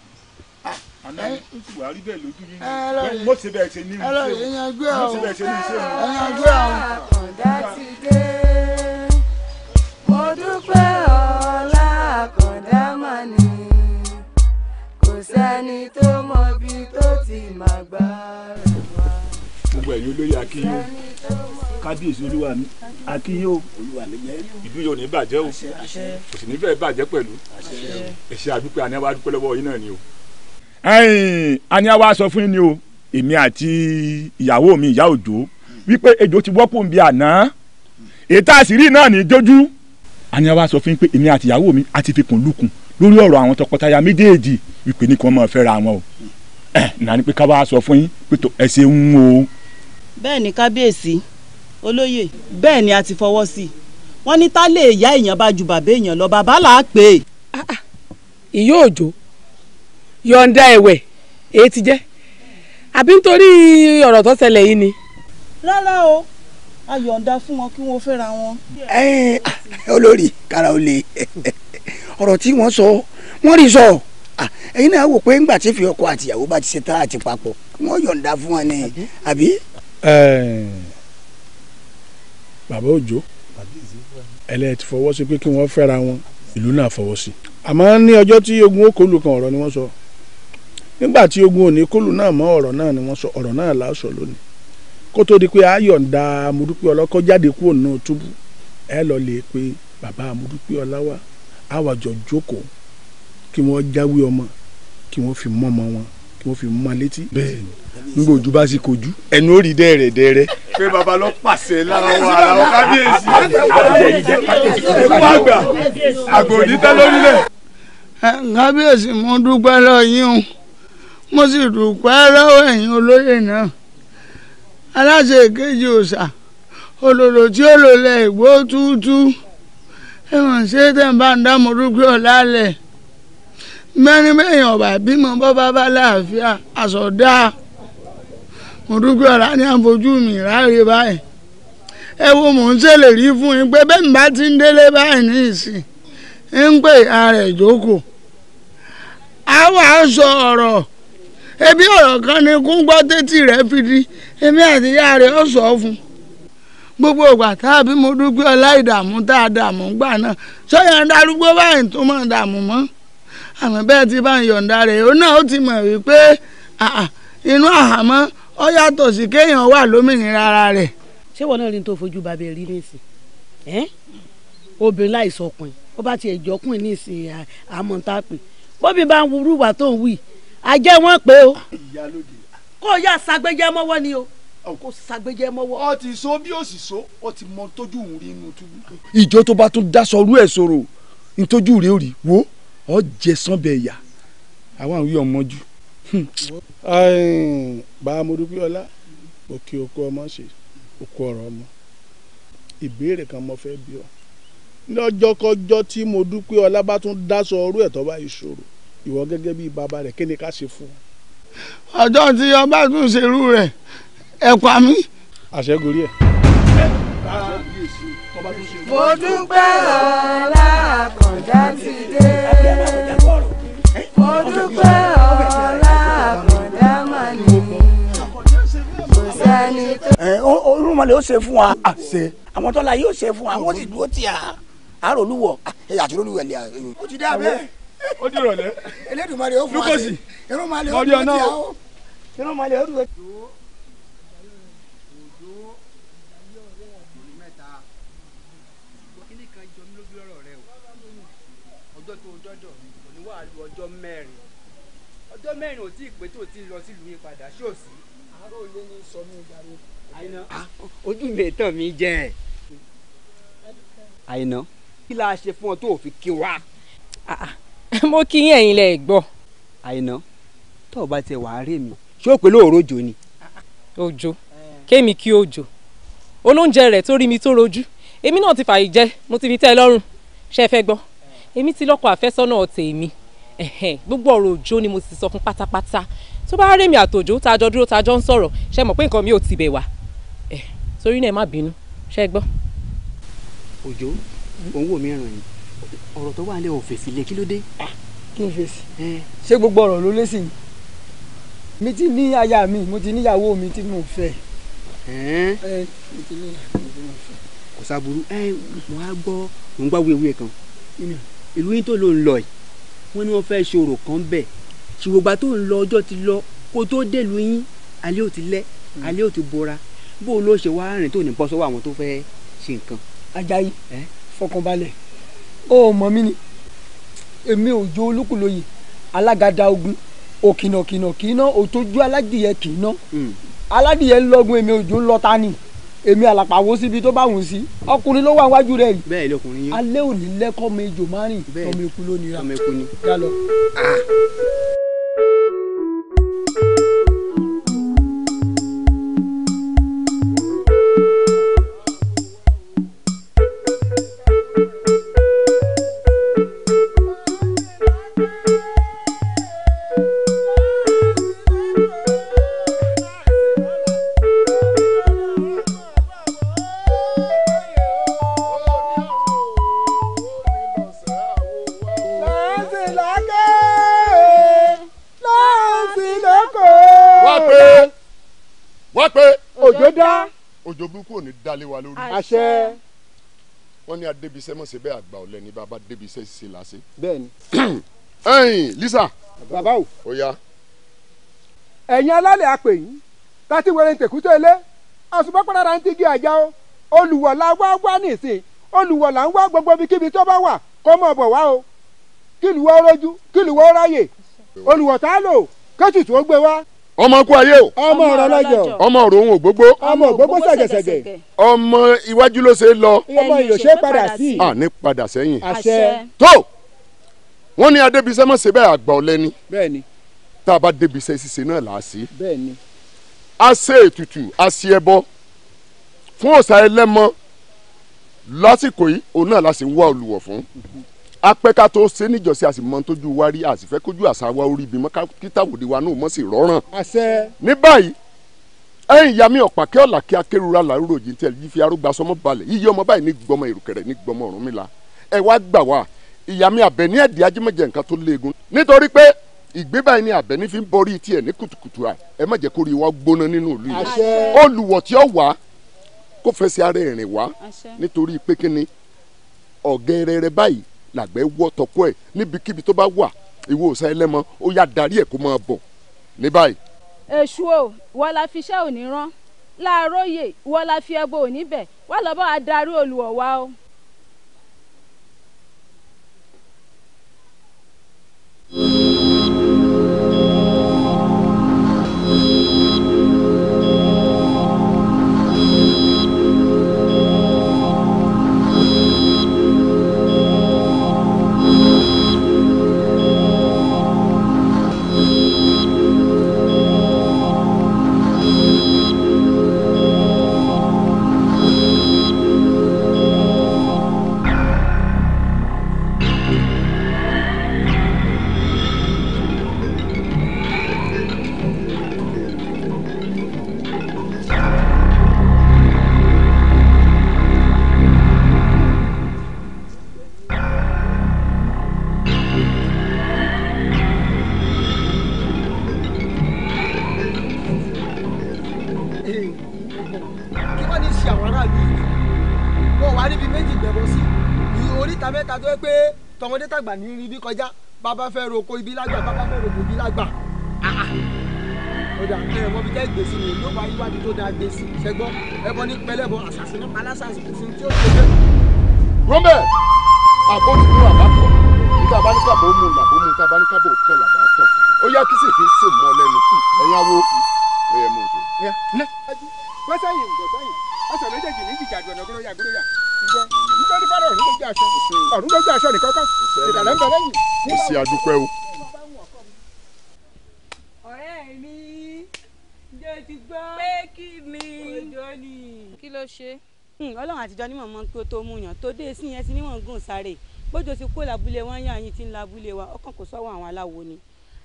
Ah, àná ntù wà rí bẹ́ẹ̀ lójú yín ní mo ṣe bẹ́ẹ̀ ṣe ní ìṣe o ọlá àkàndá mà kò sẹ́ni tó mọ bí tó ti màgbà rẹ̀ gbogbo ẹ̀yin olóyè akínyó kábíyèsí olúwa mi akínyó olúwa mi jẹ́. ìlú yóò ní bàjẹ́ o kò sì ní fẹ́ bàjẹ́ pẹ̀lú ẹ̀ṣẹ̀ àdúpẹ́ àní àwa dúpẹ́ lọ́wọ́ yín náà ni o. ẹ̀yin àní àwa sọ fún yín ni o èmi àti ìyàwó mi ìyá òjò wípé ejò ti wọ́pọ̀ nbí àná ètò àṣírí náà ní dójú. àní àwa sọ fún yín pé èmi àti ìyàwó mi àti fikùn lukùn lórí ọ̀rọ̀ àwọn tọkọtaya méjèèjì wípé ní kí wọ́n máa fẹ́ra wọn o ẹ̀ nàní pé ká sọ fún yín pé tó ẹ ṣeun o bẹ́ẹ̀ ni kábíyèsí olóyè bẹ́ẹ̀ ni a ti fọwọ́ sí i wọ́n ní tá lè yá èèyàn bá ju bàbá èèyàn lọ bàbá là á pè é. Ah, ah, ìyá òjò yọ̀ǹda ẹ̀wẹ̀ èyí ti jẹ́ àbí nítorí ọ̀rọ̀ tó ṣẹlẹ̀ yìí ni. rárá o a yọ̀ǹda fún wọn kí wọ́n fẹ́ra wọn. Ah, olórí kára ó le ọ̀rọ̀ tí wọ́n sọ wọ́n rí sọ ẹ̀yin náà wò pé ńgbà tí fi ọkọ àtìyàwó bá ti ṣe tá àti papọ̀ wọ́n yọ̀ǹda fún wọn ni àbí bàbá òjò ẹlẹ́ẹ̀tì fọwọ́ sí pé kí wọ́n fẹ́ra wọn ìlú náà fọwọ́ sí. àmọ́ ní ọjọ́ tí ogun ó kọlù kan ọ̀rọ̀ ni wọ́n sọ nígbà tí ogun ò ní kọlù náà mọ́ ọ̀rọ̀ náà ni wọ́n sọ ọ̀rọ̀ náà là á sọ lónìí kó tó di pé ayọ̀ǹda amúdúpẹ́ ọlọ́kọ́ jáde kúrò náà túbú ẹ lọ lè pe bàbá amúdúpẹ́ ọláwà àwàjọ jókòó kí wọ́n jáwé ọmọ kí wọ́n fi mọ́ ọmọ wọn kí wọ́n fi mọ́ létí. bẹ́ẹ̀ni ngbò ojú bá sì kojú ẹnu ó rí dẹ́rẹ̀ dẹ́rẹ̀. pé baba ló pàṣẹ lára wa ara wa kábíyèsí ikú àgbà àgbà òní tẹ́ lórílẹ̀. kábíyèsí mo dúpẹ́ lọ́wọ́ yín o mo sì dúpẹ́ lọ́wọ́ ẹ̀yin olóyè náà aláṣẹ ìkejì òòṣà olòlò tí ó lò lẹ ìgbó túútú ẹ̀wọ̀n ṣé tẹ̀ ń bá ń dá mo dúpẹ́ ọ̀la lẹ̀ mẹ́rin mẹ́yìn ọ̀bà bímọ bọ́ bá bá láàfíà àsọ̀dá. òdúgbò ara ni à ń fojú mi ráre báyìí ẹ wo mò ń fún yín pé bẹ́ẹ̀ bá ti ń délé báyìí ní ìsìn ń pè a wà ọ̀rọ̀ ebi ọ̀rọ̀ kan ni kún gbọ́ tẹ́tí rẹ̀ fi di èmi gbogbo ìgbà a mo dúpẹ́ tá a dààmú gbà náà báyìí tó máa dààmú mọ́ àmọ́ bẹ́ẹ̀ ti bá ń yọ̀ǹda rẹ̀ ó ó yàtọ̀ sí kéèyàn wà lómìnira ara rẹ̀. ṣé wọn náà rí n tó fojú bàbá rí nísìn ẹ́n obìnrin láìsọ ọkùnrin ó bá tiẹ̀ jọ ọkùnrin nísìn àmọ̀ntàpè bóbi bá ń wúrú wà tó ń wì ajẹ́ wọn pé o kó o yá sagbẹ́jẹ́ mọ́wọ́ ni o kó sagbẹ́jẹ́ mọ́wọ́. ọ ti so bí o sì so ọ ti mọ tójú òun rí inú túbú. ìjọ tó bá tún dáṣọrú ẹ̀ sọ̀rọ̀ ntójú rẹ̀ ò rí wo ọ jẹ sanbẹ̀ ẹ̀yà àwọn àwọn yóò mọ́jú. Hmm. Hmm. bá a mọ̀dúpẹ́ ọlá òkè òkú ọmọ ṣe òkú ọ̀rọ̀ ọmọ ìbéèrè kan mo fẹ́ bí ọ lọ́jọ́kọ́jọ́ tí mo dúpẹ́ ọlá bá tún dáṣọ ọrú ẹ̀ tó bá ìṣòro ìwọ gẹ́gẹ́ bíi bàbá rẹ̀ kí ni ká ṣe fún un. ọjọ́ tí ọba tún ṣerú rẹ̀ ẹ̀ pa mí. àṣẹgùrí ẹ̀. mo dúpẹ́ ọlá àkàndá ti dé mo dúpẹ́ ọlá. ẹni tó. ẹ olúmọlẹ ó ṣe fún wa. a ṣe. àwọn tọ́lá yóò ṣe fún wa wọ́n sì dúró tì á àárò olúwọ̀ ẹ yàtí olúwẹ̀ lè. ó ti dá bẹ́ẹ̀. ó ti rọ̀lẹ́. elédùnmarè ó fún wa ṣe. irúnmalè ó dúró tì á o. irúnmalè ó dúró tì á o. ọjọ́ mẹ́rin ọjọ́ mẹ́rin ò tí ì pé tó ti lọ sílùú yín padà ṣé ò sí lé ní sọnù ìjàre. àyìnà ah, ojú mi tàn mí jẹ. àyìnà kí la ṣe fún ọ tó o fi kí wa. Ah, ah, mo kí yín ẹ̀yin lẹ gbọ́. àyìnà tó o bá tiẹ̀ wàá rí mi ṣé o pè lóòrò òjò ni. òjò kémi kí òjò olóúnjẹ rẹ̀ tó rí mi tó rojú èmi náà ti fààyè jẹ mo ti fi tẹ́ ẹ lọ́rùn ṣe é fẹ́ gbọ́ èmi ti lọ́kọ àfẹ́sọ́nà tèmi gbogbo ọ̀rọ̀ òjò ni mo ti sọ fún pátápátá tó bá rèmi àtòjò tájọ dúró tájọ ń sọ̀rọ̀ ṣe mọ̀ pé nǹkan mi ò tibẹ̀ wá ẹ̀ eh, torí náà ẹ má bínú ṣe gbọ́. òjò òun wò mí ràn yín ọ̀rọ̀ tó wà lẹ́ ò fèsì lé kí ló dé. Ah, kí n fèsì eh. ṣé gbogbo ọ̀rọ̀ ló lé sí mi mi ti ní aya mi mo ti níyàwó eh. mi tí mo fẹ́. kò sábúrú ẹ mo á gbọ́ mo ń gbá wíwí kan ìlú yín tó ló ń lọ yìí wọ́n ní wọ́n fẹ́ ṣòro kan bẹ́ẹ̀ ṣùgbọ́n tó ń lọ ọjọ́ ti lọ kó tó dèlú yín alẹ́ ò ti lẹ́ hmm. alẹ́ ò ti bora bó ló ṣe wá rìn tó ní bọ́ sọ́wọ́ àwọn tó fẹ́ẹ́ ṣe nǹkan. Ajayi fọkànbalẹ̀ ó mọ̀ mí ni èmi ò jó olúkúlóyè alágàdá ogun òkìnàkìnà kìíná òtójú aládìyẹ kìíná hmm. aládìyẹ ńlọgun èmi ò jó ńlọta ni èmi àlàpàwọ síbi tó bá wùn sí ọkùnrin ló wà wájú rẹ rí bẹ́ẹ̀ lọkùnrin yín alẹ́ òní lẹkọọ mi jò márìn tọmọ ikú ló nira tọmọ ikú ni. lé wa lórí. àṣẹ. wọ́n ní adébísẹ́ mọ̀ sí bẹ́ẹ̀ àgbà ọ̀lẹ́ ní bàbá débísẹ́ ṣe làṣẹ. bẹ́ẹ̀ni. ẹyin lisa. bàbá o. ó yá. ẹ̀yin alálẹ̀ apè yìí tàti wẹ̀rẹ̀ tẹ̀kútọ́ ilé àṣùpápárára ń tigi àjà o olùwọ̀ la wá wá nísìn olùwọ̀ ń wá gbogbo ibikíbi tó bá wà kó mọ̀ bọ̀ wá o kílùú ó rójú kílùú ó ráyè olùwọ̀ lò kétùtù ó gbé wá ọmọ kú ayé o. ọmọ ọ̀rọ̀ lọ́jọ́. ọmọ ọ̀rọ̀ ohun ògbógbó. ọmọ ògbógbó sẹ̀gẹ̀sẹ̀gẹ̀. ọmọ iwájú ló ṣe é lọ. ọmọ ìyòṣe padà sí. à ní padà sẹ́yìn. àṣẹ. tó wọ́n ní adébísẹ́ mọ̀ ṣe bẹ́ẹ̀ àgbà ọ̀lẹ́ ni. bẹ́ẹ̀ni. tá a bá débísẹ́ ṣiṣẹ́ náà là á sí. bẹ́ẹ̀ni. a ṣe ètùtù a ṣe ẹbọ fún òòṣà ẹlẹ́mọ lásìkò yìí òun náà apẹ́ka tó ṣe níjọsí a sì mọ tójú wa rí a sì fẹ́ kójú àṣà wa orí ibi mọ́ kítàwòde wa náà mọ́ sí rọ́ràn. àṣẹ. ní báyìí ẹ̀yìn ìyá mi ọ̀pàkẹ́ ọ̀là kí akérúra làárọ̀ òjì tẹ̀ yìí fi arúgba sọmọ balẹ̀ yíyí ọmọ báyìí ní gbọmọ ìrùkẹ̀rẹ̀ ní gbọmọ ọ̀run mi la ẹ wá gbà wá ìyá mi àbẹ̀ ní ẹ̀dí ajímọ̀jẹ̀ nǹkan tó léegun nítorí pé ìgbé báyìí ni àbẹ̀ ní fi ń borí tiẹ̀ ní kùtùkùtù à ẹ má jẹ́ kó rí wa gbóná nínú ìlú yìí olùwọ̀ tí ó wà kó fẹsẹ̀ ara ẹ̀rìn wá nítorí pé kíni ọ̀gẹ̀rẹ̀ báyìí làgbẹ̀ wọ́ tọkọ ẹ̀ níbikíbi tó bá wà ìwọ òsà ẹlẹ́mọ ó yá darí ẹ̀ kó máa bọ̀ ní báyìí. èṣù o wọ́n la fi iṣẹ́ òní rán láàárọ̀ yè wọ́n la fi ẹbọ òní bẹ̀ wọ́n lọ́ bá a darí olùwọ̀ wa o. àgbà ní rí bí kọjá bàbá fẹ́ roko ibi lágbà bàbá fẹ́ roko ibi lágbà ọ̀dà ẹ̀ mọ bí jẹ́ gbèsè yẹn ló bá yíwádìí tó dáa gbèsè ṣẹgbọ́ ẹbọ ní pẹlẹbọ àṣàṣì ní palásàṣì kò sí tí ó ṣe. rọ́mbẹ́ àbó ti mú àbátọ̀ nígbà bá ní kábò mú làbó mú kábà ní kábò kẹ́ làbá tọ̀ ó yá kí sèfì sì mú ọ lẹ́nu ẹ̀yìn awo ẹ̀yẹ mú un. wọ́n sẹ́yìn ǹgọ̀ sẹ́yìn ọ̀sán méjèèjì ní jìjà àdùn ọ̀nà gbọ́dọ̀ yà gbọ́dọ̀ yà jẹ nítorí fọdọ ọrùn lójú aṣọ ọrùn lójú aṣọ nìkan kan ìdàlẹ́ ń bẹ lẹ́yìn. mo ṣe àdúpẹ́ o. ọ̀rẹ́ mi jẹ́ ti gbọ́ pé kí ni òjò ni. kí ló hmm, ọlọ́run àtijọ́ ní mọ̀mọ́ kí ó tó mú tó dé sí yẹn sí níwọ̀n gùn sáré bójú ti kó labúlé wọn yàn yín ti ń labúlé wa ọkàn kò sọ́wọ́ àwọn aláwo ni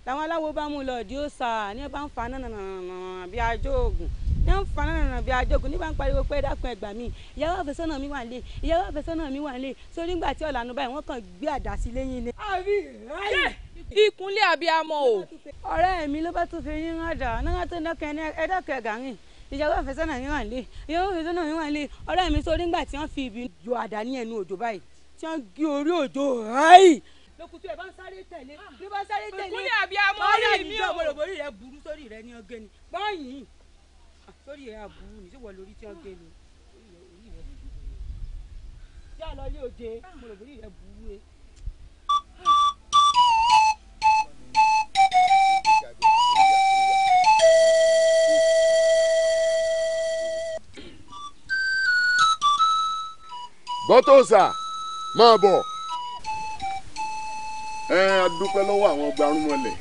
làwọn aláwo bá mú lọ di òòṣà ní ọba ń fa nànànànà bí ajó oògùn ní ọba ń fa nànànà bí ajó oògùn nígbà ń pariwo pé dákun ẹgbà mi ìyàwó àfẹsọ́nà mi wà lé ìyàwó àfẹsọ́nà mi wà lé sórí ńgbà tí ọ̀lànà báyìí wọ́n kàn gbé àdá sí lẹ́yìn ilé. àbí ráyè ìkúnlé abiyamọ o. ọ̀rẹ́ mi ló bá tún fi yín rádà náà tó dákẹ́ ẹ̀dákẹ́ gàrin ìyàwó àfẹsọ́nà mi wà lé ìyàwó àfẹsọ́nà mi wà lé lókùtù ẹ bá ń sáré tẹ̀lé ló ah, bá ń sáré tẹ̀lé ìkúlẹ̀ àbí amọ́rí mi ò bọ̀rọ̀ borí rẹ burú sórí rẹ ní ọgẹ́ ni báyìí ah, sórí rẹ aburú ní síwọ̀ lórí tí ọgẹ́ ni yà lọ lé òde bọ̀rọ̀ borí rẹ burú e. gbọ́tò sà máa bọ̀ ẹ a dúpẹ́ lọ́wọ́ àwọn gbarumọlẹ̀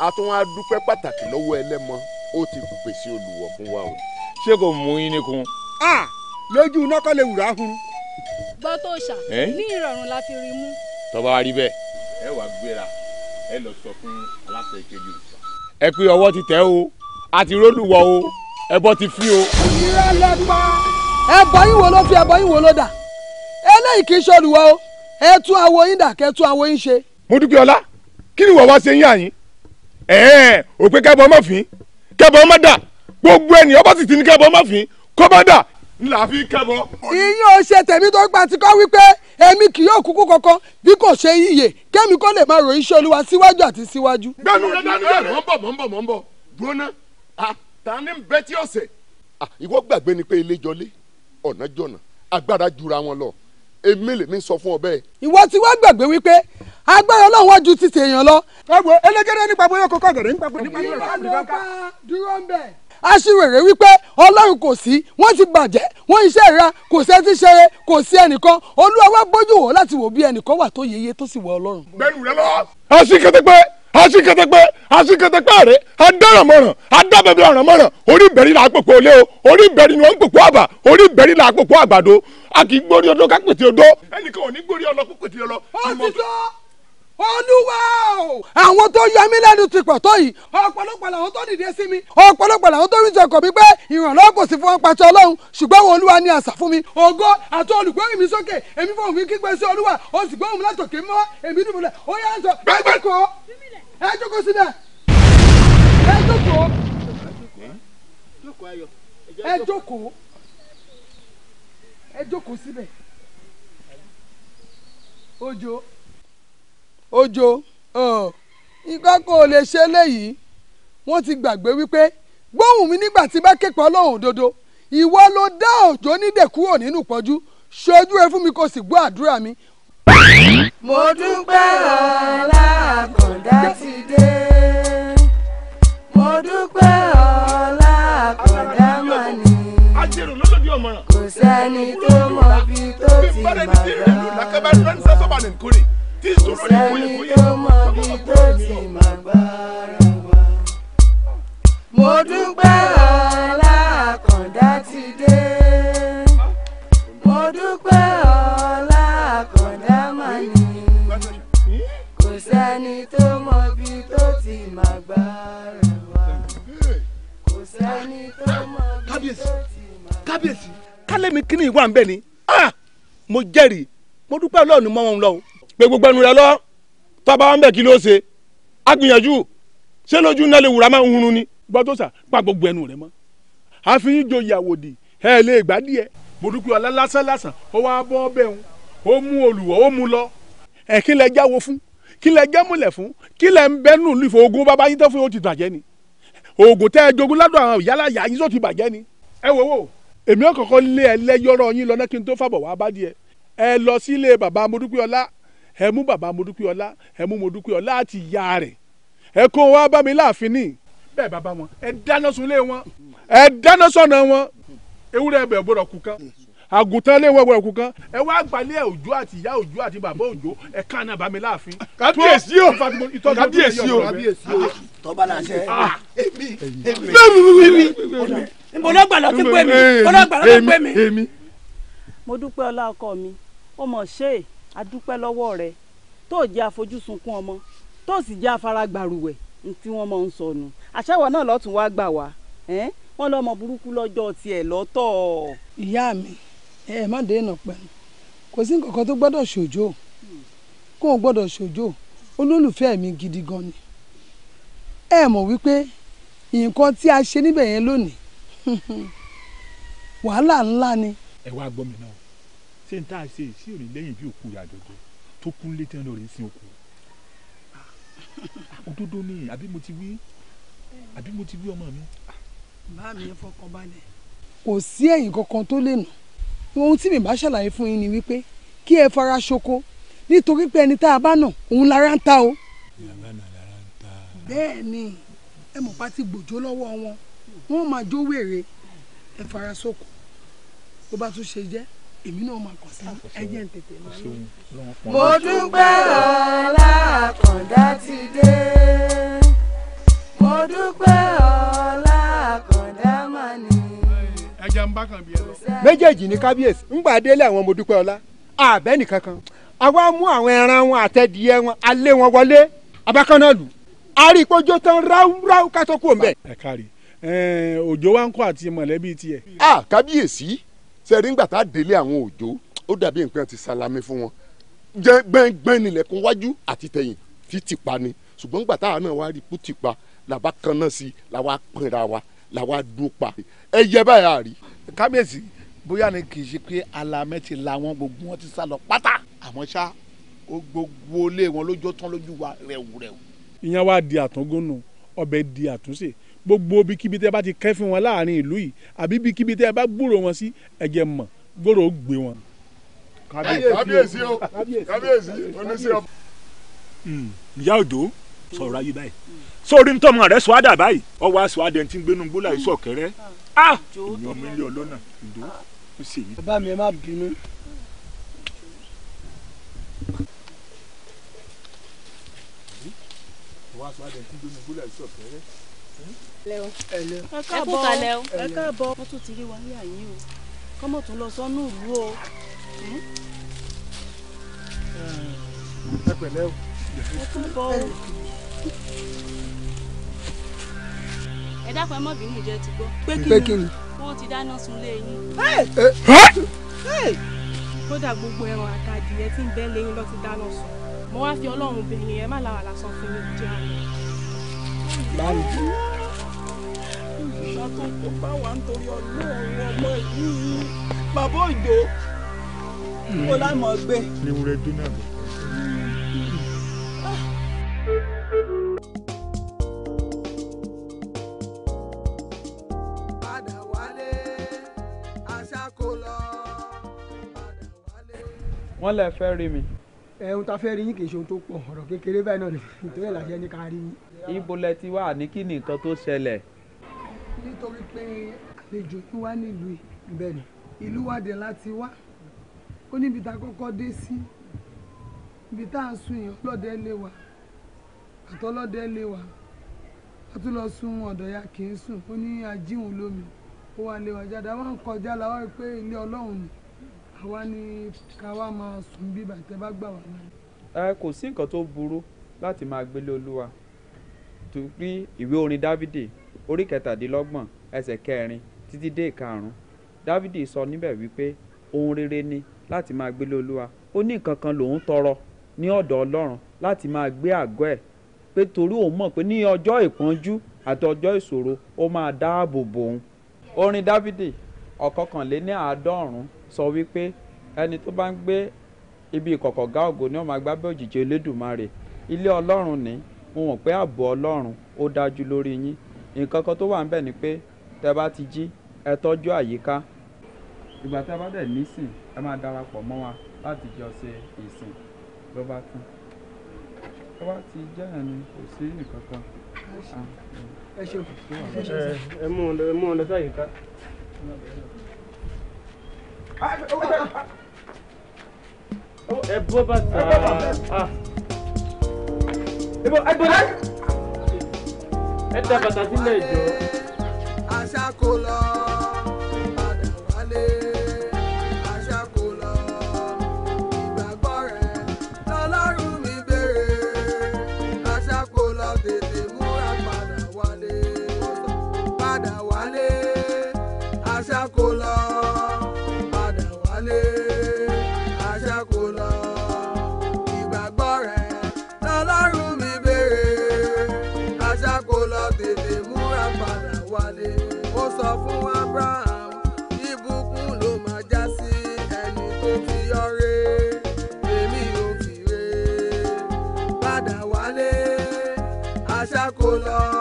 a tún wá dúpẹ́ pàtàkì lọ́wọ́ ẹlẹ́mọ ó ti pèsè olùwọ̀ fún wa o. ṣé kò mú yín ní kun. a lójú iná kọ́ lè wùrà hun. bọ́ tó ṣà ní ìrọ̀rùn la fi rí mú. tọ́ba wa rí bẹ́ẹ̀. ẹ wàá gbéra ẹ lọ sọ fún aláṣẹ ìkejì òrìṣà. ẹ pé ọwọ́ ti tẹ̀ o àti rólùwọ̀ o ẹbọ ti fi o. ìrẹ́ lẹ́pa. ẹbọ yín wo ló fi ẹbọ yín wo ló dà eléyìí kì í ṣolùwọ́ o ẹ tún àwo yín dà kẹ́ tún àwo yín ṣe. Mọ́dúkẹ́ọlá kí ni ìwọ wá ṣe ń yà yín ẹ̀ẹ́n òpè kẹ́bọ ọmọ fín kẹ́bọ ọmọ dà gbogbo ẹni ọba sì ti ní kẹ́bọ ọmọ fín kó má dà ńlá fi kẹ́bọ. ìyẹn ò ṣe tèmi tó gbà tí kọ́ wípé èmi kì yóò kúkú kankan bí kò ṣe iyè kẹ́mi kó lè máa ròyìn iṣẹ́ olúwa síwájú àti síwájú. gbẹ́nu rẹ dánú rẹ mọ́ ń bọ̀ mọ́ ń bọ̀ gbóná ta ni bẹ́ tí ọ̀sẹ̀. ìwọ gbàgbé ni pé ilé jọlé ọ̀nà jọ̀nà agbára jura wọn lọ èmi lèmi sọ fún ọ bẹ́ẹ̀. ìwọ tí wọ́n gbàgbé wípé agbára ọlọ́run wá ju ti tèèyàn lọ. ẹ wo elégédé nípa bóyá kókó ọ̀gẹ̀dẹ̀ nípa bóyá kókó ọ̀gẹ̀dẹ̀ dúró ń bẹ̀. aṣiwèrè wípé ọlọ́run kò sí wọ́n ti bàjẹ́ wọ́n iṣẹ́ ìra kò sẹ́ ti ṣeré kò sí ẹnìkan olúwa wá bójú wò láti wò bí ẹnìkan wà tó yeye tó sì wọ ọlọ́run. bẹ́ẹ̀ni rẹ lọ. aṣíkẹtẹpẹ aṣíkẹtẹpẹ aṣíkẹtẹpẹ rẹ adárànmọràn adábẹbẹ ọrànmọràn orí ìbẹ̀rí là á pòpò olé o orí ìbẹ̀rí ni wọ́n ń pòpò àbà orí ìbẹ̀rí là á pòpò àgbàdo a kì í gbórí ọdọ ká pètè ọdọ. ẹnìkan ò ní gbórí ọlọ pò pètè ọlọ. ó ti sọ olúwa o àwọn tó yọ mí lẹ́nu ti pọ̀ tó yìí ọ̀pọ̀lọpọ̀ làwọn tó dìde sí mi ọ̀pọ̀lọpọ̀ làwọn tó rí jẹ̀kọ̀ mi pé ìrànlọ́wọ́ kò sí fún wọn pàṣẹ ọlọ́run ṣùgbọ́n wọn olúwa ni àṣà fún mi ògo àti olùgbóhùn mi sókè èmi fún mi kígbe sí olúwa o sì gbóhùn mi látòkè mọ́ èmi dùn mọ́lẹ̀ ó yà ń sọ gbẹ́gbẹ́kọ̀ ẹ jókòó síbẹ̀ ẹ jókòó ẹ jókòó ẹ jókòó síbẹ̀ ojo òjò um, nǹkan kan ò lè ṣe léyìí wọ́n ti gbàgbé wípé gbóhùn mi nígbà tí bá képe ọlọ́run òdodo ìwọ ló dá òjò nídè kúrò nínú pọ́jú ṣojú ẹ fún mi kó sì gbọ́ àdúrà mi. mo dúpẹ́ ọlá àkàndá ti dé mo dúpẹ́ ọlá àkàndá mà ní kò sẹ́ni tó mọ̀ bí tó ti mà rà tí sọ̀rọ̀ ní kò yẹ kó yẹ. mo dúpẹ́ mo dúpẹ́ ọlákàndá mà ní. kábíyèsí kálẹ̀ mi kíni ìwà ń bẹ̀ ni ah! mo jẹ́rìí mo dúpẹ́ ọlọ́run mọ́ wọn lọ́wọ́ pé gbogbo ẹnu rẹ lọ tọ́ba wa ń bẹ̀ kí ló ṣe á gbìyànjú ṣé lójú náà lè wùrà máa ń hunrun ni. gbọ́ tó sà pa gbogbo ẹnu rẹ mọ́ àfihàn ìjòyè àwòdì ẹ lè gbá díẹ̀. mo dúpẹ́ ọ̀la lásán lásán ó wá bọ́ ọbẹ̀ òun ó mú olùwọ́ ó mú lọ. ẹ kí lẹ jáwọ́ fún kí lẹ jẹ́ fún kí lẹ ń bẹ́nu lu ìfowógun bàbá yín tó fún yóò ti bàjẹ́ ni oògùn tẹ́ ẹ jogún ládùn àwọn ìyálà yà yín tó ti bàjẹ́ ni. ẹ wò wò èmi ọkọ̀ọ̀kan lé ẹ lẹ́yọ́rọ̀ yín lọ náà kí n tó fàbọ̀ wá bá díẹ̀ ẹ lọ sílé bàbá mo dúpẹ́ ẹ mú bàbá Modúpẹ́ọlá ẹ mú Modúpẹ́ọlá àti ìyá rẹ̀ ẹ kó wá bá mi láàfin ní bẹ́ẹ̀ bàbá wọn ẹ dáná sunlé wọn ẹ dáná sọ̀nà wọn ewúrẹ́ ẹbẹ̀ gbọ́dọ̀ kú kán àgùntàn lé wọn gbọ́dọ̀ kú kán ẹ wá gbalẹ̀ òjò àti ìyá òjò àti bàbá òjò ẹ kàn náà bá mi láàfin. kábíyèsí o kábíyèsí o kábíyèsí o tọ́ba náà ṣe ah. èmi èmi ìmọ̀lọ́gbà ló ti pè mí ìmọ̀lọ́gbà ló ti pè mí. mo dúpẹ́ ọlá ọkọ mi ó mọ̀ ṣe é a dúpẹ́ lọ́wọ́ rẹ tó jẹ́ àfojúsunkún ọmọ tó sì jẹ́ afaragbàrúwẹ̀ tí wọ́n máa ń sọnù àṣàwọ̀ náà lọ́tún wá gbà wá wọ́n lọ́mọ burúkú lọ́jọ́ tiẹ̀ lọ́tọ̀. ìyá mi ẹ má dènà pẹ̀lú kò sí nǹkan kan tó gbọ́dọ̀ ṣòjó kó o gbọ́dọ̀ ṣòjó olólùfẹ́ mi gidi gan ni ẹ mọ̀ wípé nǹkan tí a ṣe níbẹ̀ yẹn lónìí wàhálà ńlá ni. ẹ wá gbọ́ mi náà ṣé n tá a ṣe sí òní lẹ́yìn bí òkú ìyá àjọjọ tó kún létí ẹ̀ lọ́ọ́ rẹ̀ sin òkú ah. òdodo ni àbí mo ti wí àbí mo ti wí ọmọ mi. bá mi fọkànbalẹ̀. kò sí ẹ̀yìn kankan tó lè nà ohun tí mi bá ṣàlàyé fún yín ni wípé kí ẹ fara ṣoko nítorí pé ẹni tá a bá nà òun lára ń ta o. bẹ́ẹ̀ ni ẹ mọ̀ pa ti gbòjó lọ́wọ́ wọn wọ́n máa jó wèrè ẹ fara ṣoko bó bá tún ṣe jẹ́ èmi náà máa kàn sí ẹjẹ ń tètè máa ní. mo dúpẹ́ ọlá àkàndá ti dé mo dúpẹ́ ọlá àkàndá máa ní. ẹja ń bá kan bí ẹ lọ. méjèèjì ni kábíyèsí ń gbà délé àwọn mo dúpẹ́ ọlá àbẹ́nì kankan àwa mú àwọn ẹran wọn àtẹ̀díẹ wọn alé wọn wọlé abákan náà lù àríkójó ráúráú ká kú òun ẹ kárí òjò wa ń kọ́ àti mọ̀lẹ́bí tiẹ̀. a kábíyèsí. Si ṣe rí ngbà tá a délé àwọn òjò ó dàbí nǹkan ti salami fún wọn jẹ gbẹ́ngbẹ́n nílẹ̀kùn wájú àti tẹ̀yìn títì pa ni ṣùgbọ́n ngbà táwa náà wá rí kùtì pa làbá kan náà sí làwa pinra wa làwa dún pa ẹyẹ báyà rí. kábíyèsí bóyá ni kì í ṣe pé alamẹ ti la wọn gbogbo wọn ti sá lọ pátá àmọ́ ṣá gbogbo ilé wọn lójó tán lójú wa rẹwùrẹwù. ìyẹn wá di àtúngúnnu ọbẹ̀ di àtúnṣe gbogbo ibikíbi tẹ́ bá ti kẹ́fín wọn láàrin ìlú yìí àbí ibikíbi tẹ́ bá gbúrò wọn sí ẹ̀jẹ̀ mọ̀ gbòòrò gbé wọn. kábíyèsí o kábíyèsí oníṣẹ́ ọ. Hmm, ìyá òjò sọ̀rọ̀ ayé báyìí sórí ntọ́mọ rẹ̀ sọ́ádà báyìí ọwọ́ aṣọ adẹ̀ tí ń gbénu gbólà yìí sọ̀kẹ́rẹ́ ìyọ̀n ah! ah! mi lé ọlọ́nà ìdó ó sì yí. bàbá mi ẹ má bínú. ọwọ́ aṣọ adẹ̀ tí ń gbénu gbólà yìí sọ̀kẹ́rẹ́. Hmm? ẹ̀lẹ́ o ẹ káàbọ̀ ẹ káàbọ̀ wọ́n tún ti rí wa ní àyín o kọ́mọ̀ tún lọ sọ́nù ìlú o. Hmm? ẹ pẹ̀lẹ́ o. ẹ káàbọ̀ o. ẹ dákun ẹ mọ̀ bínú jẹ́ ti gbọ́. pé kí ni owó ti dáná sunlé yín. kódà gbogbo ẹran àtàdìyẹ tí ń bẹ lẹ́yìn lọ ti dáná sun mo wá fi ọlọ́run bẹ̀yìn ẹ má làwà lásán fún mi jẹun láǹdì. ìyá tó kó bá wa nítorí ọlọ́run ọmọ yìí bàbá òjò kó lámọ̀ gbé. léwúrẹ́ dúnà bọ̀. wọ́n lè fẹ́ rí mi. ẹ̀hún ta fẹ́ rí yín kì í ṣe ohun tó pọ̀ ọ̀rọ̀ kékeré báyìí náà nítorí ẹ̀ láṣẹ ní ká rí yín ibo lẹ ti wà ní kí ni nǹkan tó ṣẹlẹ̀. nítorí pé àlejò tí wá nílùú ibẹ̀ ni ìlú wádìí láti wá ó níbi tá a kọ́kọ́ dé sí ibi tá a sun yẹn ọlọ́dẹ lé wa àtọlọ́dẹ lé wa a tún lọ sun ọ̀dọ̀ ya kì í sùn ó ní ajíhùn lómi ó wà lé wa jáde àwọn kọjá làwọn rí pé ilé ọlọ́run ni àwa ni ká wá máa sùn bí bàtẹ́ bá gbà wá ẹ kò sí nǹkan tó burú láti máa gbélé olúwa torí ìwé orin dávidi orí kẹtàdínlọ́gbọ̀n ẹsẹ̀ kẹrin títí dé ìkarùn-ún dávidi sọ níbẹ̀ wípé ohun rere ni láti máa gbélé olúwa ó ní nǹkan kan lòun tọrọ ní ọ̀dọ̀ ọlọ́run láti máa gbé àgọ́ ẹ̀ pé torí òun mọ̀ pé ní ọjọ́ ìpọ́njú àti ọjọ́ ìṣòro ó máa dáàbò bò òun orin dávidi ọ̀kọ̀kànléní àádọ́rùn-ún sọ wípé ẹni tó bá ń gbé ibi ìkọ̀kọ̀gá ògo ni ó máa gbábẹ́ òjìji Elédùmarè ilé ọlọ́run ni mo mọ̀ pé ààbò ọlọ́run ó dájú lórí yín nǹkan kan tó wà níbẹ̀ ni pé tẹ́ bá ti jí ẹ tọ́jú àyíká ìgbà tẹ́ bá dẹ̀ nísìn ẹ máa darapọ̀ mọ́ wa láti jọ ṣe ìsìn ló bá tán tó bá ti jẹ́ ẹni kò sí nǹkan kan. ẹ ṣe òkùnkùn ẹ mú un lọ sí àyíká. ẹ bọ́ bàtà. Ah ebo, ẹgbẹ́lẹ́ ẹ tẹ bàtà sílẹ̀ ìjọ. àṣà kò lọ padà wálé. àṣà kò lọ ìgbàgbọ́ rẹ̀ lọ́lọ́run mi béèrè. àṣà kò lọ tètè múra padà wálé. padà wálé. àṣà kò lọ. sọ fún Abraham ìbùkún ló máa já sí ẹni tó fi ọrẹ èmi ò fi re padà wálé aṣáko lọ.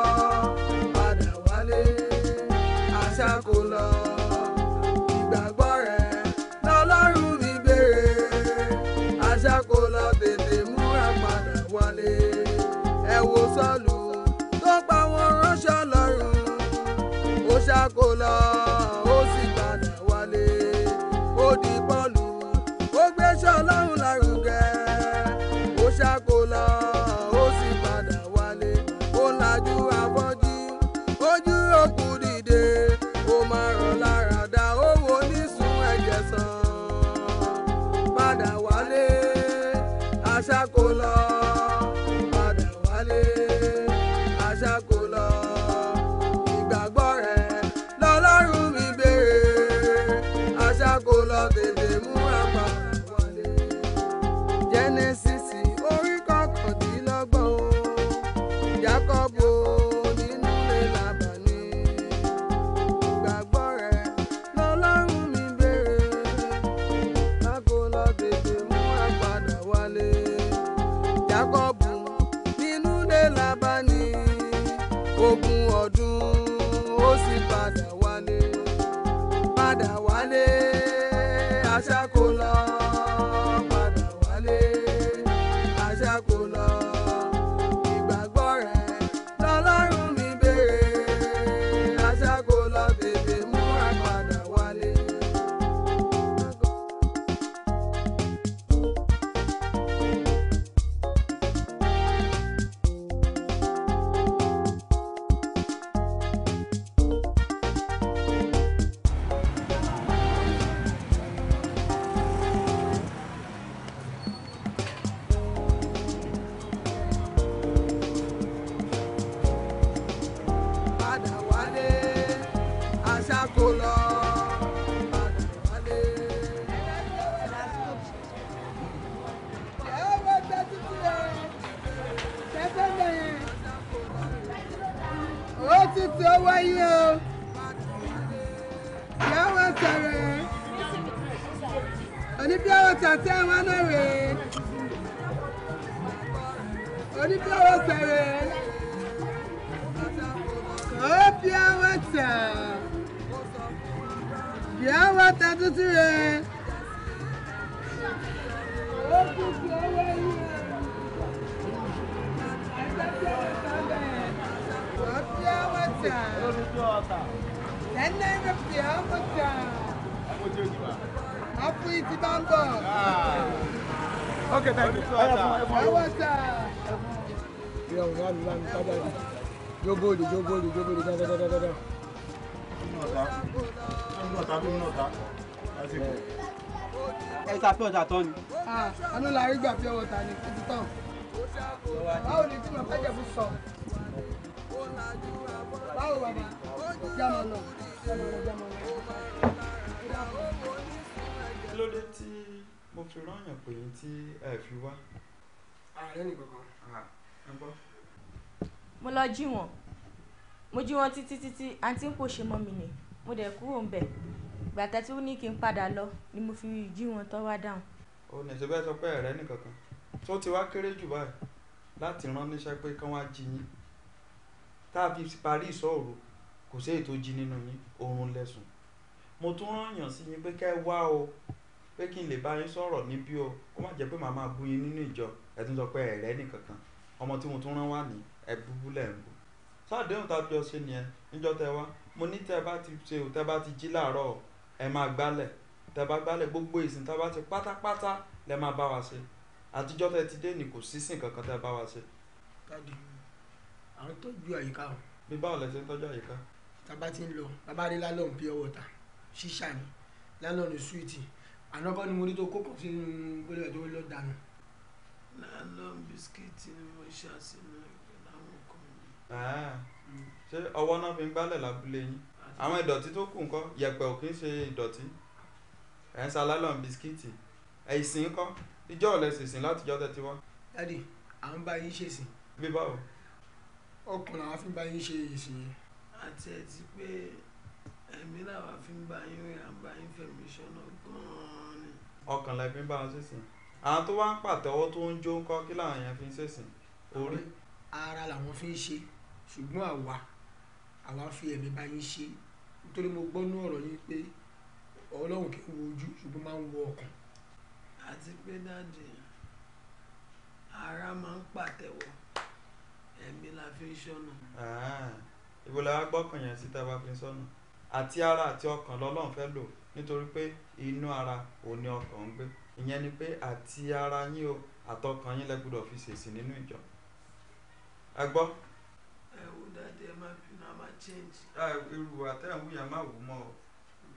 jogori jogori jogori dáadáa. ẹ ta pure water tán ni. àánú la rí gbà pure water ni kò ti tán. báwo ni tí mo fẹ́ jẹ̀bú sọ? báwo bàbá ọjà máa nà ọjà máa nà. kí ló dé tí mo fi rányàn pé tí ẹ fi wá. ààrẹ nìkan kan. mo lọ jí wọn mo jí wọn títí títí àǹtí ń pòṣe mọ́ mi nì mo dẹ̀ kúrò ń bẹ̀ ìgbà tí ó ní kí n padà lọ ni mo fi jí wọn tó wá dáhùn. o ní ṣe bẹ́ẹ̀ sọ pé ẹ̀rẹ́ nìkankan tó ti wá kéré jù báyìí láti rán níṣẹ́ pé kán wá jí yín tá a fi parí ìṣòro kò sí èyí tó jí nínú yín oorun lẹ́sùn mo tún rán yàn sí yín pé kẹ́ ẹ wá o pé kí n lè bá yín sọ̀rọ̀ níbí o kó má jẹ́ pé màá máa bú yín nínú ìjọ ẹ tún sọ pé ẹ̀rẹ́ nìkankan ọmọ tí mo tún rán wà ní ẹ b sáàdéhùn tàbí ọ̀sẹ̀ nìyẹn níjọ́ tẹ wá mo ní tẹ bá ti ṣe o tẹ bá ti jí làárọ̀ ẹ máa gbálẹ̀ tẹ bá gbálẹ̀ gbogbo ìsìn tẹ bá ti pátápátá lẹ máa bá wa ṣe àtijọ́ tẹ ti dé ni kò sísìn kankan tẹ bá wa ṣe. dáàdi à tọ́jú àyíká o. bí báwo lẹ ṣe ń tọ́jú àyíká. tábà ti ń lọ bàbá rí lálọ́ọ̀n pure water ṣíṣà ni lálọ́ọ̀nù súwìtì ànákọ́ ni mo ní tó kó kàn sínú gbọ́dọ̀ tó lọ́ọ́ ni mo ṣàṣìlẹ̀. Ah. ṣé ọwọ́ náà fi ń gbálẹ̀ lábúlé yín àwọn ìdọ̀tí tó kù ńkọ́ yẹ̀pẹ̀ ò kì í ṣe ìdọ̀tí ẹ̀ ń ṣalálọ̀ bisikíìtì ẹ̀sìn ńkọ́ ìjọ ọ̀lẹ́ ṣèṣìn láti jọ́ tẹ́tí wá. dádì à ń bá yín ṣèṣìn. bí báwo. ọkùnrin àwọn fi ń bá yín ṣe ìsìn yẹn. àti ẹ ti pé ẹ̀mí làwọn fi ń bá yín rìn àbá yín fẹ̀mí ṣọ́nà gan-an ni. ọkàn lẹ fi ń bá wọn ṣèṣìn àwọn tó wá ń pàtẹ́wọ́ tó ń jó ńkọ́ kí làwọn yẹn fi ń ṣèṣìn orí. ara làwọn fi ń ṣe ṣùgbọ́n àwa àwa fi ẹ̀mí bá yín ṣe nítorí mo gbọ́ nú ọ̀rọ̀ yín pé ọlọ́run kì í wo ojú ṣùgbọ́n máa ń wo ọkàn. àti pé dáàdì ara máa ń pàtẹ́wọ́ ẹ̀mí la fi ń ṣọ́nà. ibo la wá gbọ́kàn yẹn sí tá a bá fi sọ́nà àti ara àti ọkàn lọ́lọ́run fẹ́ lò nítorí pé inú ara ò ní ọkàn ń gbé ìyẹn ni pé àti ara yín o àtọkàn yín lẹ gbọ́dọ̀ fi ṣèṣì nínú ìjọ ẹ gbọ́ dáadé ẹ máa bínú a máa change. Ah, irú àtẹ̀wù yẹn máa wù mọ́ o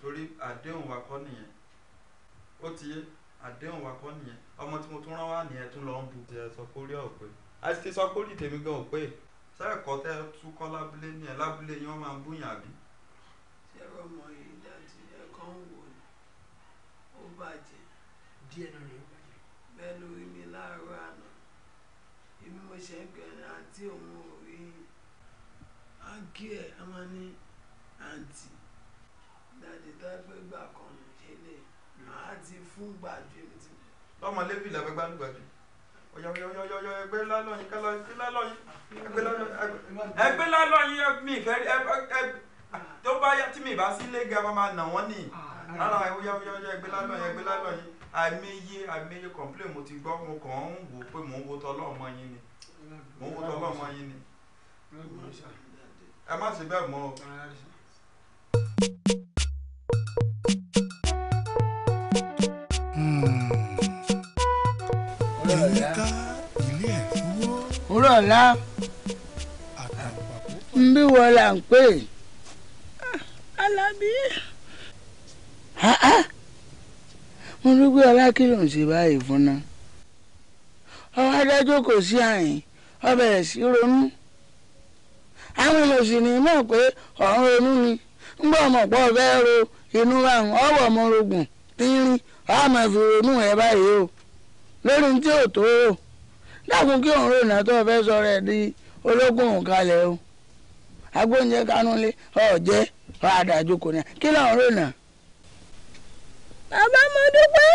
torí àdéhùn wa kọ́ nìyẹn ó ti yé àdéhùn wa kọ́ nìyẹn ọmọ tí mo tún rán wá nìyẹn tún lọ ń bu. ti ẹ sọ kórìí ọ̀pẹ a ti sọ kórìí tèmi gan ò pé sẹ́ẹ̀kọ́ tẹ́ ẹ tún kọ́ lábúlé ní ẹ lábúlé yẹn wọ́n máa ń búyàn àbí. ṣẹ́rọ ọmọ yìí dájú ẹ̀kọ́ ń wò ni ó bàjẹ́. díẹ̀ náà rẹ̀ ó bàjẹ́. bẹ́ẹ̀ ló rí mi láàárọ̀ àná èmi mo kí ẹ a máa ní àǹtí dáàdì tó ẹgbẹ́ gbà kan ní ilé màá ti fún gbàjú èmi ti. lọ́mọ lébì làbẹ́ gbádùn gbàjú ọyọyọyọyọ ẹgbẹ́ lálọ́yìn kálọ́yìn lálọ́yìn ẹgbẹ́ lálọ́yìn mi ìfẹ́ tó bá yá tí mi bá sí ilé ga máa nà wọ́n nìyí lára ẹwúyáwúyáwúyá ẹgbẹ́ lálọ́yìn ẹgbẹ́ lálọ́yìn àìmọye àìmọye complain mo ti gbọ́ mo kàn ń wò pé mò ń wo tọ́lọ́ọ̀mọ yín ni mò ń wo tọ́lọ́ọ̀mọ yín ni ẹ má ṣe bẹ́ẹ̀ mọ́ o. Hmm. ẹ̀ka ilé ẹ̀fọ́. òwúrọ̀ ọ̀la ń bí wọ́n là ń pè é. Alábí. Ah, ah. mo dúpẹ́ ọlá kí ló ń ṣe báyìí fún náà. ọwọ́ adájọ́ kò sí àyìn ọbẹ̀ rẹ̀ sí ronú. àwọn èèyàn ni ní mọ̀ pé ọ̀run ronú ni ńgbọ́ ọmọ̀pọ̀ bẹ́ẹ̀ ro inú àrùn ọ̀wọ̀ ọmọ rogùn tínrín ọmọ fi ronú ẹ báyìí o lórí tí ò tó o dákun kí òun rònà tó fẹ́ sọ di ológun òǹkalẹ̀ o agbóúnjẹ kanúlé ọ̀jẹ́ ọ̀àdàjò kò ní kí lóun rònà. bàbá mo dúpẹ́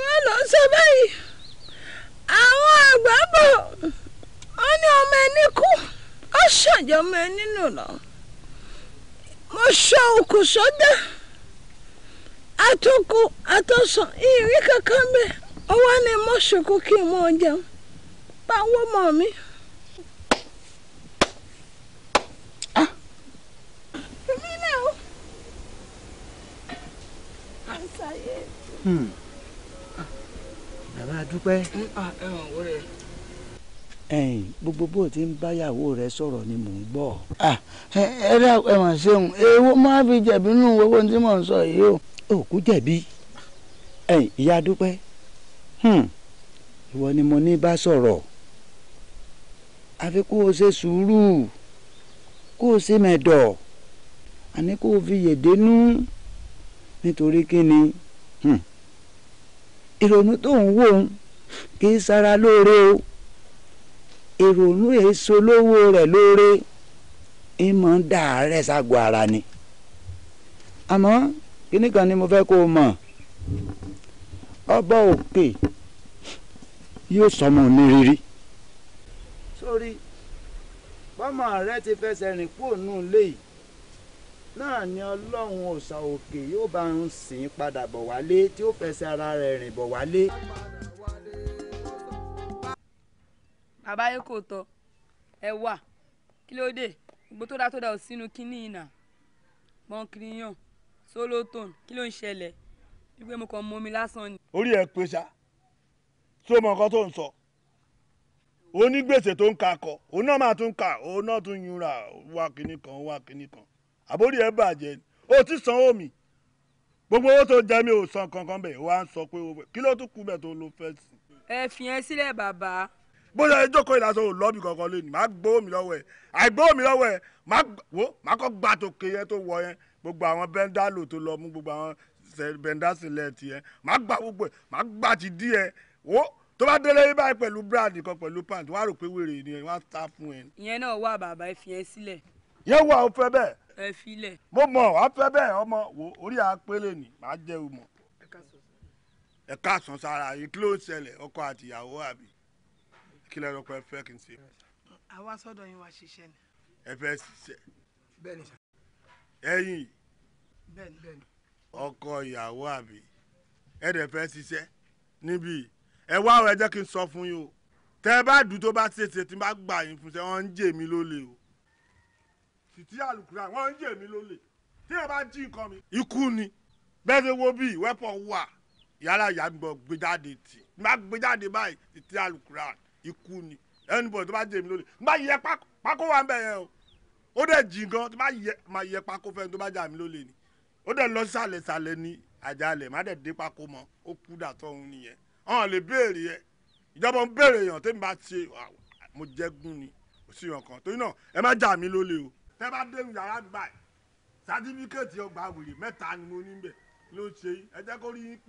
wọ́n lọ sọ báyìí àwọn àgbà bò ọmọ ẹni kú. ó ṣàjọmọ ẹni nù lọ mo ṣọ òkú sọdá àtòkù àtọsàn ìrìn kankan bẹ ọwọ ni mo ṣòkò kí n mọ jẹun báwo mọ mi. Ah. èmi náà hmm. ah. bàbá dúpẹ́. Hmm, ah, ẹ̀yin gbogbo bó ti ń báyàwó rẹ sọ̀rọ̀ ni mò ń gbọ́. ẹ dá ẹ mà ṣeun èwo máa fi jẹ̀bi nínú owó tí mò ń sọ yìí o. òkú jẹ̀bi ẹ̀yin ìyá dúpẹ́ hmm, ìwọ ni mo ní bá sọ̀rọ̀ àfi kó o ṣe sùúrù kó o ṣe mẹ̀dọ̀ àní kó o fi yèdénú nítorí kí hmm, ìrònú tó ń wò ó kì í ṣara lóore o. ìrònú èso lówó rẹ̀ lóore ń mọ̀ ń dà rẹ̀ ságọ́ ara ni àmọ́ kíní kan ni mo fẹ́ kó o mọ̀ ọba òkè yóò sọmọ onírìírí. sórí bọ́mọ rẹ ti fẹsẹ̀ rìn kúrò nù léyìí náà ni ọlọ́run ọ̀sà òkè yóò bá ń sìn padà bọ̀ wálé tí ó fẹsẹ̀ ara rẹ̀ rìn bọ̀ wálé. bàbá yẹ kò tọ ẹ wà kí ló dé gbogbo tó dá tó dá ò sínú kínní ìnà mọkìrìyàn sólótòn kí ló ń ṣẹlẹ̀ wípé mo kàn mọ omi lásán ni. orí ẹ pé ṣá tó mọ nǹkan tó ń sọ onígbèsè tó ń kakọ òun náà máa tún kà òun náà tún yunra wá kinní kan wá kinní kan àbórí ẹ bàjẹ́ o ti sanwó mi gbogbo owó tó jẹ mi ò san kankan bẹ́ẹ̀ wá ń sọ pé kí ló tún kú bẹ́ẹ̀ tó lo fẹ́ẹ́ sìn. ẹ fi yẹn sílẹ̀ bàbá bóyá ẹjọ́ kọ́ ìlàsọ ò lọ́ọ̀bì kankan lónìí má gbowó mi lọ́wọ́ ẹ̀ àìgbowó mi lọ́wọ́ ẹ̀ má wo má kọ́ gbà tó ké yẹn tó wọ yẹn gbogbo àwọn bẹ́ńdálò tó lọ mú gbogbo àwọn bẹ́ńdásílẹ̀ ti yẹn má gbà gbogbo ẹ̀ má gbà ti dí ẹ wo tó bá délé yín báyìí pẹ̀lú brand kan pẹ̀lú pant wàá rò pé wèrè ni wọ́n á ta fún ẹ. ìyẹn náà wà bàbá ẹ fi ẹ sílẹ̀. yẹn wà ó fẹ́ bẹ́ẹ̀. ẹ fi lẹ̀. mo mọ wàá fẹ́ bẹ́ẹ̀ ọmọ wo orí àpélé ni màá jẹ́ o ẹ ká sọ sára yìí kí ló ń ṣẹlẹ̀ ọkọ àtìyàwó àbí kí lẹ́nu ọkọ ẹ fẹ́ kí n ṣe. àwa sọ́dọ̀ yín wá ṣiṣẹ́ ni. ẹ fẹ́ ṣiṣẹ́. bẹ́ẹ̀ni sà. ẹ̀yin. bẹ́ẹ̀ni bẹ́ẹ̀ni. ọkọ ìyàwó àbí ẹ dẹ̀ fẹ́ ṣiṣẹ́ níbí ẹ wá ọ ẹ jẹ́ kí n sọ fún yín o tẹ ẹ bá dùn tó bá ṣèṣe tí n bá gbà yín fún ṣe wọ́n ń jẹ mí lólè o títí àlùkùrà wọ́n ń jẹ mí lólè tí ẹ bá jí nǹkan mi. ikú ni bẹ́ẹ̀ ṣe wo bíi wẹ́pọ̀ wà yàrá ìyá gbé jáde tì má gbé jáde báyìí títí àlùkùrà ikú ni anybody tó bá jẹ èmi lólè n bá yẹ pákó wà bẹ́ẹ̀ yẹn o ó dẹ̀ jìn gan tó bá yẹ máa yẹ pákó fẹ́ni tó bá jà mí lólè ni ó dẹ̀ lọ sàlẹ̀ sàlẹ̀ ní àjálẹ̀ má dẹ̀ dé pákó mọ́ ó kú dàtọ̀ òun nìyẹn ọ̀hún lè béèrè yẹ ìjọba ń béèrè yàn tẹ́mi bá ṣe mo jẹ́ gún ni kò sí yàn kan torí náà ẹ má jà mí lólè o tẹ́ bá dé yàrá mi báyìí sátífíkẹ́ẹ̀tì ọgbà wèrè mẹ́ta ni mo ní bẹ̀ ló ṣe yìí ẹ jẹ́ kó rí yín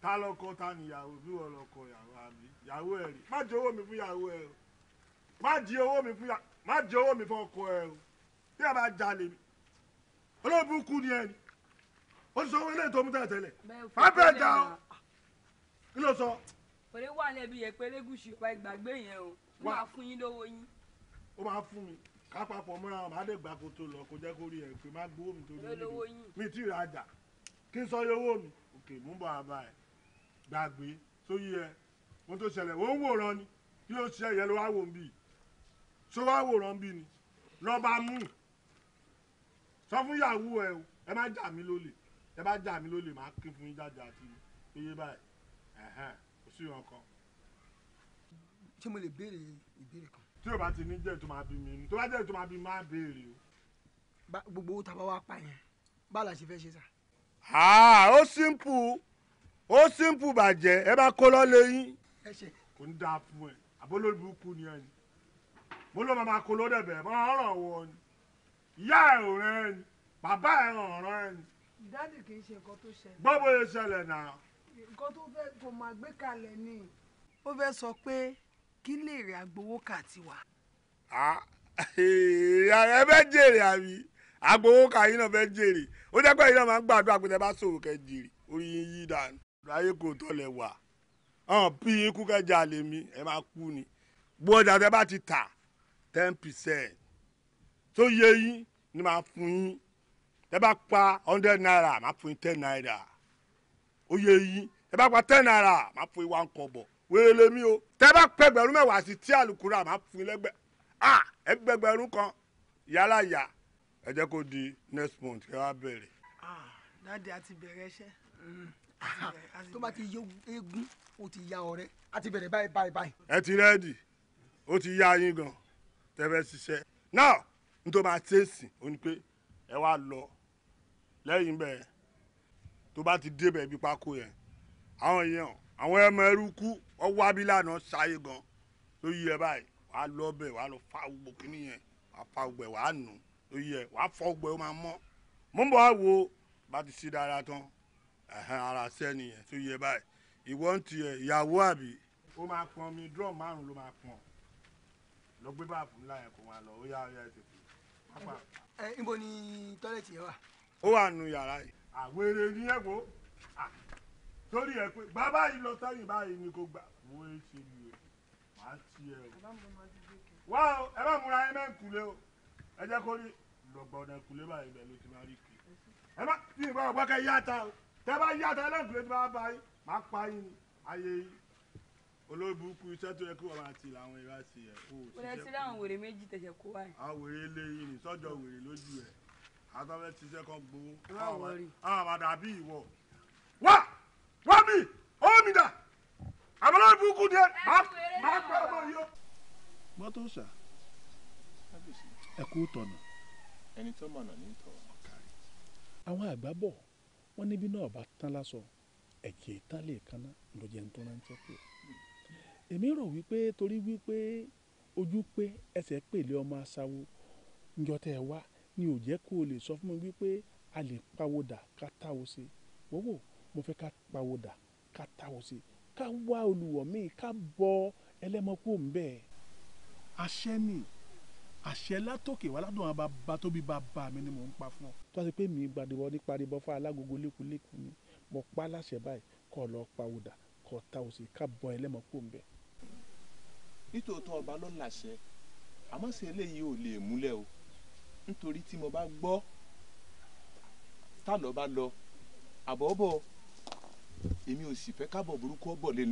ta lọkọ ta níyàwó bí wọn lọkọ yàwó àbí yàwó ẹ rí má di owó mi fún yàwó ẹ o má di owó mi fún yàwó má di owó mi fún ọkọ ẹ o bí a bá jalè mi olóòbù kú ni ẹ ni ó sọ wọn eléyìí tó mú tẹ̀lẹ̀tẹ̀lẹ̀ má bẹ̀ dá o kí ló sọ. òde wà lẹ́bi yẹn pé elégùsì pa ìgbàgbé yẹn o ó máa fún yín lówó yín. ó máa fún mi kápapọ̀ mọ́ra wọn má dé gbà kó tó lọ kó jẹ́ kó rí ẹ̀ pé má gbowó mi tó lówó yín mi tí ì rajà kí n sọ yẹ owó mi òkè mú bọ̀ àbá ẹ̀ gbàgbé sóyí ẹ ohun tó ṣẹlẹ̀ ó ń wòran ni kí ló ṣe ẹ̀yẹ ló wá wò ń bì ṣó wá wòran bì ni lọ́ba mú sọ fún ìyàwó ẹ o ẹ má jà mí lólè ẹ bá jà mí lólè má kí fún yín jáde àti iye báyìí ẹ̀hẹ́n kò sí ìran kan. ṣé mo lè béèrè ìbéèrè kan. tí o bá ti ní jẹ́ ètò máa bí mi tó bá jẹ́ ètò máa bí mi má béèrè o. gbogbo owó tá a bá wá pa yẹn báàlà ṣe fẹ́ ṣe sà. ó simple ó simple bàjẹ́ ẹ bá kó lọ lẹ́yìn. ẹ ṣe kò ń dáa fún ẹ àbólórí burúkú ni ẹ ní mo ló máa kó ló dẹ̀bẹ̀ mọ́ ọ̀rọ̀ wọ ni ìyá ẹ̀ ò rẹ̀ ẹ̀ ni bàbá ẹ̀ ò rẹ̀ ẹ̀ ni. dáàdì kì í ṣe nǹkan tó ṣẹlẹ̀. gbọ́ bó ṣe ṣẹlẹ̀ náà. nǹkan tó fẹ́ kò máa gbé kalẹ̀ ni ó fẹ́ sọ pé kí lè rè agbowó kà tiwa. ẹ fẹ́ jèrè àbí agbowó kà yín náà fẹ́ jèrè ó jẹ́ yín náà máa ń gbàdúrà pé tẹ bá sòwò kẹ́ jèrè orí yín yí dànù láyé kò tọ́ lẹ̀ wà hàn bí ikú kẹjà lè mi ẹ máa kú ni gbọ́ tẹ bá ti tà ten percent tó yẹ yín ni màá fún yín tẹ bá pa hundred naira màá fún yín ten naira ó yẹ yín tẹ bá pa ten naira màá fún yín one kọ́bọ̀ wéré lèmi o tẹ bá pẹ ẹgbẹ̀rún mẹ́wàá sí tí àlùkùrà màá fún yín lẹ́gbẹ̀ ah ẹgbẹgbẹ̀rún kan yálà yá ẹ jẹ́ kó di next month kí wọ́n á bẹ̀rẹ̀. ah dáàdi a ti bẹ̀rẹ̀ tó bá ti yé eégún ó ti ya ọ̀rẹ́ a ti bẹ̀rẹ̀ báyìí báyìí báyìí. ẹ ti rẹ́ẹ̀dì ó ti yá yín gan tẹ́fẹ́ ṣiṣẹ́ náà nítorí máa ṣe é sìn ó ní pé ẹ wá lọ lẹ́yìn bẹ́ẹ̀ tó bá ti débẹ̀ ibi pákó yẹn àwọn èèyàn àwọn ẹmọ ẹrúkú ọwọ́ abilànà ṣayé gan ló yí ẹ báyìí wàá lọ bẹ̀ wàá lọ fa gbogbo kínní yẹn wàá fa gbẹ wàá nù ló yí ẹ wàá fọ gbẹ ó máa mọ́ mọ́ bọ́ wá wo bá ti ṣí dáadáa tán ara sẹ́ni yẹn tó yẹ báyìí ìwọ ń tiẹ̀ ìyàwó àbí. ó máa pọn omi drum márùn ló máa pọn lọ gbé báàpù ńlá yẹn kó máa lọ ó yá ó yá tètè. ẹ níbo ni tọ́lẹ̀tì yẹn wà. ó wà nù yàrá yìí. àwèrè ni ẹ wo torí ẹ pé bàbá yìí lọ sẹ́yìn báyìí ni kò gbà wo é ṣe ni o màá ti ẹ o. wá o ẹ bá múra ẹ mẹ́ǹkù lé o ẹ jẹ́ kó rí lọ́gbọ̀n ẹ̀kú lé báyìí bẹ́ẹ̀ ló ti máa rí kiri ẹ má tí ì bá ọgbọ́n kẹ́ yá ta o tẹ́ bá yá tẹ́ lẹ́kùnrin tí bá bá yín máa pa yín ayé yín olóbùkú iṣẹ́ tó yẹ kí wọ́n máa ti làwọn ìrà sí ẹ̀ o ṣiṣẹ́ kú. wọ́n ti láwọn wèrè méjì tẹ̀sẹ̀ kó wáyé. àwọn eléyìí ni sọ́jọ́ wèrè lójú ẹ̀ àtọ́fẹ́ ti iṣẹ́ kan gbowó. àwọn àbàdà bí ìwọ. wá wá mi ó mi dà àbálọ́ ìbùkún díẹ̀ máa pẹ́ ọmọ yìí o. mọ́tò ṣá ẹ̀kú tọ̀nà. ẹni tó mọ̀nà ní tọ̀. àwọn àgbà bọ̀ wọ́n níbi náà bá tán lásọ ẹ̀jẹ̀ tán lè kaná ló jẹ́ tó ránṣẹ́ pé èmi rò wípé torí wípé ojú pé ẹsẹ̀ pèlè ọmọ aṣáwo njọ tẹ́ ẹ wá ni ò jẹ́ kó o lè sọ fún mi wípé a lè pawódà ká táwo ṣe wọ́wọ́ mo fẹ́ ká pawódà ká táwo ṣe ká wá olùwọ̀ míì ká bọ ẹlẹ́mọ̀kú òǹbẹ́ àṣẹ ni àṣẹ látòkè wá àbá bá tóbi bá bá mi ni mò ń pa fún ọ tó a ti pé mi gbàdìbọ ní paribọ fún alágogo lékuléku ni mo pa láṣẹ báyìí kọ́ lọ pawòdà kọ ta òsì ká bọ ẹlẹ́mọ̀ pò ń nítòótọ́ ọba ló láṣẹ àmọ́ ṣe eléyìí ò lè múlẹ̀ o nítorí tí mo bá gbọ́ tálọ́ bá lọ àbọ̀bọ̀ èmi ò sì fẹ́ kábọ̀ burúkú ọ̀bọ̀ lé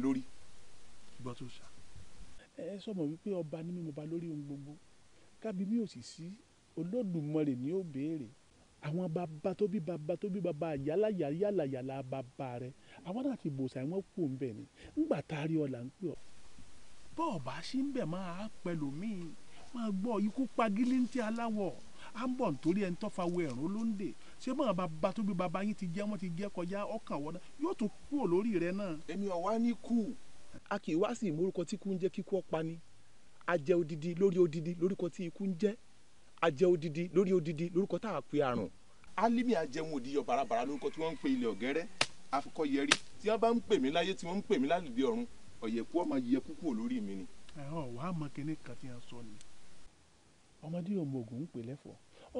àwọn bàbá tó bí bàbá tó bí bàbá yálà yálà yálà bàbá rẹ àwọn láti bòsà wọn kú nbẹ ni ńgbà tá a rí ọlà ń pè ọ. bọ́ọ̀bà ṣì ń bẹ̀ máa pẹ̀lú mi máa gbọ́ ikú pagílé ń tẹ́ aláwọ̀ à ń bọ̀ nítorí ẹni tó fa wo ẹ̀rún ló ń dè ṣé mọ̀ bàbá tó bí bàbá yín ti jẹ́ wọ́n ti jẹ́ kọjá ọkàn wọn yóò tún kú lórí rẹ náà. èmi ọ̀wá ní kú a kì í wá sí ìmúrúkọ tí ikú ń jẹ́ kíkú ọ̀pá a jẹ odidi lórí odidi lórúkọ tí ikú ń jẹ́ ajẹ odidi lórí odidi lórúkọ tá a pe àrùn. alimi ajẹun òdìyọ barabara lórúkọ tí wọ́n ń pe ilẹ̀ ọ̀gẹ́rẹ́ afikọ́yẹrí tí wọ́n bá ń pè mí láyé tí wọ́n ń pè mí lálùbí ọ̀run ọ̀yẹ̀kú ọmọ yẹ kúkú lórí mi ni. ẹ̀hán wàá mọ kinní kan tí wọ́n sọ ni ọmọdé ọmọ ògùn ń pè lẹ́fọ̀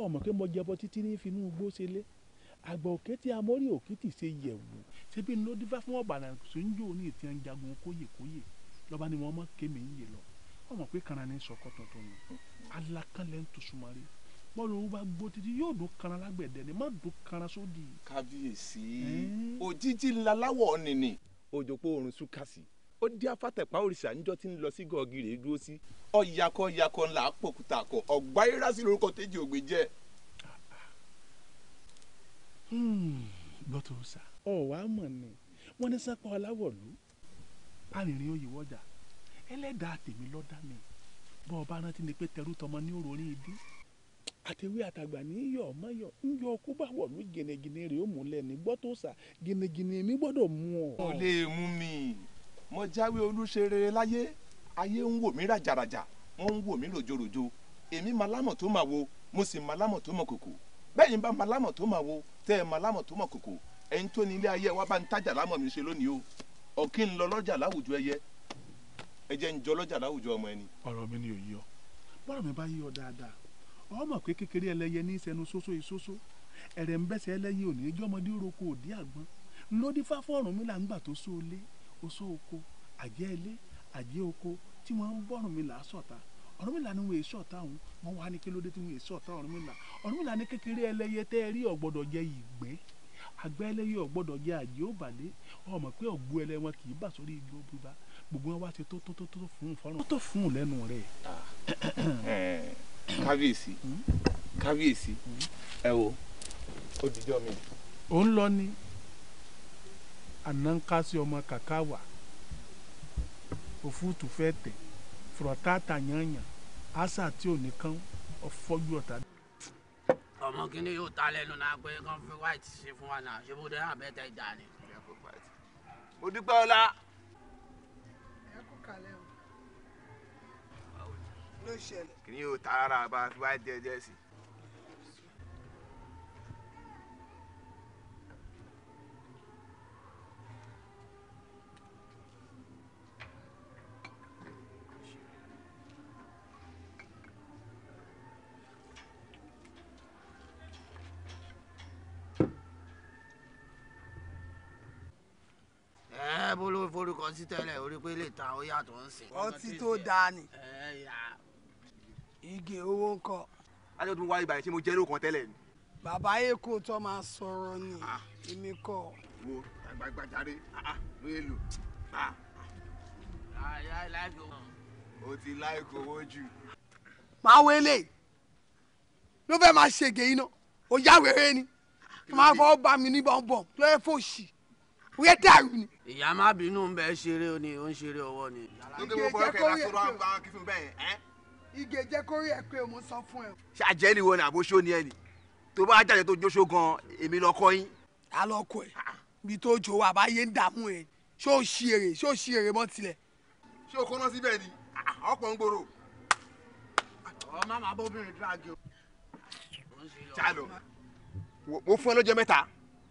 ọmọ kí mo jẹbọ títí ní finú igbó ṣe lé àgbà òkè tí amórí òkè tì ṣe yẹ̀wò ṣebí ní ló dífá fún ọ̀bàlà sóńjó ní ìtìyàn kóyè kóyè lọ́ba ni wọ́n mọ̀ kémi ń yè lọ Ọ mọ̀ pé kanra ní sọ̀kọ́ tuntun ni alakanlẹ̀ ń tosùmọ́rí wọ́n lọ bá gbó títí yóò dún kara lágbẹ̀dẹ ni má dún kanra sódì. kábíyèsí òjijì laláwọ̀ nìní. òjòpó oorun súkàsì ó dí afátẹ̀pá òrìṣà níjọ́ tí ń lọ sí gọ̀ọ́gì dúró sí ọ̀yàkọ̀ ọ̀yàkọ̀ ńlá pòkúta kọ̀ ọ̀gbá irásí lórúkọ ògbé jẹ́. Hmm, gbọ́tò ni wọ́n ní sápá aláwọ̀ lù ẹlẹ́dàá tèmi lọ́dá mi bọ́ ọba ti ni pé tẹrú tọmọ ní òrò orin ìdí àtẹwé àtàgbà ní yọ ń yọ ọkú bá wọ ní gẹnẹgẹnẹ rèé ó lẹni gbọ́ tó sà gẹnẹgẹnẹ mi gbọ́dọ̀ mú ọ. mo lè mú mi mo jáwé olúṣeré láyé ayé ń wò mí wo mo sì màlámọ̀ tó mọ̀ kòkò bẹ́ẹ̀ ni bá tó máa wo tẹ́ ẹ tó mọ̀ kòkò ẹ̀ ń ilé ayé wa bá ń lámọ̀ ẹ jẹ́ ń jọ lọ́jà láwùjọ ọmọ ẹni. ọ̀rọ̀ mi ni ò yí ọ bọ́rọ̀ mi bá yí ọ dáadáa ọmọ pé kékeré ẹlẹ́yẹ ní sẹnu ṣoṣo ìṣoṣo ẹ̀rẹ̀ ń bẹ́sẹ̀ ẹlẹ́yẹ ò ní í roko òdí àgbọn lódì mi là ń gbà tó só oko àjẹ́ ilé àjẹ́ oko tí wọ́n ń bọ́rùn mi là á sọ̀tà Ọ̀rúnmìlà ni wọ́n èso ọ̀tá òun wọ́n wá ní kí tí wọ́n èso ọ̀tá gbogbo wọn wá ti tó tó tó tó fún un fọrùn tó fún un lẹ́nu rẹ̀. Ah. Eh, kábíyèsí hmm? kábíyèsí hmm? ẹ wo ó dijọ́ mi. ó ń lọ ni anankasi ọmọ kàkàwà òfútu fẹ́ tẹ̀ fúrọ̀tà tàyànyàn àṣà tí ò ní kán ọ̀fọ́jú ọ̀tá. ọmọ kìnìún yóò ta lẹ́nu náà pé kán fi white ṣe fún wa náà ṣé bó dé àbẹ́tẹ̀ ìjà ni. mo dúpẹ́ ọlá. ló ṣẹlẹ̀. kì í yóò ta rárá bá a fi wá jẹ́jẹ́ sí i. bó ló forúkọ sí tẹ́lẹ̀ orí pé lè ta ó yàtọ̀ ń sìn. ọtí tó dáa ni. ẹ ẹ yà á igi owó ń kọ. ajọ́ tún wá ibà yìí ṣé mo jẹ́ lóòkan tẹ́lẹ̀ ni. bàbá èkó tó máa sọ̀rọ̀ ni ah. èmi kọ́. wo àgbàgbàjáre ah, ah, ló yẹ lò. o ti láìkó owó jù. máa wọlé ló fẹ́ máa ṣègè iná ó yá wẹ́rẹ́ ni máa fọ́ bá mi ní bọ̀m̀bọ̀m ló yẹ fòṣì ó yẹ dàrú ni. ìyá má bínú ń bẹ ṣeré o ni ó ń ṣeré ọwọ́ ni. lókè mo fọwọ́ kẹ́ ẹ̀ lásán ló ń gba kí fún bẹ́ẹ̀ ẹ́ igè jẹ́ kó rí ẹ pé òun sọ fún ẹ. ṣàjẹ́ ni wo ni àbóṣó ni ẹ ni tó bá jáde tó jóṣó gan èmi lọ kọ́ yín. ta lọ kọ ẹ ah. ibi tó jò wà báyé ń dààmú ẹ ṣó o ṣí èrè ṣó o ṣí èrè mọ́ tilẹ̀. ṣé o kọ́ná síbẹ̀ ni ah, ọ̀pọ̀ ń gbòòrò. ọmọ àmà bóbìnrin dúrágì o. jalo mo fún ẹ lọ́jọ́ mẹ́ta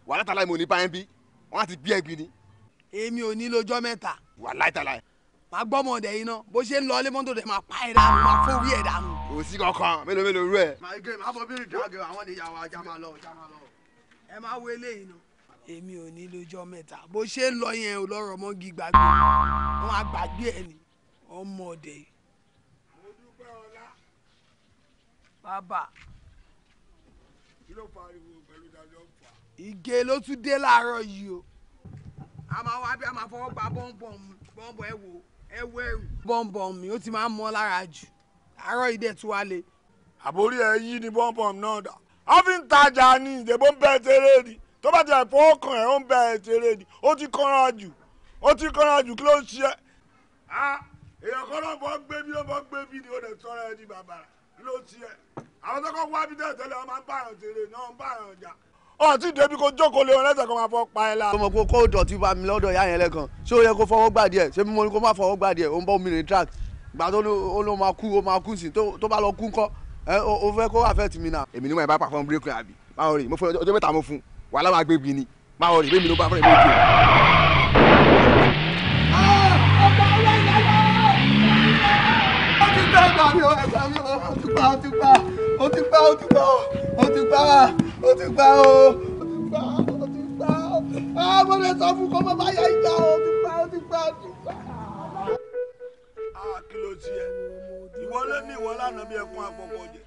wàhálà tàlàyé mo ní báyẹn bí wọ́n á ti gbé ẹ̀gbin ni. èmi ò ní lọ́jọ́ mẹ́ta. wàhálà tàlàyé màá gbọ́ ọmọ ọ̀dẹ̀ yìí náà bó ṣe ń lọ ilé mọ́tò rẹ̀ máa pa ẹ̀ dànù máa fún orí ẹ̀ dànù. kò sí kankan mélòó mélòó rú ẹ. màá gé màá bọ bí ìdágẹ àwọn ìyàwó ajá máa lọ ọjà máa lọ ẹ máa wo eléyìí náà. èmi ò ní lójọ́ mẹ́ta bó ṣe ń lọ yẹn ò lọ́rọ̀ mọ́ gí gbàgbé wọn á gbàgbé ẹ ní ọmọ ọ̀dẹ̀. bàbá ìgè ló tún dé láàárọ̀ yìí o a máa wá bí a máa fọwọ́ gba bọ́ǹbọ̀n bọ́ǹbọ̀n ẹ̀ wò ó ẹ wọ ẹrù. bọ́ǹbọ̀n mi ó ti máa ń mọ́ lára jù àárọ̀ ìdẹ̀ tó wá le. àbórí ẹ yí ni bọ́ǹbọ̀n náà dà á fi ń tajà ní ìdèbó ń bẹ tẹ́lẹ̀ ni tó bá ti ẹ̀ fọwọ́ kan ẹ̀ ó ń bẹ tẹ́lẹ̀ ni ó ti kọ́ra jù ó ti kọ́ra jù kí ló ń ṣe. èèyàn kan náà bọ́ gbé bí ó bọ́ gbé bí ni ó lè tọ́ra ẹni bàbàrà kí ló ń ṣe. àwọn tó kọ́ wá bí tẹ́lẹ̀ tẹ́lẹ̀ wọ́n máa ń bá àyàn tẹ́lẹ̀ ni ń bá àyàn jà ọtí débi kò jókòó lé wọn lẹ́sẹ̀ kó máa fọ pa ẹ la. ọmọ kò kó dọ̀tí bá mi lọ́dọ̀ ìyá yẹn lẹ́kan ṣé ó yẹ kó fọwọ́ gbà díẹ̀ ṣé mo ní kó má fọwọ́ gbà díẹ̀ ó ń bọ́ omi rìn track gbà tó ló máa kú ó máa kú sí tó bá lọ kú ńkọ́ ó fẹ́ kó affect mi náà. èmi ni mo yẹn bá perform break àbí báwo rè mo fún ọjọ́ mẹ́ta mo fún wàhálà máa gbébi ni báwo rè bẹ́ẹ̀ mi ló bá fún ẹ̀ Tupa, tupa, tupa ó ti gbá ó ti gbá ó ti gbá ó ti gbá ó ti gbá ó ti gbá ó àmọ́ lè sọ fún kọ́ bàbá yá ìgbà ó ti gbá ó ti gbá ó ti gbá. a kí ló ti ẹ ìwọ ló ní ìwọ lánàá bí ẹkún àpọ̀pọ̀ jẹ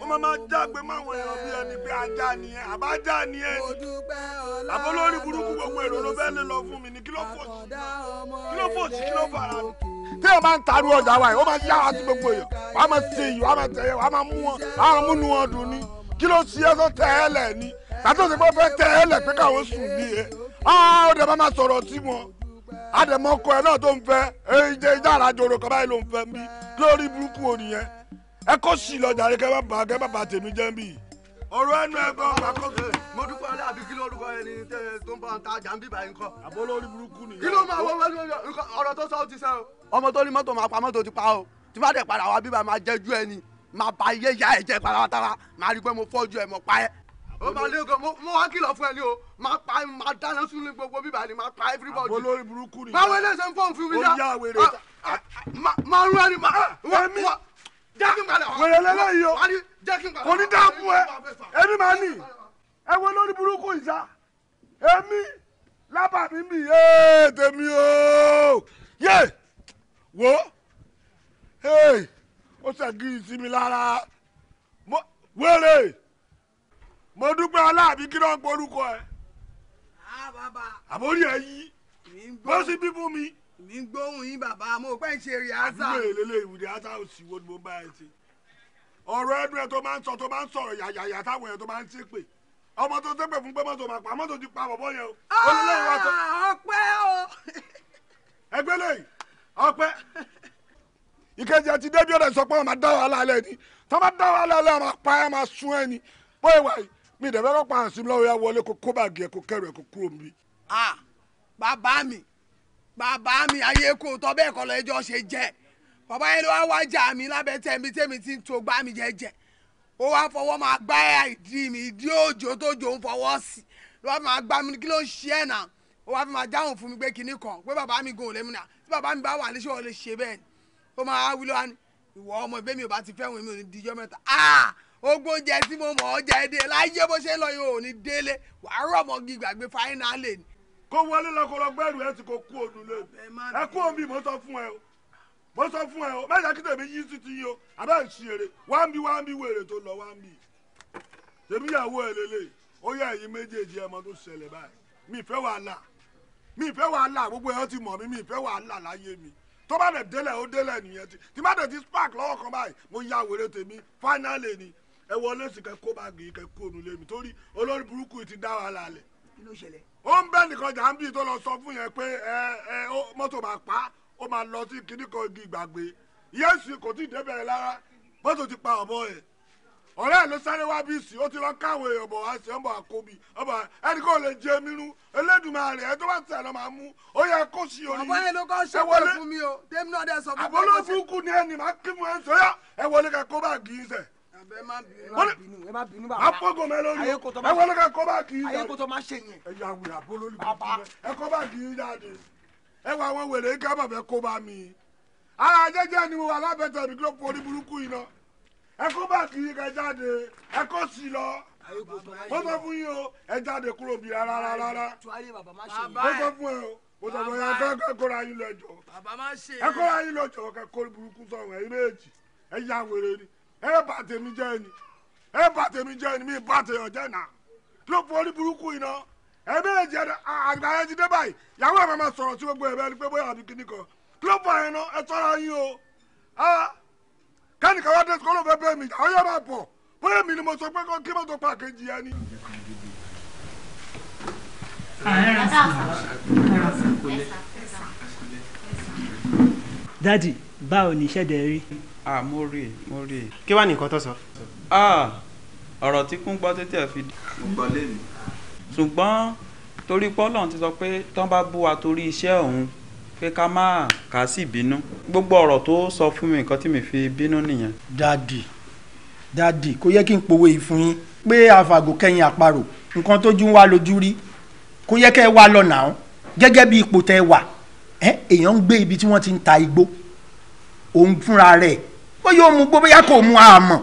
ó máa máa jágbe máwọn èèyàn bí ẹni pé ajá ni ẹ àbájá ni ẹ ni àbólórí burúkú gbogbo èrò ló fẹ́ lè lọ fún mi ní kí ló fò sí kí ló fò sí kí ló fara mi téèyàn máa ń taru ọjà wa yìí ó máa yá wa sí gbogbo èèyàn wà á máa ṣe èyí wà á máa tẹ̀yẹ wà á máa mú wọn wà á múnú wọn dùn ni kí ló ṣe é tó tẹ̀ ẹ́ lẹ̀ ni tàbí tó ṣe pé fẹ́ tẹ̀ ẹ́ lẹ̀ pé káwọn sùn bí ẹ ó dẹ̀ bá máa sọ̀rọ̀ sí wọn àdèmọ́kọ ẹ náà tó ń fẹ́ ìjẹ ìjà àràjòrò kan báyìí ló ń fẹ́ bí lórí burúkú ònìyẹn ẹ kó sì lọ jàre kẹ́ bá kẹ́ bá tèmi jẹ́ bíi ọ̀rọ̀ ẹnu ẹgbẹ́ ọgbà kókè mo dúpẹ́ ọlẹ́ àbí kí lórúkọ ẹni tó ń bọ̀ ta ajá ń bíbá yín lórí burúkú nìyẹn. kí ló máa wọ wẹ́lú ọ̀rọ̀ tó sọ ó ti sẹ́ o. ọmọ tó ní mọ́tò máa pa mọ́tò ti pa o tí bá dẹ̀ padà wá bíbá máa jẹ́jú ẹni máa ba iye ìyá ẹ̀ jẹ́ pátápátá máa rí pé mo fọ́jú ẹ̀ mọ̀ pa ẹ́. ó máa lé nǹkan mo wá kìlọ̀ fún ẹ ní o máa pa máa dáná sún ní gbogbo bíbá ni máa pa everybody. àbó lórí burúkú nìyẹn. báwo ilé ṣe ń fọ́n fún mi dá. ó yá wèrè. Ah, ah, ah, máa rún ẹni máa wèrè lẹ́lẹ́yìí o kò ní dáàbò ẹ ẹni máa nì ẹ wo lórí burúkú ìjà èmi lábà mi bì yé tèmi o yé wo ó ṣàgìrì sí mi lára wèrè mo dúpẹ́ aláàbí kí ló ń ẹ ah, àbórí ẹ yí bó sì bí fún mi mi gbóhùn yín bàbá mo pẹ́ ń ṣe rìhásà. àbúrò ìlélẹ̀ ìwúdí ata òsì wo ni mo bá ẹ ṣe. ọ̀rọ̀ ẹnu ẹ tó máa ń sọ tó máa ń sọ̀rọ̀ yàyàyà táwọn ẹ tó máa ń ṣe pé ọmọ tó ṣépè fún pé mọ́tò máa pa mọ́tò ti pa bọ̀bọ́ yẹn o. Ah, ọpẹ́ o. ẹgbẹ́ lẹ́yìn ọpẹ́ ìkejì àti débi ọ̀dẹ̀ sọ pé wọ́n máa dá wàhálà alẹ́ ni tó máa dá wàhálà alẹ́ máa pa ẹ́ máa sun ẹ́ ni bó ìwà yìí mi ìdẹ̀bẹ́ lọ́pàá àǹsí lọ́wọ́ ya wọlé kó kó bàgì ẹ̀ kó kẹrù ẹ̀ kó kúrò mi. Ah, bàbá mi bàbá mi ayé kò tọ́ bẹ́ẹ̀ kọ́ lọ ẹjọ́ ṣe jẹ́ bàbá yẹn ló wá wájà mi lábẹ́ tẹ̀mí tẹ̀mí tí ń to gbá mi jẹ́jẹ́ ó wá fọwọ́ máa gbá ìdí mi ìdí òjò tó jò ń fọwọ́ sí ló wá fi máa gbá mi kí ló ń ṣe ẹ̀ náà ó wá fi máa dáhùn fún mi pé kinní kan pé bàbá mi gan ò lẹ́mìnà tí bàbá mi bá wà níṣẹ́ ò lè ṣe bẹ́ẹ̀ ni ó máa wí lọ́wọ́ ni ìwọ ọmọ ìbẹ́ mi ò bá ti fẹ́ wọn mi ò ní kó wọlé lọkọlọ gbẹrù ẹ ti kó kú òdùn lé ẹ kú omi mo sọ fún ẹ o mo sọ fún ẹ o mẹ́ta kí tèmi yí sí ti yí o àbẹ ìṣiyèrè wá ń bí wá bí wèrè tó lọ wá bí tèmi yàwó ẹ lélẹ̀ ó yẹ ẹ̀yin méjèèjì ẹmọ tó ṣẹlẹ̀ báyìí mi ìfẹ́ wàhálà mi ìfẹ́ wàhálà gbogbo ẹ ti mọ̀ mi mi ìfẹ́ wàhálà láyé mi tó bá dẹ̀ délẹ̀ ó délẹ̀ nìyẹn ti tí má dẹ̀ ti spark lọ́wọ́ kan báyìí mo ya wèrè tèmi finally ni ẹ wọlé sí kẹ kó báàgì kẹ kó onú lé mi torí olórí burúkú ti dá wàhálà lẹ̀. kí ló ṣẹlẹ̀ ó ń bẹ́ nìkan jàǹbì tó lọ sọ fún yẹn pé ẹ ẹ mọ́tò máa pa ó máa lọ sí kinní kan igi ìgbàgbé yéésù kò tí ì débẹ̀ lára mọ́tò ti pa ọ̀bọ yẹn ọ̀rẹ́ ẹ̀ ló sáré wá bí sí ó ti lọ káwọn èèyàn wá sí ọ̀bọ̀ àkóbì ọ̀bọ̀ ẹni kò lè jẹ mí nú Elédùmarè ẹ̀ tó bá tẹ̀ lọ́ máa mú ó yẹ kó sí orí ọ̀bọ̀ yẹn ló kọ́ ṣe fún mi afọgọ mẹ lórí ẹ wọlé ká kọ bá kì í jáde ẹ yà wúrà bó lórí bàbá ẹ kọ bá kì í jáde ẹ wà wọn wèrè ká bàbá kó bá mi ara jẹjẹ ni mo wà lábẹ́tẹ̀ mi kí ló fọ orí burúkú yìí náà ẹ kọ bá kì í ká jáde ẹ kọ sí lọ mo sọ fún yín o ẹ jáde kúrò bí rárá rárá mo sọ fún ẹ o mo sọ fún yín ẹ kọ́ra yín lọ jọ ẹ kọ́ra yín lọ jọ kẹ kó burúkú sọ̀rọ̀ ẹ méjì ẹ yà wèrè ni ẹ bà tèmi jẹ́ ni ẹ bà tèmi jẹ́ ni mi bà tèèyàn jẹ́ nà ló forí burúkú iná ẹ bẹ́ẹ̀ jẹ́ àgbà yẹn ti dé báyìí yàwó ẹ̀ máa sọ̀rọ̀ sí gbogbo ẹ̀ bẹ́ẹ̀ ni pé bóyá àbí kíní kan ló fọ ẹ̀ náà ẹ sọ́ra yín o kẹ́nìkan wá dé sukọ́lù fẹ́ bẹ́ẹ̀ mi àwọn yóò máa bọ̀ bóyá mi ni mo sọ pé kí mo pa kejì yẹn ni. dadi báwo ni iṣẹ́ dẹ̀ rí ah mo rí mo rí. kí wàá ní nǹkan tó sọ. ah ọ̀rọ̀ tí kún gbọ́ tètè fi. mo gbọ́ lẹ́nu. ṣùgbọ́n torí pọ́lọ́n ti sọ pé tán bá bú wa torí iṣẹ́ òun pé ká má kà á sì bínú gbogbo ọ̀rọ̀ tó sọ fún mi nǹkan tí mi fi bínú nìyẹn. dadi dadi kò yẹ kí n pòwe yìí fún yín pé àfàgò kẹyìn àparò nǹkan tójú ń wá lójú rí kò yẹ kẹ́ ẹ wá lọ́nà ọ́n gẹ́gẹ́ bí ipò tẹ́ wà èèyàn ń gbé ibi tí wọ́n ti ń ta igbó òun fúnra rẹ̀ bóyá ó mu gbó bóyá kò mu àmọ́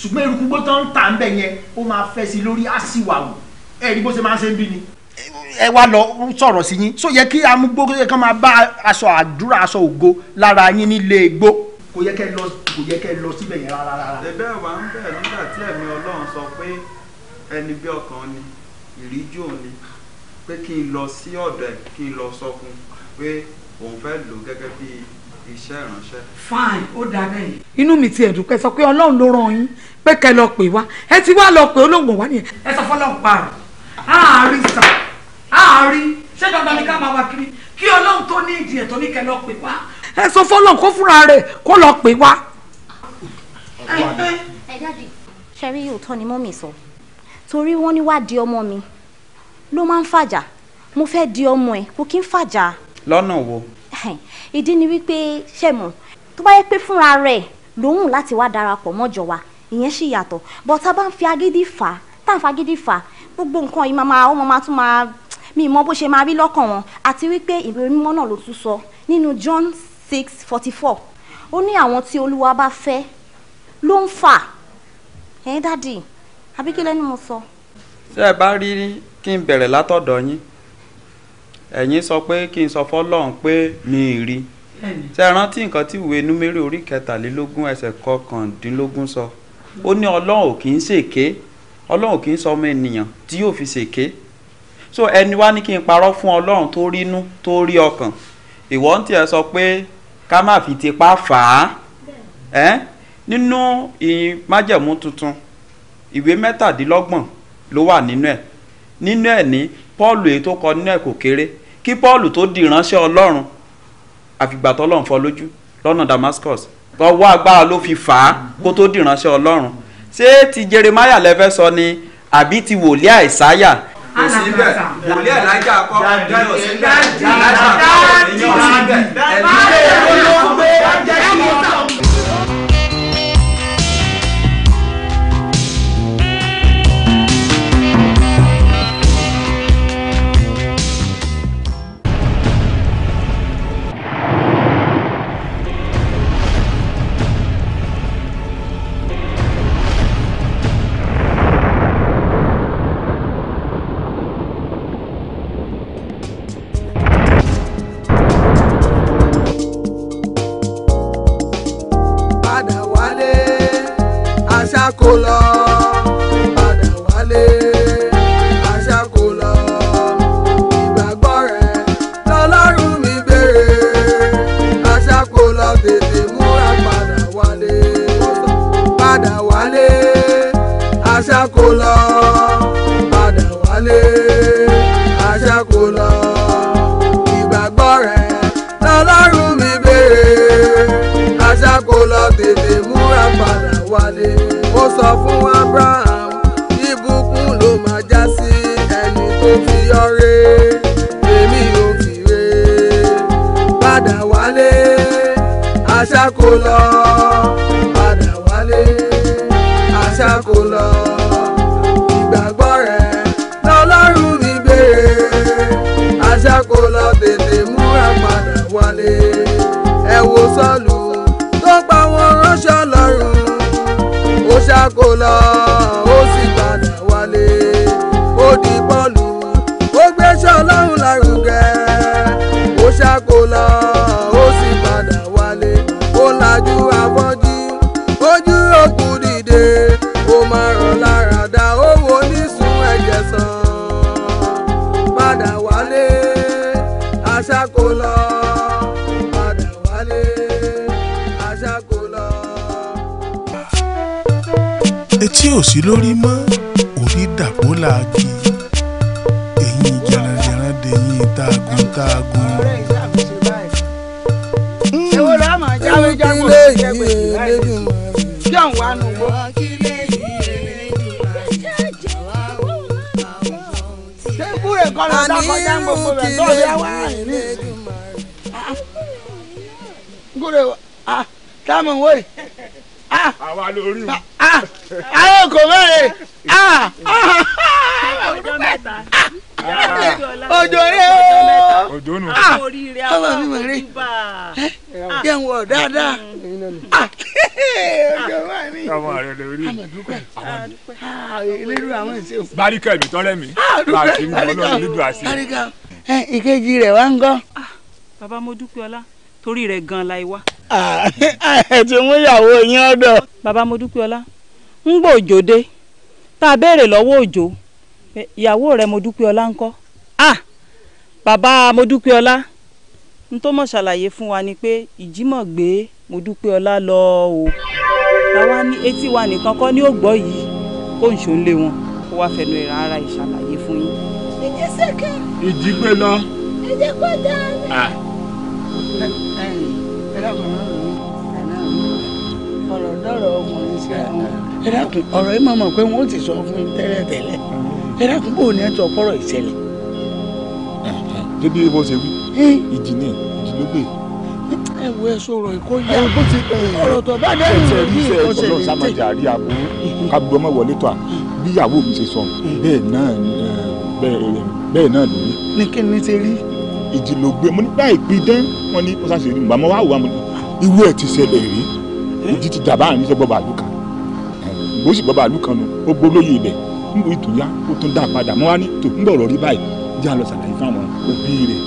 ṣùgbọ́n eruku gbó tán ń tà ń bẹ̀ yẹn ó máa fẹ́ sí lórí àṣìwàwò ẹ ní bó ṣe máa ń ṣe ń bí ni. ẹ wá lọ sọ̀rọ̀ sí yín só yẹ kí amúgbó yẹ kán máa bá aṣọ àdúrà aṣọ ògo lára yín nílé igbó kò yẹ kẹ́ lọ kò yẹ kẹ́ lọ síbẹ̀ yẹn rárá rárá. ẹ̀bẹ̀ wà ń bẹ nígbà tí ẹ̀mí Ọlọ́run sọ pé ẹni bí ọkàn ni ìríjú òní pé kí n lọ sí ọ̀dọ̀ ẹ̀ kí n lọ sọ fún un pé òun fẹ́ lò gẹ́gẹ́ bíi iṣẹ́ ìránṣẹ́. fine ó dáa bẹ́ẹ̀. inú mi ti ẹ̀dùn pẹ́ sọ pé ọlọ́run ló rán yín pé kẹ́ lọ pè wá ẹ ti wá lọ pè olóògùn wá nìyẹn. ẹ sọ fọlọ́run pa rẹ̀ àárín sà àárín ṣé dandan ni ká máa wá kiri kí ọlọ́run tó ní ìdí ẹ̀ tó ní kẹ́ lọ pè wá. ẹ sọ fọlọ́run kó fúnra rẹ̀ kó lọ pè wá. ẹ jáde ṣẹ́rí òótọ́ ni mọ́mì sọ torí wọ́n ní wá di ọmọ mi ló máa ń fàjà mo fẹ́ di ọmọ ẹ̀ kò kí ń fàjà. lọ́nà wo ìdí ni wípé ṣẹ̀mọ̀ tó bá yẹ pé fúnra rẹ̀ lòun láti wá darapọ̀ mọ́jọ wa ìyẹn sì yàtọ̀ bọ́ tá a bá ń fi agídí fà á tá à ń fa agídí fà á gbogbo nǹkan yìí máa ó máa tún máa mi mọ bó ṣe máa rí lọ́kàn wọn àti wípé ìwé mímọ́ náà ló tún sọ nínú John six forty four ó ní àwọn tí olúwa bá fẹ́ ló ń fà ẹ̀ dádì àbí kí lẹ́nu mo sọ. ṣé ẹ bá rí kí n bẹ̀rẹ̀ látọ̀dọ̀ yín ẹ̀yin sọ pé kí n sọ fọ́lọ́run pé mi ì rí ṣe rántí nǹkan tí ìwé númérì orí kẹtàlélógún ẹsẹ̀ kọkàndínlógún sọ ó ní ọlọ́run ò kì í ṣèké ọlọ́run ò kì í sọ ọmọ ènìyàn tí yóò fi ṣèké so ẹni wá ní kí n parọ́ fún ọlọ́run tó rínú tó rí ọkàn ìwọ ń tiẹ̀ sọ pé ká má fi tipá fà á ẹ́ nínú ìmájẹ̀mú tuntun ìwé mẹ́tàdínlọ́gbọ̀n ló wà nínú ẹ̀ nínú ẹ̀ ní Pọ́ọ̀lù èyí tó kọ nínú ẹ̀ kò kéré kí Paul tó di ìránṣẹ́ Ọlọ́run àfìgbà tọ́lọ́run fọ́ lójú lọ́nà Damascus tọwọ́ agbára ló fi fà á kó tó di ìránṣẹ́ Ọlọ́run ṣé ti Jeremiah lẹ́fẹ́ sọ ni àbí ti wòlíì Àìsáyà síbẹ̀ wòlíì Èlíjà kọ́ yóò síbẹ̀ Èlíjà kọ́ yóò síbẹ̀ ẹ̀mí lè ló ló gbé ọjà Cola. ó sọ fún Abraham ìbùkún ló máa já sí ẹni tó fi yọre èmi ò fi re padà wálé aṣáko lọ. kó lọ. ò sí lórí mọ́ orí dàpọ̀ làákì ẹ̀yìn jẹranjẹran dẹ̀yìn taagun taagun. ìwọ lọ́wọ́ máa jáwé jáwé ọ̀hún ẹgbẹ̀rún kí ọ̀hún wà nù wọ́n. ṣé kọ́ni ọ̀dà kọjá gbogbo rẹ̀ tó yẹ wá rìn gúre wa ah táwọn wọ̀nyí ah àwa lórí o aago mẹ́rin ojo re o ọmọ mi mọ̀ rí jẹ́ ń wọ̀ dáadáa ojo ah, wa ni ọmọ rẹ lè rí ah, ah, eléru àwọn ìṣe o. báríkà ibi tọ́lẹ̀ mi láti ń bọ̀ lọ́dún lídùú àṣẹ. ìkejì rẹ̀ wá ń gọ́. bàbá mo dúpẹ́ ọlá torí rẹ̀ gan-an la ẹ wá. ẹ ti mú ìyàwó yín ọ̀dọ̀. bàbá mo dúpẹ́ ọlá ń gbọ́ òjò dé tá a béèrè lọ́wọ́ òjò ìyàwó rẹ̀ Modúpẹ́ọlá ńkọ́ ah bàbá Modúpẹ́ọlá n tó mọ̀ ṣàlàyé fún wa ni pé ìjímọ̀ gbé Modúpẹ́ọlá lọ o làwa ní etí wa nìkan kọ́ ní ògbọ́ yìí kó n ṣò ń lé wọn kó wá fẹnu ìran ara ìṣàlàyé fún yín. ìjì sèké. ìjì gbé lọ. ìjì pé dáa ni. ẹ ẹ ẹ dákun náà ọ̀rọ̀ dọ̀rọ̀ ọkùnrin sí àwọn. ẹ dákun ọ̀rọ̀ yìí máa mọ̀ pé wọ́n ti sọ fún mi tẹ́lẹ̀tẹ́lẹ̀ ẹ dákun bò ní ẹ sọ fọ́rọ̀ ìṣẹ̀lẹ̀. débi bó ṣe wí ìjì ni ìjì ló gbé. ẹ wo ẹ sọ̀rọ̀ ìkó yá ọ̀rọ̀ tó bá dẹ́rù rẹ̀ bí ìkọsẹ̀ lè tẹ̀. bíyàwó mi ṣe sọ bẹ́ẹ̀ náà bẹ́ẹ̀ náà ló rí. ní kí ni ṣe rí. ìjì ló gbé mo ní báyìí pidán wọn ní ó ṣàṣèlú bàmọ́ wà wà mo ní ìwé ah, ẹ̀ ti ṣẹlẹ̀ rí ojú ti dàbá àní sọ bọba àlù kan bó sì bọba àlù kan nu ó gbólóyè ibẹ̀ níbo ìtòyá ó tún dá padà mọ́ wá ní tò ń bọ̀rọ̀ rí báyìí jẹ́ àlọ́ sàlàyé fáwọn òbí rẹ̀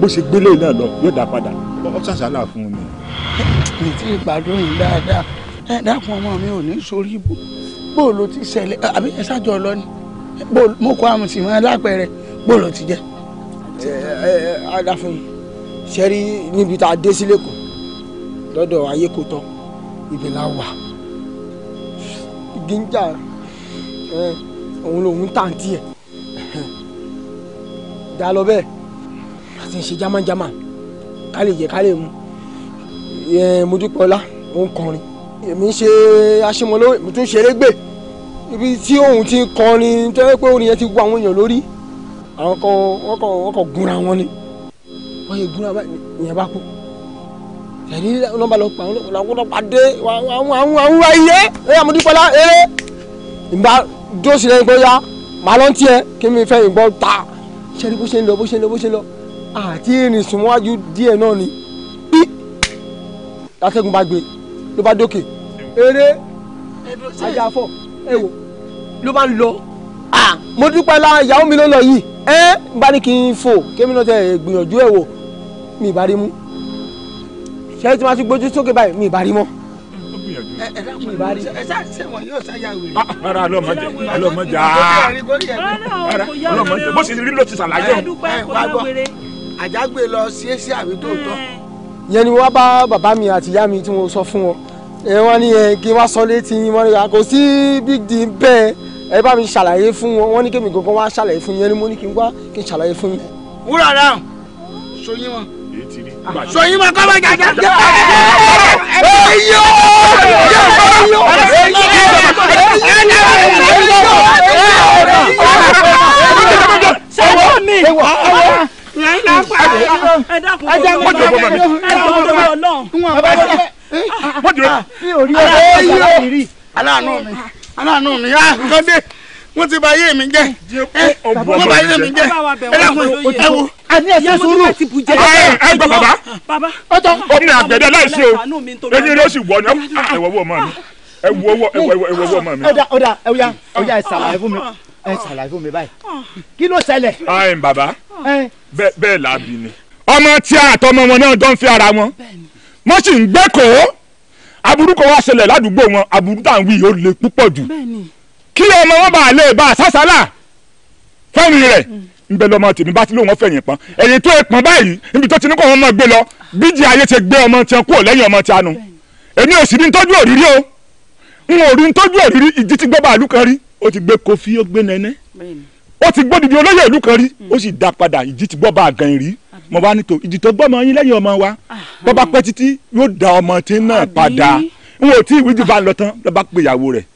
bó ṣe gbélé náà lọ yóò dá padà ọ ṣàṣàlà fún un ni. mi ti gbàdúrà yìí dáadáa dáadáa fún ọmọ mi ò ní sórí ibú bó ló ti ṣẹlẹ̀ àbí ẹ ṣáàjọ lọ ni mo kọ́ àmì sí wọn lápẹẹrẹ bó ló ti jẹ. ẹ ẹ adáfẹ́yìn ṣẹ́rí níbi tá a dé sí lẹ́kọ̀ọ́ lọ́dọ̀ ayé kò tán ibẹ̀ la wà igi ń jà òun lòun tà ń tiẹ̀ dá lọ bẹ́ẹ̀ àti ṣe jámájámá ká lè jẹ ká lè mu mojúpọ̀lá òun kọrin èmi ń ṣe aṣemọlówó mo tún ṣeré gbè ibi tí òun ti kọrin tẹ́lẹ̀ pé òun yẹn ti wọ àwọn èèyàn lórí àwọn kan wọ́n kan gúnra wọn ni wọ́n yẹ gúnra báyìí bá kú ẹ̀rí nọ́mbà lọ pa àwọn pàdé àwọn àwọn ayé ẹ̀yà mo dúpẹ́ lá eré ìgbà dóòsì lẹ́yìn gbọ́yà màá lọ́n tiẹ̀ kí mi fẹ́ ìbọn ta ṣe ni bó ṣe ń lọ bó ṣe ń lọ bó ṣe ń lọ àti ìrìn sùnmọ́wájú díẹ̀ náà ni bí atẹ́gùn bá gbé ló bá dókè eré ajá fọ ẹ wò ló bá ń lọ mo dúpẹ́ lá ìyàwó mi ló yìí ẹ bá ní kí n fò kémi náà tẹ gbìyànjú ẹ wò mi ì rí mú ṣe tí wọ́n ti gbójú sókè báyìí mi ìbá rí mọ́. ara ọlọmọdé ọlọmọdé ọlọmọdé bó ṣe rí ló ti ṣàlàyé o. àjágbé lọ sí èsì àbí tòótọ́. Eh. yẹn ni wọ́n bá bàbá mi àti ìyá mi tí mo sọ fún wọn wọ́n ní kí wọ́n sọ létí wọ́n ní ah, kò sí big deal bẹ́ẹ̀ ẹ bá mi ṣàlàyé fún wọn wọ́n ní kémi gangan wá ṣàlàyé fún yẹn ni mo ní kí n wá kí n ṣàlàyé fún yín. wúrà náà sọ yín wọn sọyìn ma kọ́ bá jàjà. ẹyọ ẹyọ ẹyọ sẹ́wọ́ mi ẹ dákun ẹ dákun ẹ dákun ọlọ́run. mi ò rí ọ̀rẹ́ ẹ̀ aláàánú mi aláàánú mi á nǹkan dé wọ́n ti bà ayé mi jẹ́ wọ́n bà ayé mi jẹ́ ẹ wo ani ẹsẹ sùúrù ẹ ẹ gbọ́ bàbá ọtọ omi àgbẹ̀dẹ láìsí o èyí ló sì wọ ni ẹ wọ wọ ọmọ mi ẹ wọ wọ ẹ wọ wọ ọmọ mi. ọ̀dà ọ̀dà ẹ̀wúyà ah. ẹ̀wúyà ẹ̀ sàlàyé fún mi ẹ̀ sàlàyé fún mi báyìí kí ló ṣẹlẹ̀. ẹ ǹ bàbá bẹ́ẹ̀ làbí ni ọmọ tí a àtọmọ wọn náà jọ ń fi ara wọn wọ́n sì ń gbẹ́kọ̀ọ́ aburú kan wá ṣẹlẹ̀ ládùúgbò wọn aburú tá à ń wí yìí ó le púpọ̀ jù kí ọmọ wọn bá lè bá sásálà fẹ́ẹ̀rì rẹ̀ nbẹ lọmọ tèmi bá ti lóun fẹ̀yìn pọ́n ẹ̀yìn tó pọ́n báyìí níbi tó ti ní kó wọn mọ̀ gbé lọ bíjì ayé ti gbé ọmọ tiẹ̀ kúrò lẹ́yìn ọmọ tiẹ̀ nu èmi ò sì ní tọ́jú òrírí o n ò rí ní tọ́jú òrírí ìdí ti gbọ́ bá àlù kan rí o ti gbé kofi ó gbé nẹ́nẹ́ ó ti gbó didi olóyè ìlú kan rí mm. ó sì dá padà ìdí ti gbọ́ bá àgàn rí mo bá ní tó ìdí tó gbọ́ ọmọ yín lẹ́yìn ọmọ wa ah. bọ́ bá pẹ́ títí yóò da ọmọ tí náà padà n ò tí ìwé jù bá lọ tán lọ́ bá pe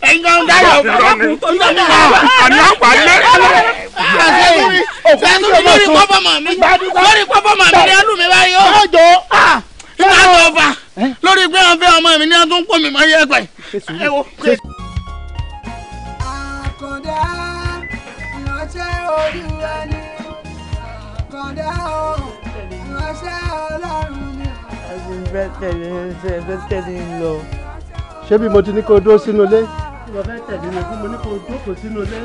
ẹ̀yin kan dára o àmì àpàlẹ. lórí pọ́pọ́mọ̀ mi lórí pọ́pọ́mọ̀ mi ni ẹlùmí báyìí ah, o máa tó fà lórí pé wọn fẹ́ ọmọ mi ni wọn tún kó mi mọ́ yẹ pẹ̀. àkàndá ìránṣẹ́ olúwa ni àkàndá o ìránṣẹ́ ọlọ́run ni. ẹ ti ń bẹ́ tẹ̀lé ẹ ti ń bẹ́ tẹ̀lé ń lọ ṣé bí mo ti ní kó dúró sínú ilé tí wọ́n fẹ́ tẹ̀lé mi fún mi ní kó jókòó sínú ilé.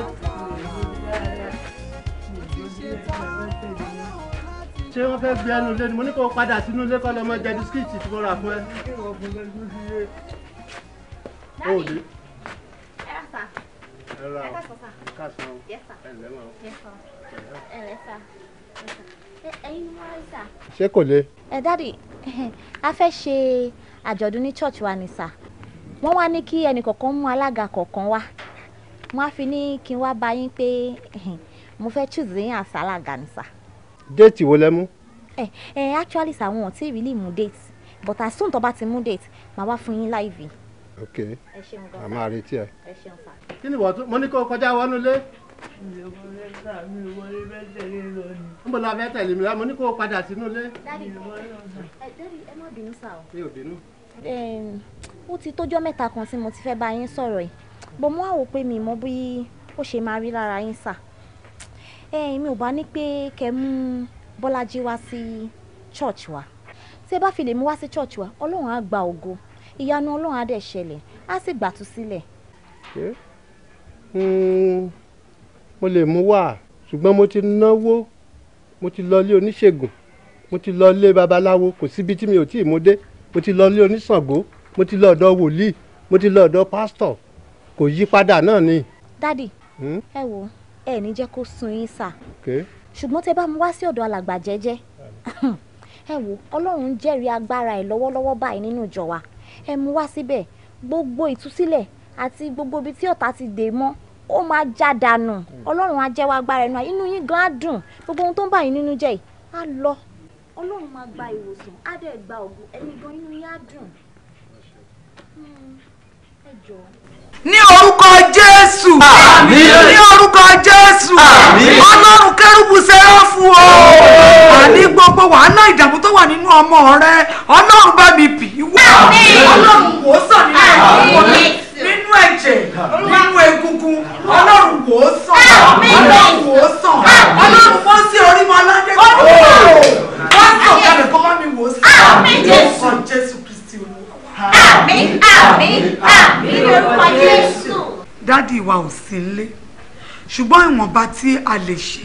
ṣé wọ́n fẹ́ gbé ẹnu ilé ni mo ní kó padà sínú ilé kọ́ lọ́mọ jẹ bisikíìtì tí mo rà fún ẹ. o lè. ẹ ra o ẹ ká san o ẹ lẹ́ mọ́ o ẹ lẹ́ sà ṣé kò le. ẹ dáàdi a fẹ́ ṣe àjọ̀dún ní church wa ni sà wọ́n wá ní kí ẹnì kọ̀ọ̀kan mú alága kọ̀ọ̀kan wá wọ́n á fi ní kí n wá bá yín pé mo fẹ́ choose yín as alága ni sà. déètì wo lẹ mú. ẹ ẹ actually sà wọn ò tí ì really mú date but as soon tó bá ti mú date màá wá fún yín live. ok ẹ ṣeun gan-an màá retí ẹ. ẹ ṣeun sà. kí ni wọ́n tún mo ní kó kọjá wọnú lé n bọ̀ la fẹ́ tẹ̀lé mi la mo ní kó o padà sínú ilé. ẹ ẹ má bínú sá o. mi ò bínú ó ti tójọ́ mẹ́ta kan tí mo ti fẹ́ bá yín sọ̀rọ̀ yìí bọ́ mo wá wò pé mi mọ bí ó ṣe máa rí lára yín sà ẹ mi ò bá ní pé kẹ́ mú Bọ́lájí wá sí church wa tí ẹ bá fi lè mú wá sí church wa Ọlọ́run á gba ògo ìyanu Ọlọ́run á dẹ̀ ṣẹlẹ̀ á sì gbàtú sílẹ̀. Hmm, mo lè mú wá ṣùgbọ́n mo ti náwó mo ti lọ ilé oníṣègùn mo ti lọ ilé babaláwo kò síbi tí mi ò tí ì mú dé mo ti lọ ilé oníṣàngó mo ti lọ ọ̀dọ̀ wòlíì mo ti lọ ọ̀dọ̀ pásítọ̀ kò yí padà náà ni. dádì hmm? ẹ wo ẹ ní jẹ́ kó sun yín sà ṣùgbọ́n tẹ bá mu wá sí ọ̀dọ̀ alàgbà jẹ́jẹ́ ẹ wo ọlọ́run ń jẹ́rìí agbára ẹ̀ lọ́wọ́lọ́wọ́ báyìí nínú ìjọ wa ẹ mu wá síbẹ̀ gbogbo ìtúsílẹ̀ àti gbogbo ibi tí ọ̀tá ti dè mọ́ ó máa já dànù ọlọ́run á jẹ́wọ́ agbára ẹnu inú yín gan á dùn gbogbo ohun tó ń bà yín nínú jẹ́ yìí á lọ ọlọ́run máa gba ìwòsàn á dẹ̀ gba ògùn ẹni gan inú yín á dùn ní orúkọ jésù ní orúkọ jésù ọlọ́run kérúbù sẹ́ráfù o àní gbogbo wàhálà ìdààmú tó wà nínú ọmọ rẹ ọlọ́run bá mi bì í wá ọlọ́run wò ó sàn nínú ọmọ rẹ nínú ẹ̀jẹ̀ nínú egungun ọlọ́run wò ó sàn ọlọ́run wò ó sàn ọlọ́run mọ́ sí orí mọ́ aládé kò wọ́n sàn kalẹ̀ kọ́ bá mi wò ó sàn ọkọ̀ jésù àmín àmín àmín lórúkọ Jésù. dádì wa ò sí nílé ṣùgbọ́n ìwọ̀nba tí a lè ṣe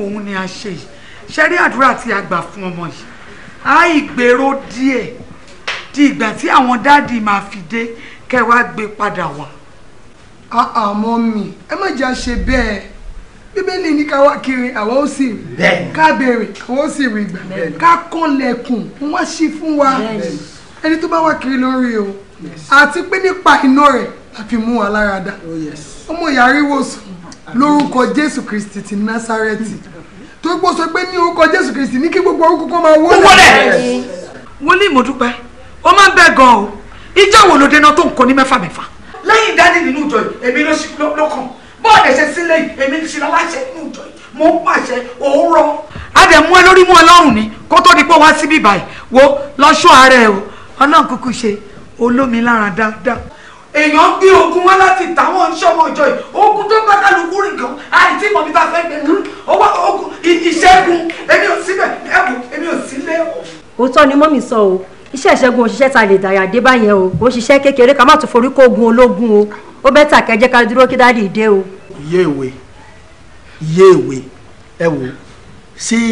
òun ni a ṣe yìí ṣe rí àdúrà tí a gbà fún ọmọ yìí a ìgbèrò díẹ̀ di ìgbà tí àwọn dádì máa fi dé kẹ́ wá gbé padà wá. àmọ́ mi ẹ má jà ṣe bẹ́ẹ̀ bíbélì ní ká wá kiri àwọn ó sì rí ká béèrè àwọn ó sì rí gbà ká kànlẹ̀kùn wọ́n ṣí fún wa. Yes ẹni tó bá wà kiri lórí o àti pé nípa iná rẹ̀ la fi mú wa lára dá oh, ọmọ ìyá ríwòsàn lórúkọ jésù kristi ti násárẹ́tì tó gbọ́ sọ pé ní orúkọ jésù kristi ní kí gbogbo orúkọ kan máa wọlé. wọlé wọlé mo dúpẹ́ ó máa ń bẹ gan o ìjọ wo ló dènà tó ń kọ ní mẹ́fà mẹ́fà. lẹ́yìn dání nínú ìjọ yìí èmi ló kàn bọ́ọ̀dù ẹ̀ṣẹ̀ sílẹ̀ yìí èmi ti lọ láṣẹ nínú ìjọ yìí mo pàṣẹ òórọ. a dẹ̀ mú ẹ lórí mú ẹ lọ́rùn ni kó tó ọlọ́run kúkú ṣe olómi lára dáadáa èèyàn gbé ogun wá láti táwọn ṣọmọ ìjọ yìí ogun tó bá kálukú rìn kan àìsí mọ̀mí tá a fẹ́ gbé ọwọ́ hmm? ogun ìṣẹ́gun èmi ò síbẹ̀ ẹ̀bùn èmi ò sílẹ̀ o. òótọ́ ni mọ́mí sọ o iṣẹ́ ìṣẹ́gun òṣìṣẹ́ ta lè dàyà dé báyẹn o kò ṣiṣẹ́ kékeré ká má tún forí kó ogun ológun o ó bẹ́tà kẹjẹ́ ká dúró kí dáàdì dé o. iye ìwé iye ìwé ẹ wò ṣé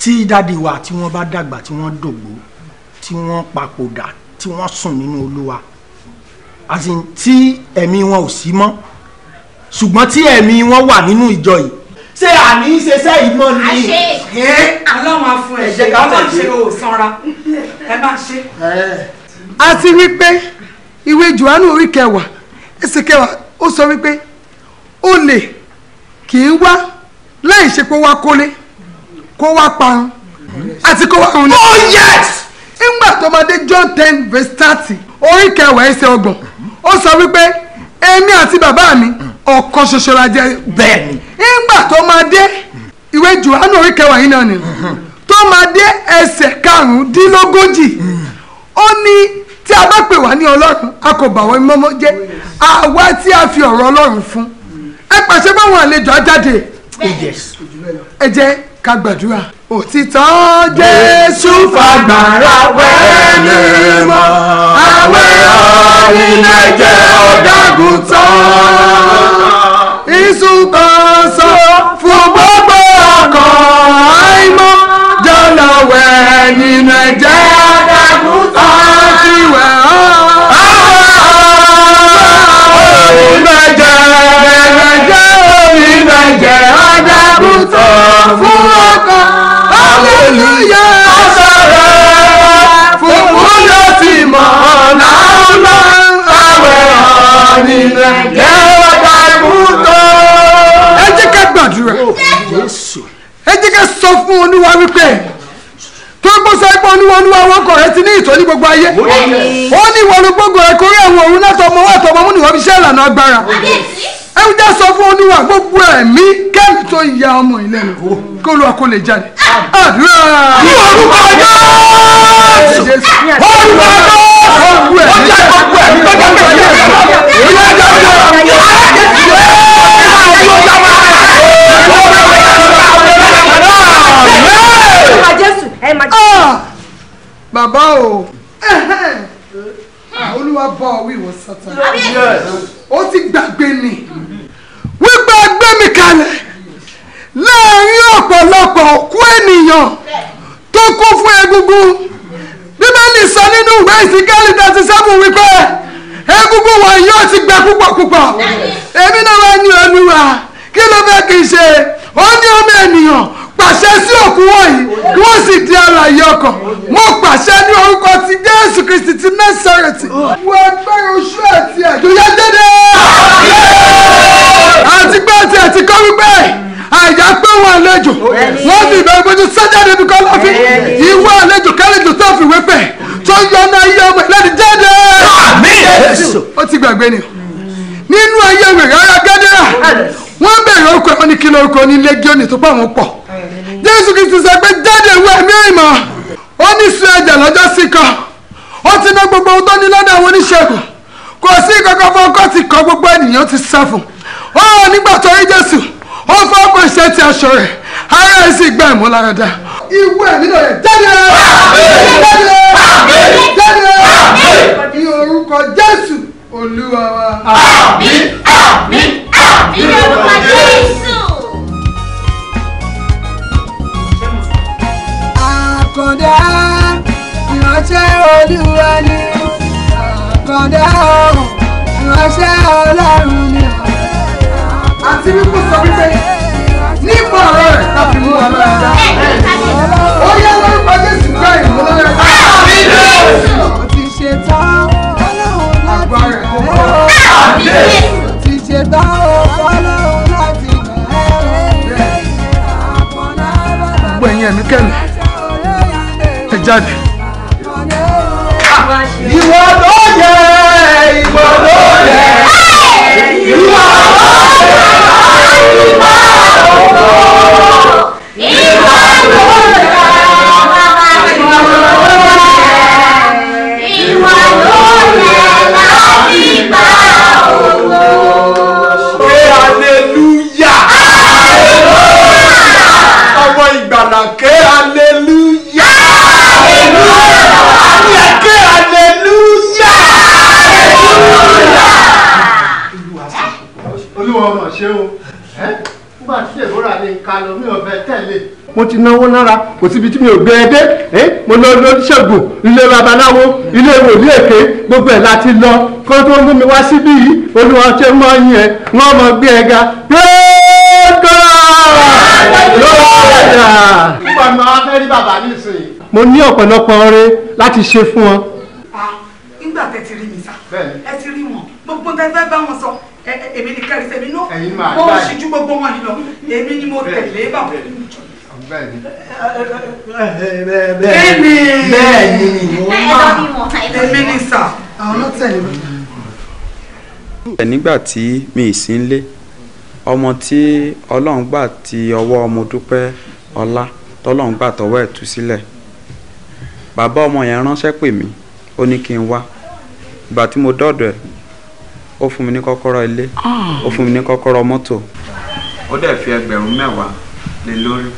tí dáàdì wa tí wọ́n bá dàgbà tí wọ́n dògbò tí wọ́n papòdà tí wọ́n sùn nínú olúwa àti tí ẹ̀mí wọn ò sí mọ́ ṣùgbọ́n tí ẹ̀mí wọn wà nínú ìjọ yìí ṣé àní ṣe ṣe ìmọ̀ ni. ẹ ọlọ́run afún ẹ̀ ká tẹ̀lé ṣe o sanra ẹ má ṣe. àti wípé ìwé Jòhánù orí kẹwàá ẹsẹ̀ kẹwàá ó sọ wípé olè kì í wá láì ṣe kó wá kólé kó wá parun àti kó wá run ni. oh yes ńgbà tó máa dé John ten verse thirty orí kẹwàá ẹsẹ̀ ọgbọ̀n ó sọ wípé èmi àti bàbá mi ọ̀kan ṣoṣo la jẹ́ bẹ́ẹ̀ ńgbà tó máa dé ìwé Jòhánù orí kẹwàá yìí náà ni tó máa dé ẹsẹ̀ karùndínlógójì ó ní tí a bá pè wá ní ọlọ́run a kò bá wọn mọ́mọ́ jẹ́ àwa tí a fi ọ̀rọ̀ ọlọ́run fún ẹ pàṣẹ báwọn àlejò á jáde ẹ jẹ́ ká gbàdúrà òtítọ́ jésù fagbára wẹ́ẹ̀lì mọ́ àwẹ̀ ọ̀rìnlẹ̀jẹ̀ ọ̀gágun tán. ìsúkọ sọ fún gbogbo ọkọ̀ àìmọ́ jọlọ wẹ̀ẹ̀lìlẹ̀jẹ̀ ọ̀gágun tán ti wẹ̀ ọ́. àwẹ̀ ọ̀rìnlẹ̀jẹ̀ ọ̀gágun tán fún ọkọ̀ aleluya ọ̀sẹ̀rẹ̀ fún yóò ti mọ̀ náà àwẹ̀ ọ̀nìyàn jẹ́ ọ̀gá ìmúto. ẹ jẹ́ ká gbàdúrà ẹ jẹ́ ká sọ fún olúwa wípé tó ń bọ́sẹ̀ pé olúwa olúwa wọn kọ̀ rẹ ti ní ìtọ́ni gbogbo ayé ó ní ìwọ̀n olùgbogbo rẹ kórè àwọn òun náà tọmọ wà tọmọ mú níwọ̀n fi ṣe ìlànà agbára dáwùjá sọ fún olúwa gbogbo ẹ̀mí kẹ́mi tó ya ọmọ ilé mi kó olúwa kó lè jáde. àdúrà ní orúkọ jésù orúkọ jésù ó jẹ́ gbogbo ẹ̀mí tó jẹ́ pẹ̀lú ìyá dáwùjá ìyá dáwùjá. bàbá o olúwa bá ọ wíwọ sátán ó ti gbàgbé ni gbé mi kalẹ̀ láàrin ọ̀pọ̀lọpọ̀ òkú ènìyàn tó kú fún egungun bíbélì sọ nínú ìwé ìsìnkẹ́lì thirty seven wípé egungun wọn yóò ti gbẹ púpọ̀ púpọ̀ èmi náà wá ní olúwa kí ló fẹ́ kí n ṣe ó ní ọmọ ènìyàn pàṣẹ sí òkú wọ̀nyí kí wọ́n sì di alààyè ọkàn mo pàṣẹ ní orúkọ ti jésù kristi ti násàrètì wọ agbára oṣù àti àjòyẹ dédé àti pé àti àti kọ́ wípé àyà pé wọn àlejò wọn fi ìbẹ̀rù bójú sẹ́jáde bí kọ́ lọ́fín ìwọ àlejò kálejò tó fi wé pẹ̀ tó yọ ọ́nà ayé ọmọ ìlẹ́ni jáde. ó ti gbàgbé ni nínú ayé rẹ̀ rárá gẹ́dẹ́rà wọ́n bẹ̀rẹ̀ orúkọ ẹ̀mọ́ ní kí lórúkọ ní lẹ́gíọ́nì tó bá wọn pọ̀ jésù kìí ti sọ pé jáde ìwé ẹ̀mí ìmọ̀ ó ní sun ẹ̀jẹ̀ lọ́jọ́ sí kan ó ti ná gbogbo ohun tó ní lọ́dọ̀ àwọn oníṣègùn kò sí kankan fún ọkọ ti kọ gbogbo ènìyàn ti sá fún ó nígbà tó rí jésù ó fọ́ ọkọ̀ iṣẹ́ ti aṣọ rẹ̀ ara ẹ̀ sì gbà ìmúláradá. ìwé ẹ̀mí náà rẹ̀ jáde jáde jáde ní orúkọ jésù olúwa wa. àmín àmín àmín ní orúkọ jésù. àkàndá ìránṣẹ́ olúwa ni àkàndá ọ̀hún ìránṣẹ́ ọlọ́run ni ọ̀hún. àti wípé sọ wípé nípa ọ̀rọ̀ rẹ̀ ká fi mú wa lọ́dọ̀ ó yẹ lórúkọ jésù gbọ́ ìlú lọ́dọ̀ ká ti ṣe tán ọlọ́run láti gbọ́ ti ṣe tán ọlọ́run láti gbọ́ ẹ̀rọ àpọ̀nà bàbá. gbogbo ẹ̀yin ẹ̀mí kẹ́lẹ̀ jáde. ìwọ ló yẹ ìwọ ló yẹ ìwọ ló yẹ ìwọ ló yẹ ìwọ ló yẹ. olúwa ọmọ ṣe o nígbà tí ìbúra ní ká lọ mi ò fẹ́ tẹ̀lé. mo ti náwó lára kò síbi tí mi ò gbé ẹ dé mo lọ lóṣègùn ilé babaláwo ilé wòlíì èké gbogbo ẹ̀ láti lọ kó tó mú mi wá síbí yìí olúwa ṣe mọ́ yín ẹ wọ́n mọ gbé ẹ ga mo ní ọ̀pọ̀lọpọ̀ ọrẹ láti ṣe fún ọ. Ah, nígbà tẹ ti rí mi sá ẹ ti rí wọn gbogbo tẹ fẹ́ bá wọn sọ èmi ni kẹrin sẹmi nú mo ń ṣíjú gbogbo wọn yìí lọ èmi ni mo tẹ̀lé bàbá bẹ́ẹ̀ni bẹ́ẹ̀ni bẹ́ẹ̀ni èmi ni sà. nígbà tí mi ì sí nílé ọmọ tí ọlọ́run gbà ti ọwọ́ ọmọ dúpẹ́ ọlá tọ́lọ́run gbà tọwọ́ ẹ̀ tú sílẹ̀ bàbá ọmọ yẹn ránṣẹ́ pè mí ó ní kí n wá ìgbà tí mo dọ́dọ̀ ẹ̀ ó fún mi ní kọ́kọ́rọ́ ilé ó fún mi ní kọ́kọ́rọ́ mọ́tò ó dẹ̀ fi ẹgbẹ̀rún mẹ́wàá lé lórí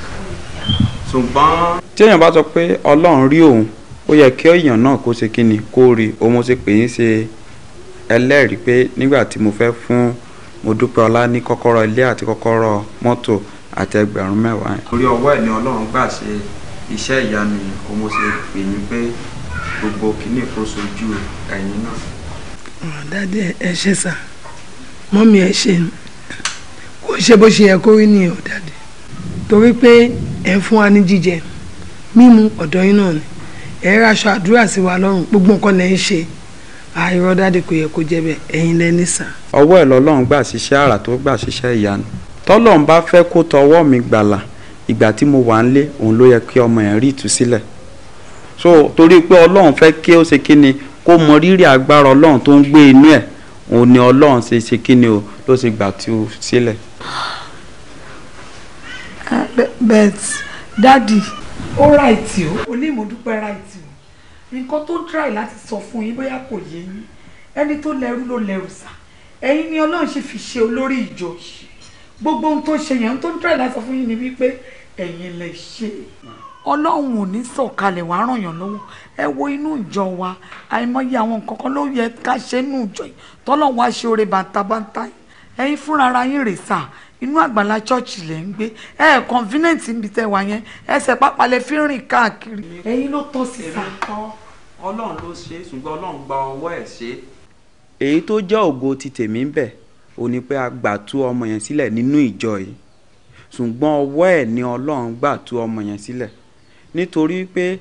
ṣùgbọ́n. tí èèyàn bá sọ pé ọlọ́run rí òun ó yẹ kí èèyàn náà kó ṣe kí ni kó rí i òun ṣe pè é ṣe ẹlẹ́rìí pé nígbà tí mo fẹ́ fún mo dúpẹ́ ọlá ní kọ́kọ́rọ́ ilé àti kọ́kọ́rọ́ mọ́tò àti ẹgbẹ̀rún mẹ́wàá orí ọwọ́ ẹ̀ ni ọlọ́run gbà ṣe iṣẹ́ ìyanu yìí òun ṣe pè é pé gbogbo kìíní kó sojú ẹ̀yìn náà. Ah, dádì ẹ ṣe sà mọ́mí ẹ ṣe kó ṣe bó ṣe yẹ kó rí nìyẹn ò dádì torí pé ẹ fún wa ní jíjẹ mímu ọ̀dọ́ yín náà ni ẹ raṣọ àdúrà sí wa lọ́rùn gbogbo nǹkan lẹ́ ń ṣe àìrọ́ dádì kò yẹ kó jẹ́ bẹ́ẹ̀ ẹ̀yin lẹ́ni sà. ọwọ́ ẹ̀ lọ́lọ́run gbà ṣiṣẹ́ àrà tó gbà ṣiṣẹ́ ìyanu tọ́lọ́run bá fẹ́ kó tọwọ́ mi gbàlà ìgbà tí mo wà ń lé òun ló yẹ kí ọmọ ẹ̀ rí ìtúsílẹ̀ so torí pé ọlọ́run fẹ́ kí ó ṣe kí ni kó mọ rírì agbára ọlọ́run tó ń gbé inú ẹ̀ òun ni ọlọ́run ṣe ṣe kí ni o ló ṣe gbà tí ah, o sílẹ̀. bet dadi ó ráìtì o onímọ̀dúpẹ́ ráìtì o nǹkan tó dry láti sọ fún yín bóyá kò yé yín ẹni tó lẹ́rú ló lẹ́rù sá ẹ̀yin ni ọlọ́run ṣe fi ṣe olórí ìjọ gbogbo ohun tó ṣe yẹn ohun tó dry láti sọ fún yín ni wípé ẹ̀yin lè ṣe é ọlọ́run ò ní sọ̀kalẹ̀ wàá ràn yàn lọ́wọ́ ẹ wo inú ìjọ wa àìmọye àwọn nǹkan kan ló yẹ ká ṣe inú ìjọ yìí tọ́lọ́run wá ṣe oore bàǹtàbàǹtà yìí ẹ̀yin fúnra ara yín rè sà inú àgbàlá chọ́ọ̀chì lẹ̀ ń gbé ẹ ẹ̀ convenient níbi tẹ́ wà yẹn ẹsẹ̀ pápá lẹ fi rìn káàkiri ẹ̀yin ló tọ́ sí sà. ọlọ́run ló ṣe é ṣùgbọ́n ọlọ́run gba ọwọ́ ẹ̀ ṣe. èyí tó jẹ́ ògo ti tèmi bẹ̀ ò ní pẹ́ a gbà tú ọmọ yẹn sílẹ̀ nínú ìjọ yìí ṣùgbọ́n ọwọ́ ẹ̀ ni ọlọ́run gbà tú ọmọ yẹn sílẹ̀ nítorí pé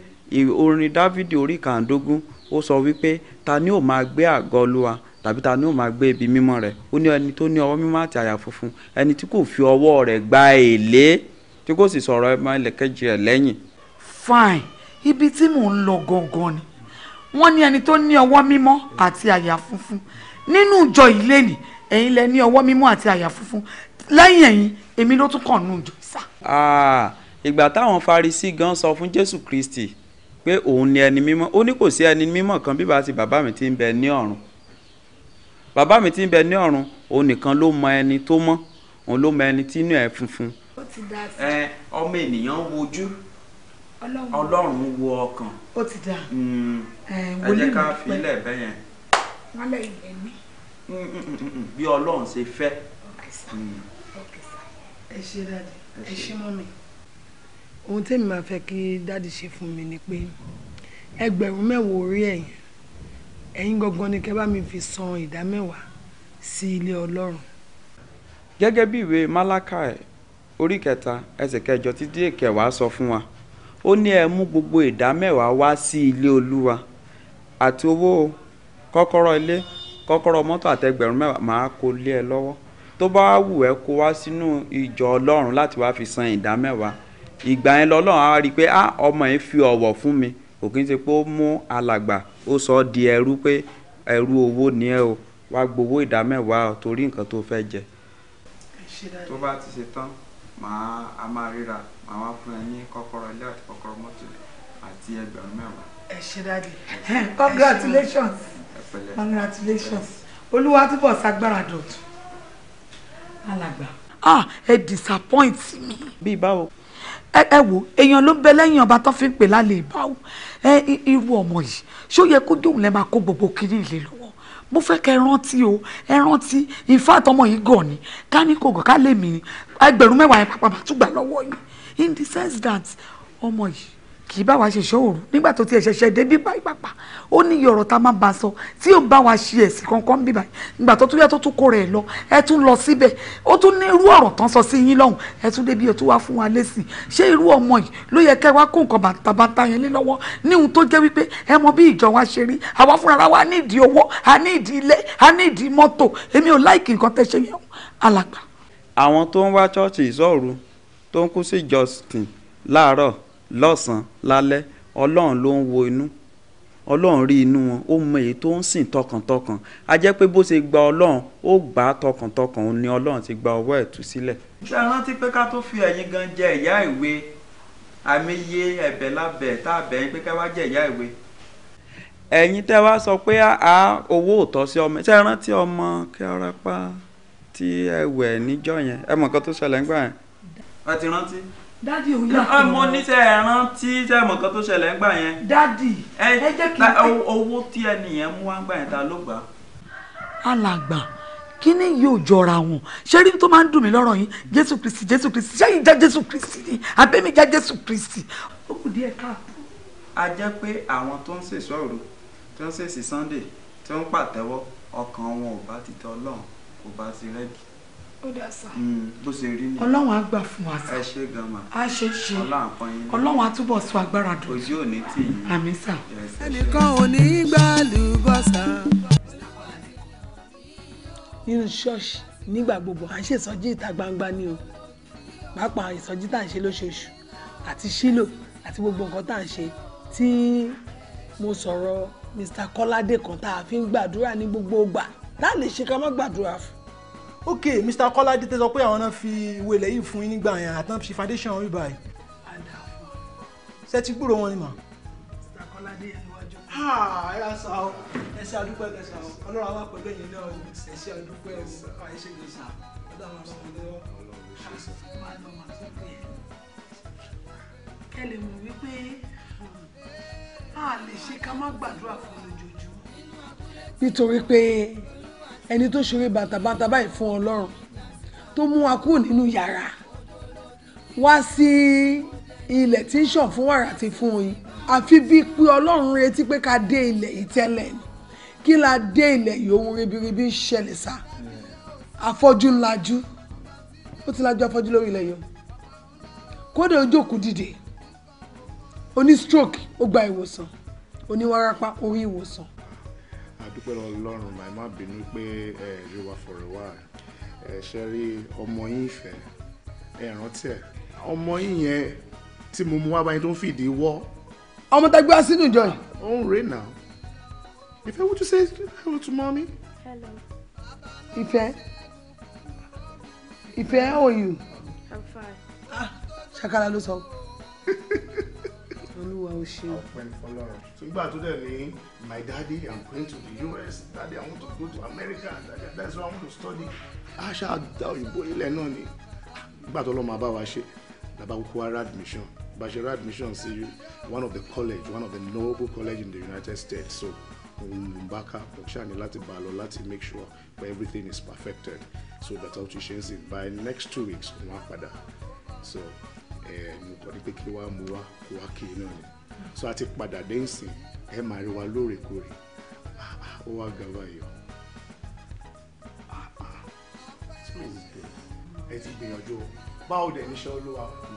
orin dávidi orí kàndógún ó sọ wípé ta ni ó máa gbé àgọ́ olúwa tàbí ta ni ó máa gbé ibi mímọ́ rẹ̀ ó ní ẹni tó ní ọwọ́ mímọ́ àti àyà funfun ẹni tí kò fi ọwọ́ rẹ̀ gba èlé tí kò sì sọ̀rọ̀ ẹ̀ma ẹlẹ́kẹ̀jì rẹ̀ lẹ́yìn. fine ibi tí mò ń lọ gangan ni wọ́n ní ẹni tó ní ọwọ́ mímọ́ àti àyà funfun nínú ìjọ ilé ni ẹ̀yin lẹ ní ọwọ́ mímọ́ àti àyà funfun lẹ́yìn ẹ̀yin èmi ló tún kàn nù ìjọ sá. Ah, ìgbà táwọn Farisí gan sọ fún Jésù Kristi pé òun ni ẹni mímọ́ ó ní kò sí ẹni mímọ́ kan bí bá ti bàbá mi ti ń bẹ ní ọ̀run bàbá mi ti ń bẹ ní ọ̀run òun nìkan ló mọ ẹni tó mọ́ òun ló mọ ẹni tí inú ẹ̀ funfun. ọmọ ènìyàn wojú ọlọ́run wo ọkàn. Mm. ẹ jẹ́ ká fi ilẹ̀ bẹ́ẹ̀ yẹn. Mm, mm, bí ọlọ́run ṣe fẹ́. ẹ ṣe dáadáa ẹ ṣe mọ́ mi ohun tèmi máa fẹ́ kí dáàdì ṣe fún mi ni pé ẹgbẹ̀rún mẹ́wàá orí ẹ̀yìn ẹ̀yin gangan ni kẹ́ bá mi fi san ìdá mẹ́wàá sí ilé ọlọ́run. gẹ́gẹ́ bí ìwé Málákàì orí kẹta ẹsẹ̀ kẹjọ títí ìkẹwàá sọ fún wa ó ní ẹ mú gbogbo ìdá mẹ́wàá wá sí ilé olúwa àti owó kọ́kọ́rọ́ ilé kọ́kọ́rọ́ mọ́tò àtẹgbẹ̀rún mẹ́wàá máa kó lé ẹ lọ́wọ́ tó bá wù ẹ́ kó wá sínú ìjọ ọlọ́run láti wá fi san ìdá mẹ́wàá ìgbà yẹn lọ́lọ́run á rí i pé á ah, ọmọ yẹn fi ọ̀wọ̀ fún mi kò kí n ṣe pé ó mú alàgbà ó sọ ọ́ di ẹrú pé ẹrú owó ni ẹ o wá gbowó ìdá mẹ́wàá torí nǹkan tó fẹ́ jẹ. tó bá ti ṣe tán màá a máa ríra màá wá fún ẹ ní kọ́kọ́rọ́ ilé àti kọ́kọ́rọ́ mọ́tò àti ẹgbẹ̀rún mẹ́wàá. ẹ ṣe dáadé congratulations congratulations olúwa túbọ̀ ṣagbára dọ̀tún alàgbà. ah ẹ disappoint mi. bí báwo ẹ wò èèyàn ló ń bẹ lẹ́yìn ọba tó fi ń pè lálẹ́ ìbáwò ẹ irú ọmọ yìí ṣó yẹ kó dóun lẹ́ máa kó gbogbo kiri ìlé lọ́wọ́ mo fẹ́ kẹ́ rántí o ẹ rántí ìfá àtọmọ yìí gàn ni ká ní kò gàn ká lè mí ẹgbẹ̀rún mẹ́wàá yẹn pàpà máa tún gbà lọ́wọ́ yìí in the sense that ọmọ yìí kì í bá wa ṣẹ̀ṣẹ̀ òru nígbà tó ti ẹ̀ ṣẹ̀ṣẹ̀ dé bí pàápàá ó ní ọ̀rọ̀ tá a máa bá a sọ tí ó bá wa ṣe ẹ̀sìn kankan bí báyìí nígbà tó tún yẹ tó tún kó rẹ̀ lọ ẹ tún lọ síbẹ̀ ó tún ní irú ọ̀rọ̀ tán sọ sí yín lọ́hùn ẹ tún débi ẹ tún wá fún wa lésì ṣé irú ọmọ yìí ló yẹ kẹ́ wá kó nǹkan bàtàbàtà yẹn lé lọ́wọ́ ní ohun tó jẹ́ wípé ẹ mọ bí ìjọ wa ṣe rí àwa fúnra wa ní ìdí owó lọ́sàn-án lálẹ́ ọlọ́run ló ń wo inú ọlọ́run rí inú wọn ó mọ èyí tó ń sìn tọkàntọkàn a jẹ́ pé bó ṣe gba ọlọ́run ó gbà á tọkàntọkàn òun ni ọlọ́run ti gba ọwọ́ ẹ̀ tú sílẹ̀. ṣé ẹ rántí pé ká tó fi ẹ̀yin gan jẹ ìyá ìwé àmì iye ẹ̀bẹ̀ lábẹ̀ tá a bẹ̀yìn pé ká wá jẹ ìyá ìwé. ẹ̀yin tẹ́ wá sọ pé a owó ò tọ́ sí ọmọ ṣé ẹ rántí ọmọ kẹrẹpá tí ẹ wẹ̀ níjọ́ yẹn ẹ mọ̀ nǹkan tó ṣẹlẹ̀ ńgbà yẹn. ẹ ti rántí dádì ò yà ah, kúrò. mo ní sẹ ẹ rántí sẹ mọ kan tó ṣẹlẹ̀ ńgbà yẹn. dádì ẹ jẹ́ kí n. owó tí ẹnìyẹn mú wá ńgbà yẹn ta ló gbà. alàgbà kíní yóò jọra wọn ṣé rí tó máa ń dùn mí lọ́rọ̀ yín jésù kristi jésù kristi ṣé yìí já jésù kristi ni abẹ́mi já jésù kristi. ó kù díẹ̀ káàtó. a jẹ́ pé àwọn tó ń ṣèṣọ́ òru tó ń ṣèṣì sunday tó ń pàtẹ́wọ́ ọkàn wọn ò bá ti tọ́ ọlọ́run kò bá ti rẹ́gì. Hmm, bó ṣe rí ni ọlọ́run á gbà fún wa sá ẹ ṣe gama á ṣe ṣe ọlọ́run á túbọ̀ sọ agbára dùn ojú ò tì yín àmín sá. ẹnìkan ò ní í gbà lùbọ́sà. nínú ṣọ́ọ̀ṣì nígbà gbogbo à ń ṣe ìsọjí ìta gbangba ni o pàápàá ìsọjí tá à ń ṣe lóṣooṣù àti ṣílò àti gbogbo nǹkan tá à ń ṣe tí mo sọ̀rọ̀ Mr. Kọ́ládé kan tá a fi ń gbàdúrà ní gbogbo ìgbà tá a lè ṣe ká má gbàdúrà fún ok Mr. Kọ́ládé tẹ́ sọ pé àwọn náà fi ìwé ilẹ̀ yìí fún yín nígbà yẹn àtàn ṣe foundation rí báyìí ṣe ti gbúrò wọn ni mà. Mr. Kọ́ládé ẹnuwájú. ẹ yà sá o ẹ ṣe àdúpẹ́ ẹ sá o ọlọ́run àwọn pẹ̀lú ẹ̀yìn náà o ẹ ṣe àdúpẹ́ ẹ sá o ẹ ṣe gbé sá o ọlọ́run àwọn ọmọdé wọn. kẹ́ lè mọ̀ wípé a lè ṣe ká má gbàdúrà fún lójoojúmọ́. nítorí pé ẹni tó ṣeré bàtàbàtà báyìí fún ọlọ́run tó mú wa kúrò nínú yàrá wá sí ilẹ̀ tí ń ṣàn fún wàrà ti fún oyin àfi bíi pé ọlọ́run retí pé ká dé ilẹ̀ yìí tẹ́lẹ̀ ni kí la dé ilẹ̀ yìí ohun ribiribi ń ṣẹlẹ̀ sá afọ́jú ńlájú ó ti lajú afọ́jú lórí ilẹ̀ yìí kódà ojókòó dìde oní stroke ó gba ìwòsàn oníwárápá orí ìwòsàn àdúpẹ́ ọlọ́run màá má bínú pé ẹ rí wa for a while ẹ ṣe rí ọmọ yín ìfẹ́ ẹ rántí ẹ ọmọ yín yẹn tí mo mú wá báyìí tó ń fìdí wọ́. ọmọ tá a gbé wá sínú ìjọ yìí. ó ń rè náà ìfẹ́ would you say hello to mommy. hello. ìfẹ́ ìfẹ́ how are you. i'm fine. ah ṣàkàlà ló sọ. olúwa ó ṣe. ọpẹ́ ní fọ́lọ́run nígbà tó dẹ̀ ní my daddy i'm going to the us daddy i want to go to america daddy that's why i want to study àṣà àdá òyìnbó ilẹ̀ náà ni nígbà tó lọ́mọ abáwa ṣe làbá kúkú ara admission Rad Mission sí one of the college one of the noble college in the united states so mbaka bọ̀ṣà ni láti bá a lọ láti make sure that everything is perfected so that all she ṣe ń sìn by next two weeks wọ́n á padà so mo kàn ní pé kí wàá mú wá kó wá kí iná ni so a ti padà dé ìsìn ẹ máa rí wa lóòrèkóòrè ah, ah, ó wá ga báyìí o ah, ẹ ti gbìyànjú o báwo dẹ̀ níṣẹ́ olúwa kù.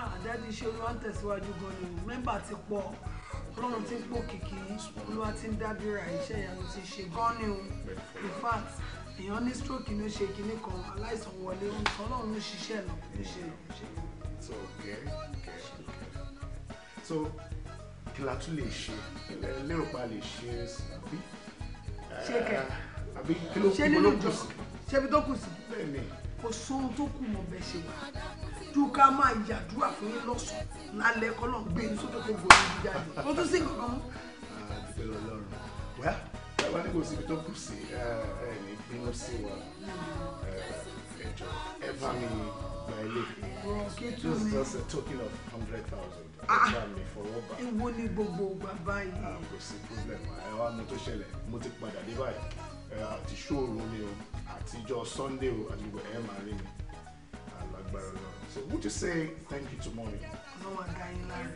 àdáni iṣẹ́ olúwa ń tẹ̀síwájú gan-an ni mẹ́mbà ti pọ̀ ọlọ́run ti ń pò kìkì olúwa ti ń dábìrà iṣẹ́ ìyanu ti ṣe gan-an ni o in fact èèyàn ní stroke ní ó ṣe kinní kan aláìsàn wọlé ọlọ́run ń ṣiṣẹ́ lọ ń ṣe lọ ń ṣe lọ so gẹ́ gẹ́ so kí la tún lè ṣe lérò pa lè ṣe àbí àbí kilo ló kú ló kù sí. ṣé ibi tó kù sí. bẹ́ẹ̀ni. kò sóhun tó kù mọ̀ bẹ́ẹ̀ ṣe wá ju ká máa yàdúrà fún yín lọ́sàn-án lálẹ́ kọ́lọ́n gbé ní sókè tó gbòòrò yìí jáde ó tún sí nǹkan mú. àdúgbò lọ́lọ́run wá báwa ní ẹ ẹ ní bínú sí wa ẹ jọ ẹ bá mi. Ismaili. This is just a token of hundred thousand. Family ah! for Oba. Ìwọ ni gbogbo bàbá yìí. Ah, kò sí problem. Ah, ẹ wá mo tó ṣẹlẹ̀, mo ti padà dé báyìí. Àti ṣóòru mi o, àtijọ́ Sunday o, àti gbogbo ẹ̀ máa rí mi. Alágbára ah, lọ. So would you say thank you to mommy? Àwọn àga yín láre.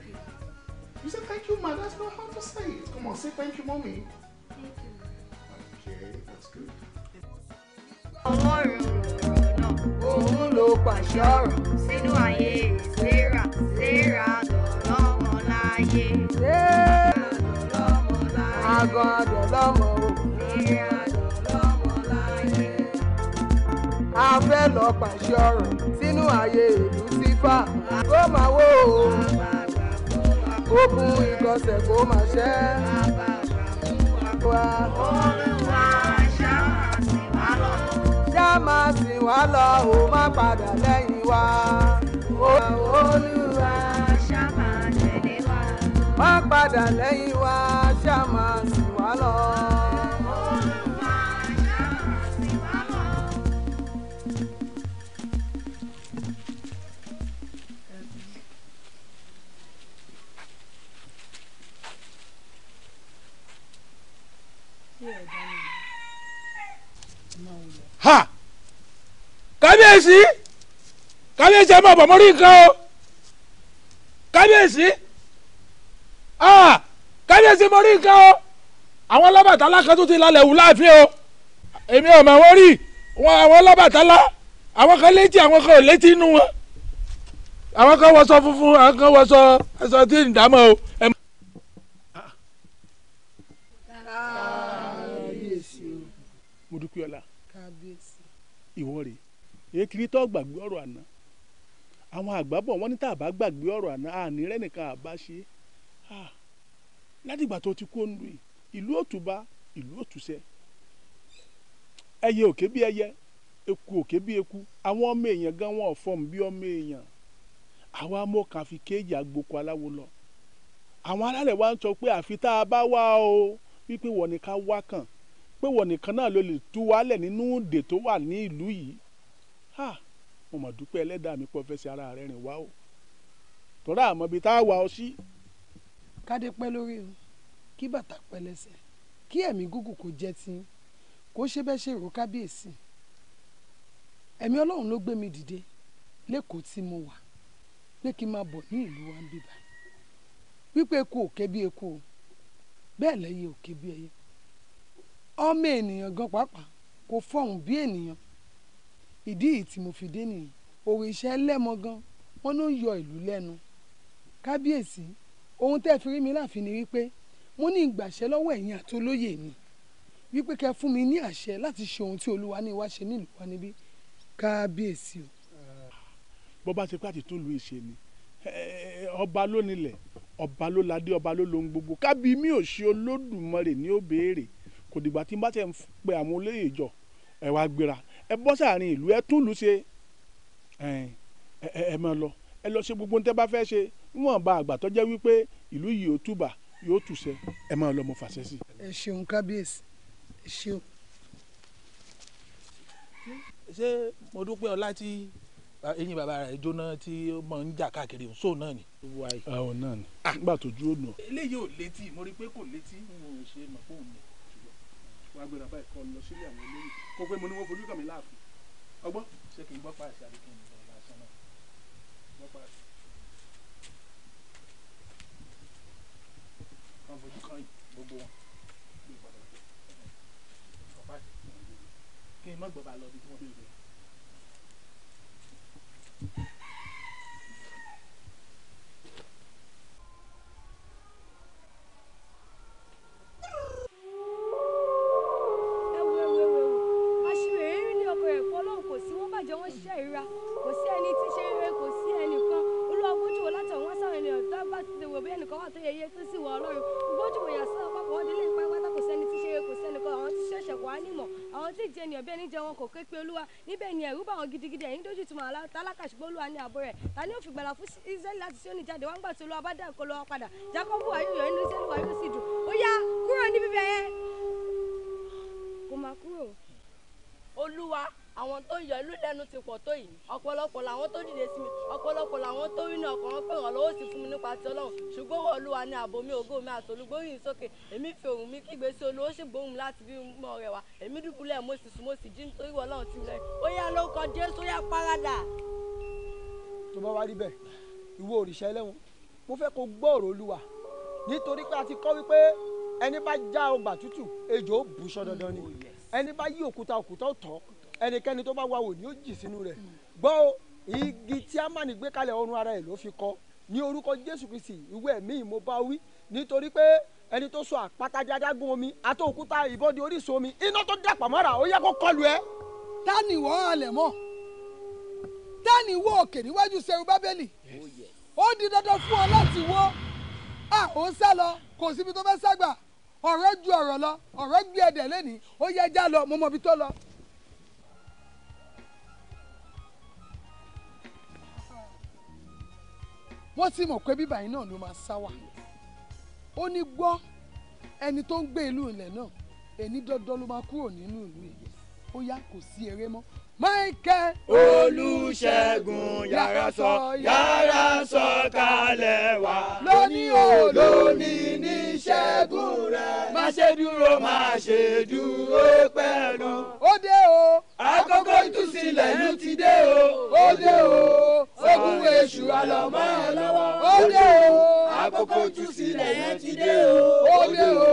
You say thank you ma, that's not how to say it. Come on, say thank you mommy. Thank you ma. Okay, that's good ọlọ́run náà òun ló pàṣẹ ọ̀rọ̀ sínú ayé ìlera ìlera lọ́mọ láyé. Àgọ́ àdọ̀ lọ́mọ o. Ìlera lọ́mọ láyé. A fẹ́ lọ pàṣẹ ọ̀rọ̀ sínú ayé ìlú sífà kó máa wó o. Ogun ìkọsẹ̀ kó máa ṣẹ́. Olúwa ajá máa sìn wá lọ ò má padà lẹ́yìn wa. olúwa ṣá máa tẹ̀lé wa. má padà lẹ́yìn wa ṣá máa sìn wá lọ. ha kábíyèsí kábíyèsí ẹ máa bọ̀ mọ́rí nǹkan o kábíyèsí ah kábíyèsí mọ́rí nǹkan o àwọn Ọlábàtálá kan tún ti lálẹ́ wù láàfin o èmi ò mọ̀ wọ́n rí wọn àwọn Ọlábàtálá àwọn kan létí àwọn kan ò létí inú wọn àwọn kan wọṣọ funfun àwọn kan wọṣọ aṣọ tí ń dàmọ́ o. ìwọ rè èkìrí tó gbàgbé ọ̀rọ̀ àná àwọn àgbà bọ̀ wọ́n ní tá a bá gbàgbé ọ̀rọ̀ àná àní rẹ̀ nìkan àbá ṣe látìgbà tó ti kú òǹdù yìí ìlú òtúba ìlú òtúsẹ ẹyẹ òkè bí ẹyẹ eku òkè bí eku àwọn ọmọ èèyàn gan wọn fọm bí ọmọ èèyàn àwa amókan fi kéèjì àgbòkọ aláwo lọ àwọn alálẹ̀ wa ń sọ pé àfi tá a bá wá o wípé wọ́n ní ká wá kàn pé wọ́n nìkan náà ló lè tú wálẹ̀ nínú òde tó wà ní ìlú yìí ha mo mọ̀ dúpẹ́ ẹlẹ́dàá mi pọ̀ fẹ́ sí ara rẹ̀ rìn wá o tọ́ra àmọ́ bíi tá a wà ọ sí. kádé pẹ́ lórí o kí bàtà pẹ́ lẹ́sẹ̀ kí ẹ̀mí gúngùn kò jẹ́ tí kò ṣe bẹ́ẹ̀ ṣe rò kábíyèsí ẹ̀mí ọlọ́run ló gbé mi dìde lẹ́kọ̀ọ́ tí mo wà pé kí n máa bọ̀ ní ìlú wa ń bíbá wípé eku ò ké bí eku bẹ́ẹ̀ lẹ́yìn ò bí ẹyẹ ọmọ ènìyàn gan pàápàá kò fọhùn bí ènìyàn ìdí yìí tí mo fi dé nìyí òrìṣà ẹlẹ́mọ gan wọn ló ń yọ ìlú lẹ́nu kábíyèsí ohun tẹ́ fi rí mi láàfin ni wípé mo ní ìgbàṣẹ lọ́wọ́ ẹ̀yin àtolóyè mi wípé kẹ́ fún mi ní àṣẹ láti ṣe ohun tí olúwa ní wá ṣe nílùú wa níbí kábíyèsí o. bó bá ṣe pé àtìtún lu ìṣe ni eh, ọba ló nílẹ̀ ọba ló ládé ọba ló lohun gbogbo kábí mi ò ṣe olódùmarè ní ó kò dìgbà tí n bá tẹ̀ ń pe àwọn olóyè ìjọ ẹ wá gbéra ẹ bọ́ sáàrin ìlú ẹ tún lù ṣe ẹ máa lọ ẹ lọ ṣe gbogbo tẹ́ bá fẹ́ ṣe níwọ̀nba àgbà tó jẹ́ wípé ìlú yìí ò túbà yóò túṣẹ ẹ máa lọ mo fàṣẹ sí. ẹ ṣeun kábíyèsí ẹ ṣeun. ṣé mo dúpẹ́ ọlá tí eyín bàbá rẹ̀ jóná tí ó mọ̀ ń jà káàkiri òun sóun náà ni. ọ̀ náà ni nígbà tó dúró nù. eléyìí ò létí mo rí i pé kò létí n ò ṣe mọ̀ fóun mi wàá gbéra báyìí kọ́ lọ sílé àwọn olóyè kó pé mo ní wọ́n fojú kàn mí láàfin ọgbọ́n ṣé kì í gbọ́ pàṣẹ àbí kí n lásán náà gbọ́ pàṣẹ. wọ́n fojú kàn gbogbo wọn gbé padà ọ̀pá kí n má gbọ́ bá lọ bí wọ́n béèrè. yẹn ẹ̀rú bá wọn gidigidi ẹ̀yin dójú tì mọ́ tálákà ṣùgbọ́n olúwa ní ààbò rẹ̀ ta ni ó fi gbàlà fún israẹli láti Síónì jáde wọn gbà tí olúwa bá dá nǹkan lọ́wọ́ padà jacobu ayé yọ inú israẹli wà yóò sì dùn ó yá kúrò níbi bẹ́ẹ̀ kò má kúrò. olúwa àwọn tó yọ ìlú lẹ́nu ti pọ̀ tó yìí ọ̀pọ̀lọpọ̀ làwọn tó dìde sí mi ọ̀pọ̀lọpọ̀ làwọn tó rí ní ọkùnrin pé ìrànlọ́wọ́ sí fún mi nípa ti ọlọ́run ṣùgbọ́n wọ́n olúwa ní ààbò mi ògo mi àtolúgbóyìn sókè èmi fi òrùn mi kígbe sí olú ó sì gbóhùn mi láti bí mọ rẹ wá èmi dùbúlẹ̀ mo sì sùn mo sì jí nítorí ọlọ́run ti lẹ ó yá lórúkọ jésù ó yá paradà. tó bá wá rí bẹ́ẹ̀ ìwọ òrìṣà ẹlẹ́wọ̀n mo fẹ́ kó gbọ́ ọ̀rọ̀ olúwa nítorí pé a ti kọ́ wípé ẹni bá já ọgbà tútù ejò ó bù sọ dandan ni oh, ẹni bá yí òkúta òkúta ó tọ́ ẹnikẹ́ni tó bá wà wò ní ó jì sínú rẹ̀ gbọ́ igi tí amani gbé kalẹ̀ ọrùn ara ẹ̀ ló fi kọ́ ní orúkọ jésù kristi ìwé mi mo bá wí nítorí pé ẹni tó sọ àpáta di adágún omi àti òkúta ìbọdí orísun omi iná tó dàpọ̀ mọ́ra ó yẹ kó kọlù ẹ. tani wọ́n halẹ̀ mọ́ tani wọ òkè níwájú sẹ́rù bábélì ó di dandan fún ọ láti wọ́ à ó ń lọ kò síbi tó fẹ́ sá gbà ju ọ̀rọ̀ lọ ọ̀rọ̀ gbé ẹ̀dẹ̀ lẹ́nìí ó yẹ já lọ mo tó lọ. wọ́n sì mọ̀ pé bíbá yìí náà ló máa sá wà ó ní gbọ́ ẹni tó ń gbé ìlú ilẹ̀ náà ẹni dandan ló máa kúrò nínú ìlú yìí ó yá kò sí eré mọ́ Michael. Olúṣẹ́gun yàrá sọ yàrá sọ kalẹ̀ wá. lónìí o lónìí ní ṣẹ́gun rẹ̀. má dúró má dúró pẹ̀lú. ó dé o àkókò ìtúsílẹ̀ ló ti dé o ó dé o ogun èṣù àlọ́mọ́ ẹ lọ́wọ́ ó dé o àkókò ìtúsílẹ̀ yẹn ti dé o ó dé o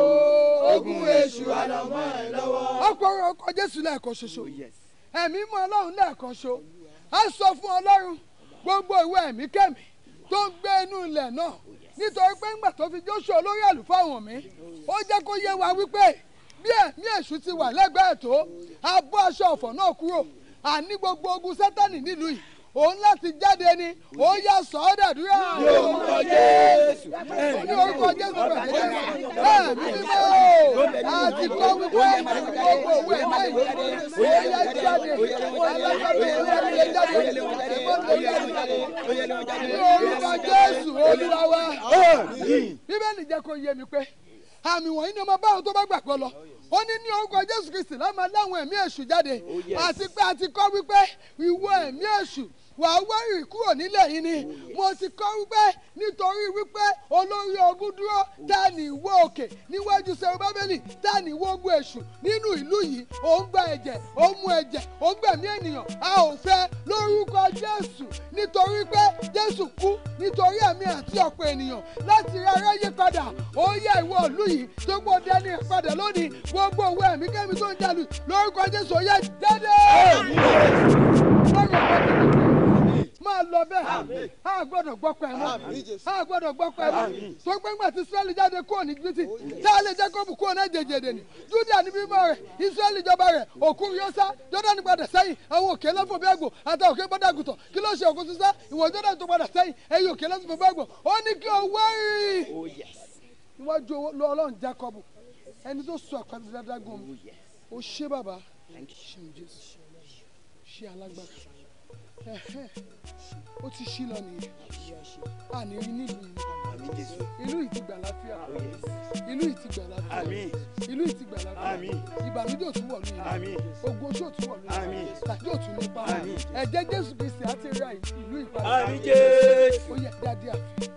ogun èṣù àlọ́mọ́ ẹ lọ́wọ́. ọ̀pọ̀ ọkọ̀ Jésù lẹ́ẹ̀kan ṣoṣo ẹ̀mí mọ́ Ọlọ́run lẹ́ẹ̀kan ṣo á sọ fún Ọlọ́run gbogbo ìwé ẹ̀mí kẹ́mi tó ń gbé inú ilẹ̀ náà nítorí pé ńgbà tó fi Jóṣù olórí àlùfáà wọ̀n mi ó jẹ́ kó yé wa wípé bí ẹ̀mí èṣù ti wà lẹ́gbẹ̀ẹ́ tó a bọ́ aṣọ ọ̀fọ̀ náà kúrò àní gbogbo ogun sátánì nílùú yìí òun láti jáde ni ó yà sọ ọ́ dàdúrà. ní orúkọ jésù ní orúkọ jésù pẹ̀lú ẹ̀mí mímọ́ àti kọ́ wípé gbogbo òwe náà yìí ó yà jáde ó yà jáde ní orúkọ jésù olúwa wa bíbélì jẹ́ kó yé mi pé àmì wọ̀nyí ni ọmọ báwọn tó bá gbàgbọ́ lọ oh, ó ní ní orúkọ Jésù Kristi láwọn ẹ̀mí èṣù jáde oh, àti pé àti kọ́ wípé ìwọ ẹ̀mí èṣù wàá wẹ́rìn kúrò nílẹ̀ yìí ni mo sì kọ́ wípé nítorí wípé olórí ogun dúró ta ní ìwọ òkè níwájú sẹ́wọ́n bábélì ta ní ìwọ ogun èṣù nínú ìlú yìí ò ń gba ẹ̀jẹ̀ ò ń ẹ̀jẹ̀ ò gbẹ̀mí ènìyàn a ò fẹ́ lórúkọ jésù nítorí pé jésù kú nítorí ẹ̀mí àti ọ̀pọ̀ ènìyàn láti rí aráyé padà ó yẹ ìwọ ìlú yìí tó gbọ́ dání padà lónìí gbogbo owó ẹ̀mí kẹ́mi tó ń jalù lórúkọ jésù ó yẹ jáde máa lọ bẹ́ẹ̀ a gbọ́dọ̀ gbọ́pẹ́ mọ́ a gbọ́dọ̀ gbọ́pẹ́ mọ́ tó pé ńgbà tí israẹli jáde kúrò ní gbèsè tá a kúrò náà jẹjẹrẹ ni juda ní bímọ rẹ israẹli jọba rẹ òkú yóò sá jọdá ní padà sẹ́yìn àwọn òkè lọ́fọ̀ bí àgbò àti òkè bọ́dà àgùtọ̀ kí ló ṣe òkú sísá ìwọ jọdá tó padà sẹ́yìn ẹ̀yìn òkè lọ́fọ̀ bí àgbò ó ti ṣí lọ nìyẹn àní rí nílùú ìlú ìtìgbà láfíà ìlú ìtìgbà láfíà ìlú ìtìgbà láfíà ìbànújẹ́ òtún wọ̀ lóyún ogun oṣù òtún wọ̀ lóyún tàbí òtún ló bá ẹ̀jẹ̀ jésù kristi àti ra ìlú ìpàdé ó yẹ dáadé àfi.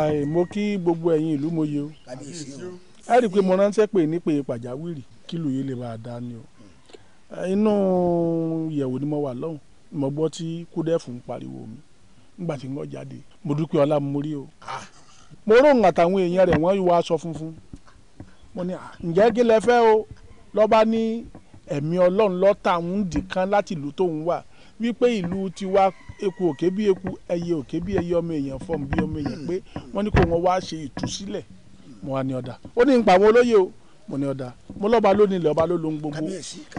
àì mo kí gbogbo ẹ̀yin ìlú mo yẹ o ẹ rí i pé mo ránṣẹ́ pé ní pé pàjáwìrì kílù yìí lè máa dá ni o inú ìyẹ̀wò ni mo wà lọ́hùn mo gbọ́ tí kúdẹ́fù ń pariwo mi nígbà tí wọ́n jáde mo dúpẹ́ ọlá mo rí o ah. mo róhùn àtàwọn èèyàn rẹ̀ wọ́n wọ aṣọ funfun mo ní ǹjẹ́ kí lẹ fẹ́ o lọ́ba ní ẹ̀mí ọlọ́run lọ́tà ń dì láti ìlú tóun wà wípé ìlú tiwa eku òkè bí eku ẹyẹ òkè bí ẹyẹ ọmọ èèyàn fọ́ọ̀mù bí ọmọ èèyàn pé wọ́n ní kó wọn wá ṣe ìtúsílẹ̀ mo wà ní ọ̀dà ó ní ń pa olóyè o mo ní ọ̀dà mo lọ́ba ló nílẹ̀ ọba ló lo ohun gbogbo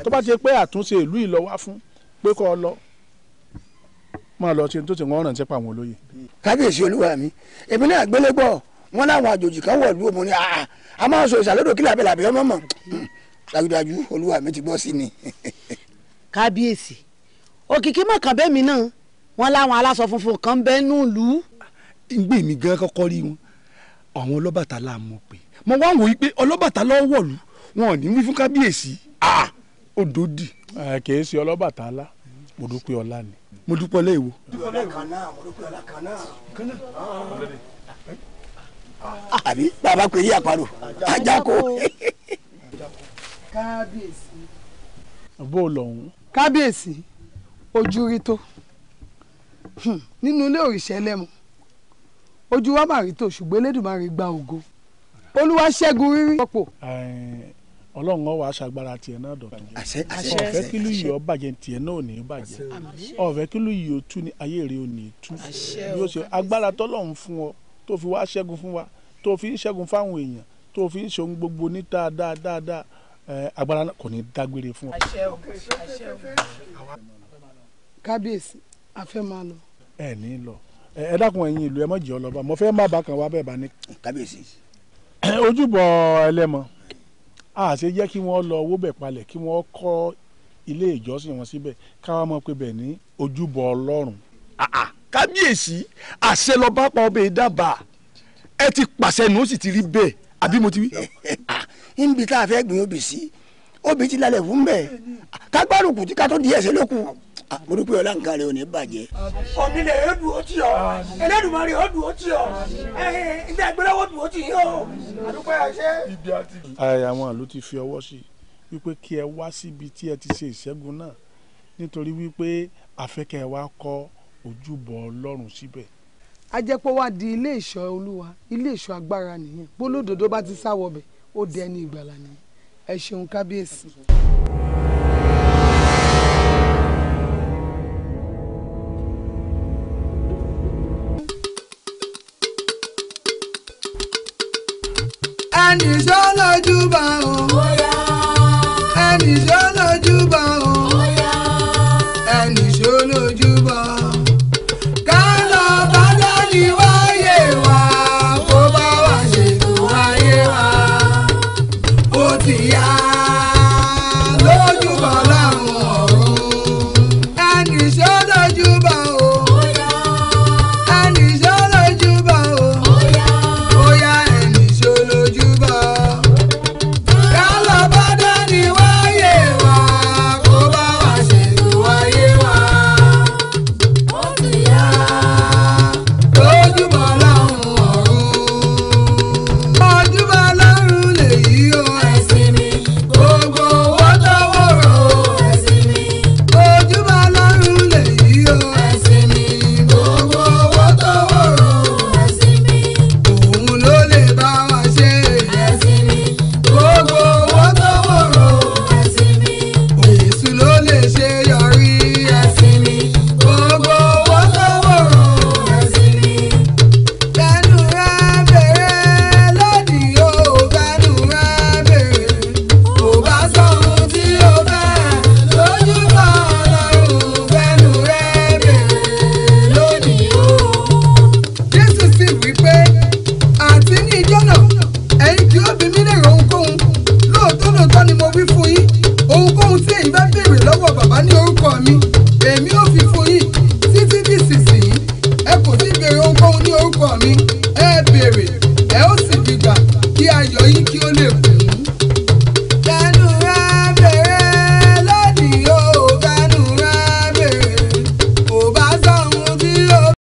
tó bá ti pé àtúnṣe ìlú ìlọ́wá fún pé kọ́ ọ lọ máa lọ tí n tó ti wọ́n rántí pa àwọn olóyè. kábíyèsí olúwa mi èmi náà gbélégbọ wọn láwọn àjòjì kan wọ ìlú òmùní àà ah, ah, a máa ń sọ ìsàlódò kí làbẹ làbẹ ọmọ mọ dájúdájú olúwa mi ti gbọ́ sí ni. kábíyèsí òkìkí mọ̀kàn bẹ́ẹ̀ mi náà wọn láwọn aláṣọ funfun kan bẹ́ẹ̀ nù lù. ń gbé mi gan kọ́kọ́ rí wọn àwọn ọlọ́bàtà là mọ̀ pé mo wá wòye pé ọlọ́bàtà lọ́ọ́ wọ̀lú wọn ò ní wí fún kábíyèsí odò dì. kì í ṣe ọlọ́bàtà lá mo dúpẹ́ ọlá ni. mo dúpẹ́ ọlá èwo. àbí bàbá pèrè àparò ajáko. kábíyèsí. bó o lọ òun. kábíyèsí ojú rí tó nínú ilé òrìṣẹ́ lẹ́mu ojú wa máa rí tó ṣùgbọ́n Elédùmarè gba ògo olúwa ṣẹ́gun rírí. ọlọ́run ọ̀ wá aṣagbára tiẹ̀ náà dọ̀tún. ọ̀fẹ́ kí ló yìí ọ bàjẹ́ tiẹ̀ náà ò ní í bàjẹ́ ọ̀fẹ́ kí ló yìí ó tú ní ayé rẹ̀ ò ní í tú bí ó ṣe agbára tọ́lọ́run fún ọ tó fi wá ṣẹ́gun fún wa tó fi ń ṣẹ́gun fáwọn èèyàn tó fi ń ṣòun gbogbo ní dáadáa dáadáa agbára kò ní dágbére fún ọ. kábíyèsí a fẹ́ máa lọ. ẹ ní lọ ẹ dákun ẹ̀yin ìlú ẹ mọ̀ jẹ́ ọ lọ́ba mo fẹ́ má bàa kan wá bẹ́ẹ̀ bá ní. kábíyèsí ojúbọ ẹlẹ́mọ a ṣe jẹ́ kí wọ́n lọ owó bẹ̀ palẹ̀ kí wọ́n kọ́ ilé ìjọsìn wọn síbẹ̀ káwa mọ̀ pé bẹ̀ ní ojúbọ ọlọ́run. kábíyèsí àṣẹ lọ́ba pa ọbẹ̀ dábàá ẹ ti pàṣẹ nù ó sì ti rí bẹ́ẹ̀ àbí mo ti wí. Ah, níbi tá a fẹ́ gbìn obì sí obì ti lálẹ́ fún bẹ́ẹ̀ ká gbárùkù tí ká tó di ẹ̀sẹ̀ lókun. Ah, mo dúpẹ́ ọlá nǹkan rẹ ò ní bàjẹ́. onílẹ̀ yóò dùn ó tì ọ́ Ẹlẹ́dùmarè yóò dùn ó tì ọ́ ilé agbẹ́lẹ́wò dùn ó tì yín o àdúpẹ́ àṣẹ. àwọn àlọ́ ti fi ọwọ́ sí wípé kí ẹ wá síbi tí ẹ ti ṣe ìṣẹ́gun náà nítorí wípé àfẹ́kẹ́ wa kọ́ ojúbọ Ọlọ́run síbẹ̀. ajẹ́pọ̀ wa di ilé ìṣọ́ Olúwa ilé ìṣọ́ agbára nìyẹn bólódodo bá ti sáwọ́ bẹ̀ ó dẹni ìgbàlà nìyẹn ẹ ṣeun kábíyèsí. nìjọ́ lọ́jú bá o.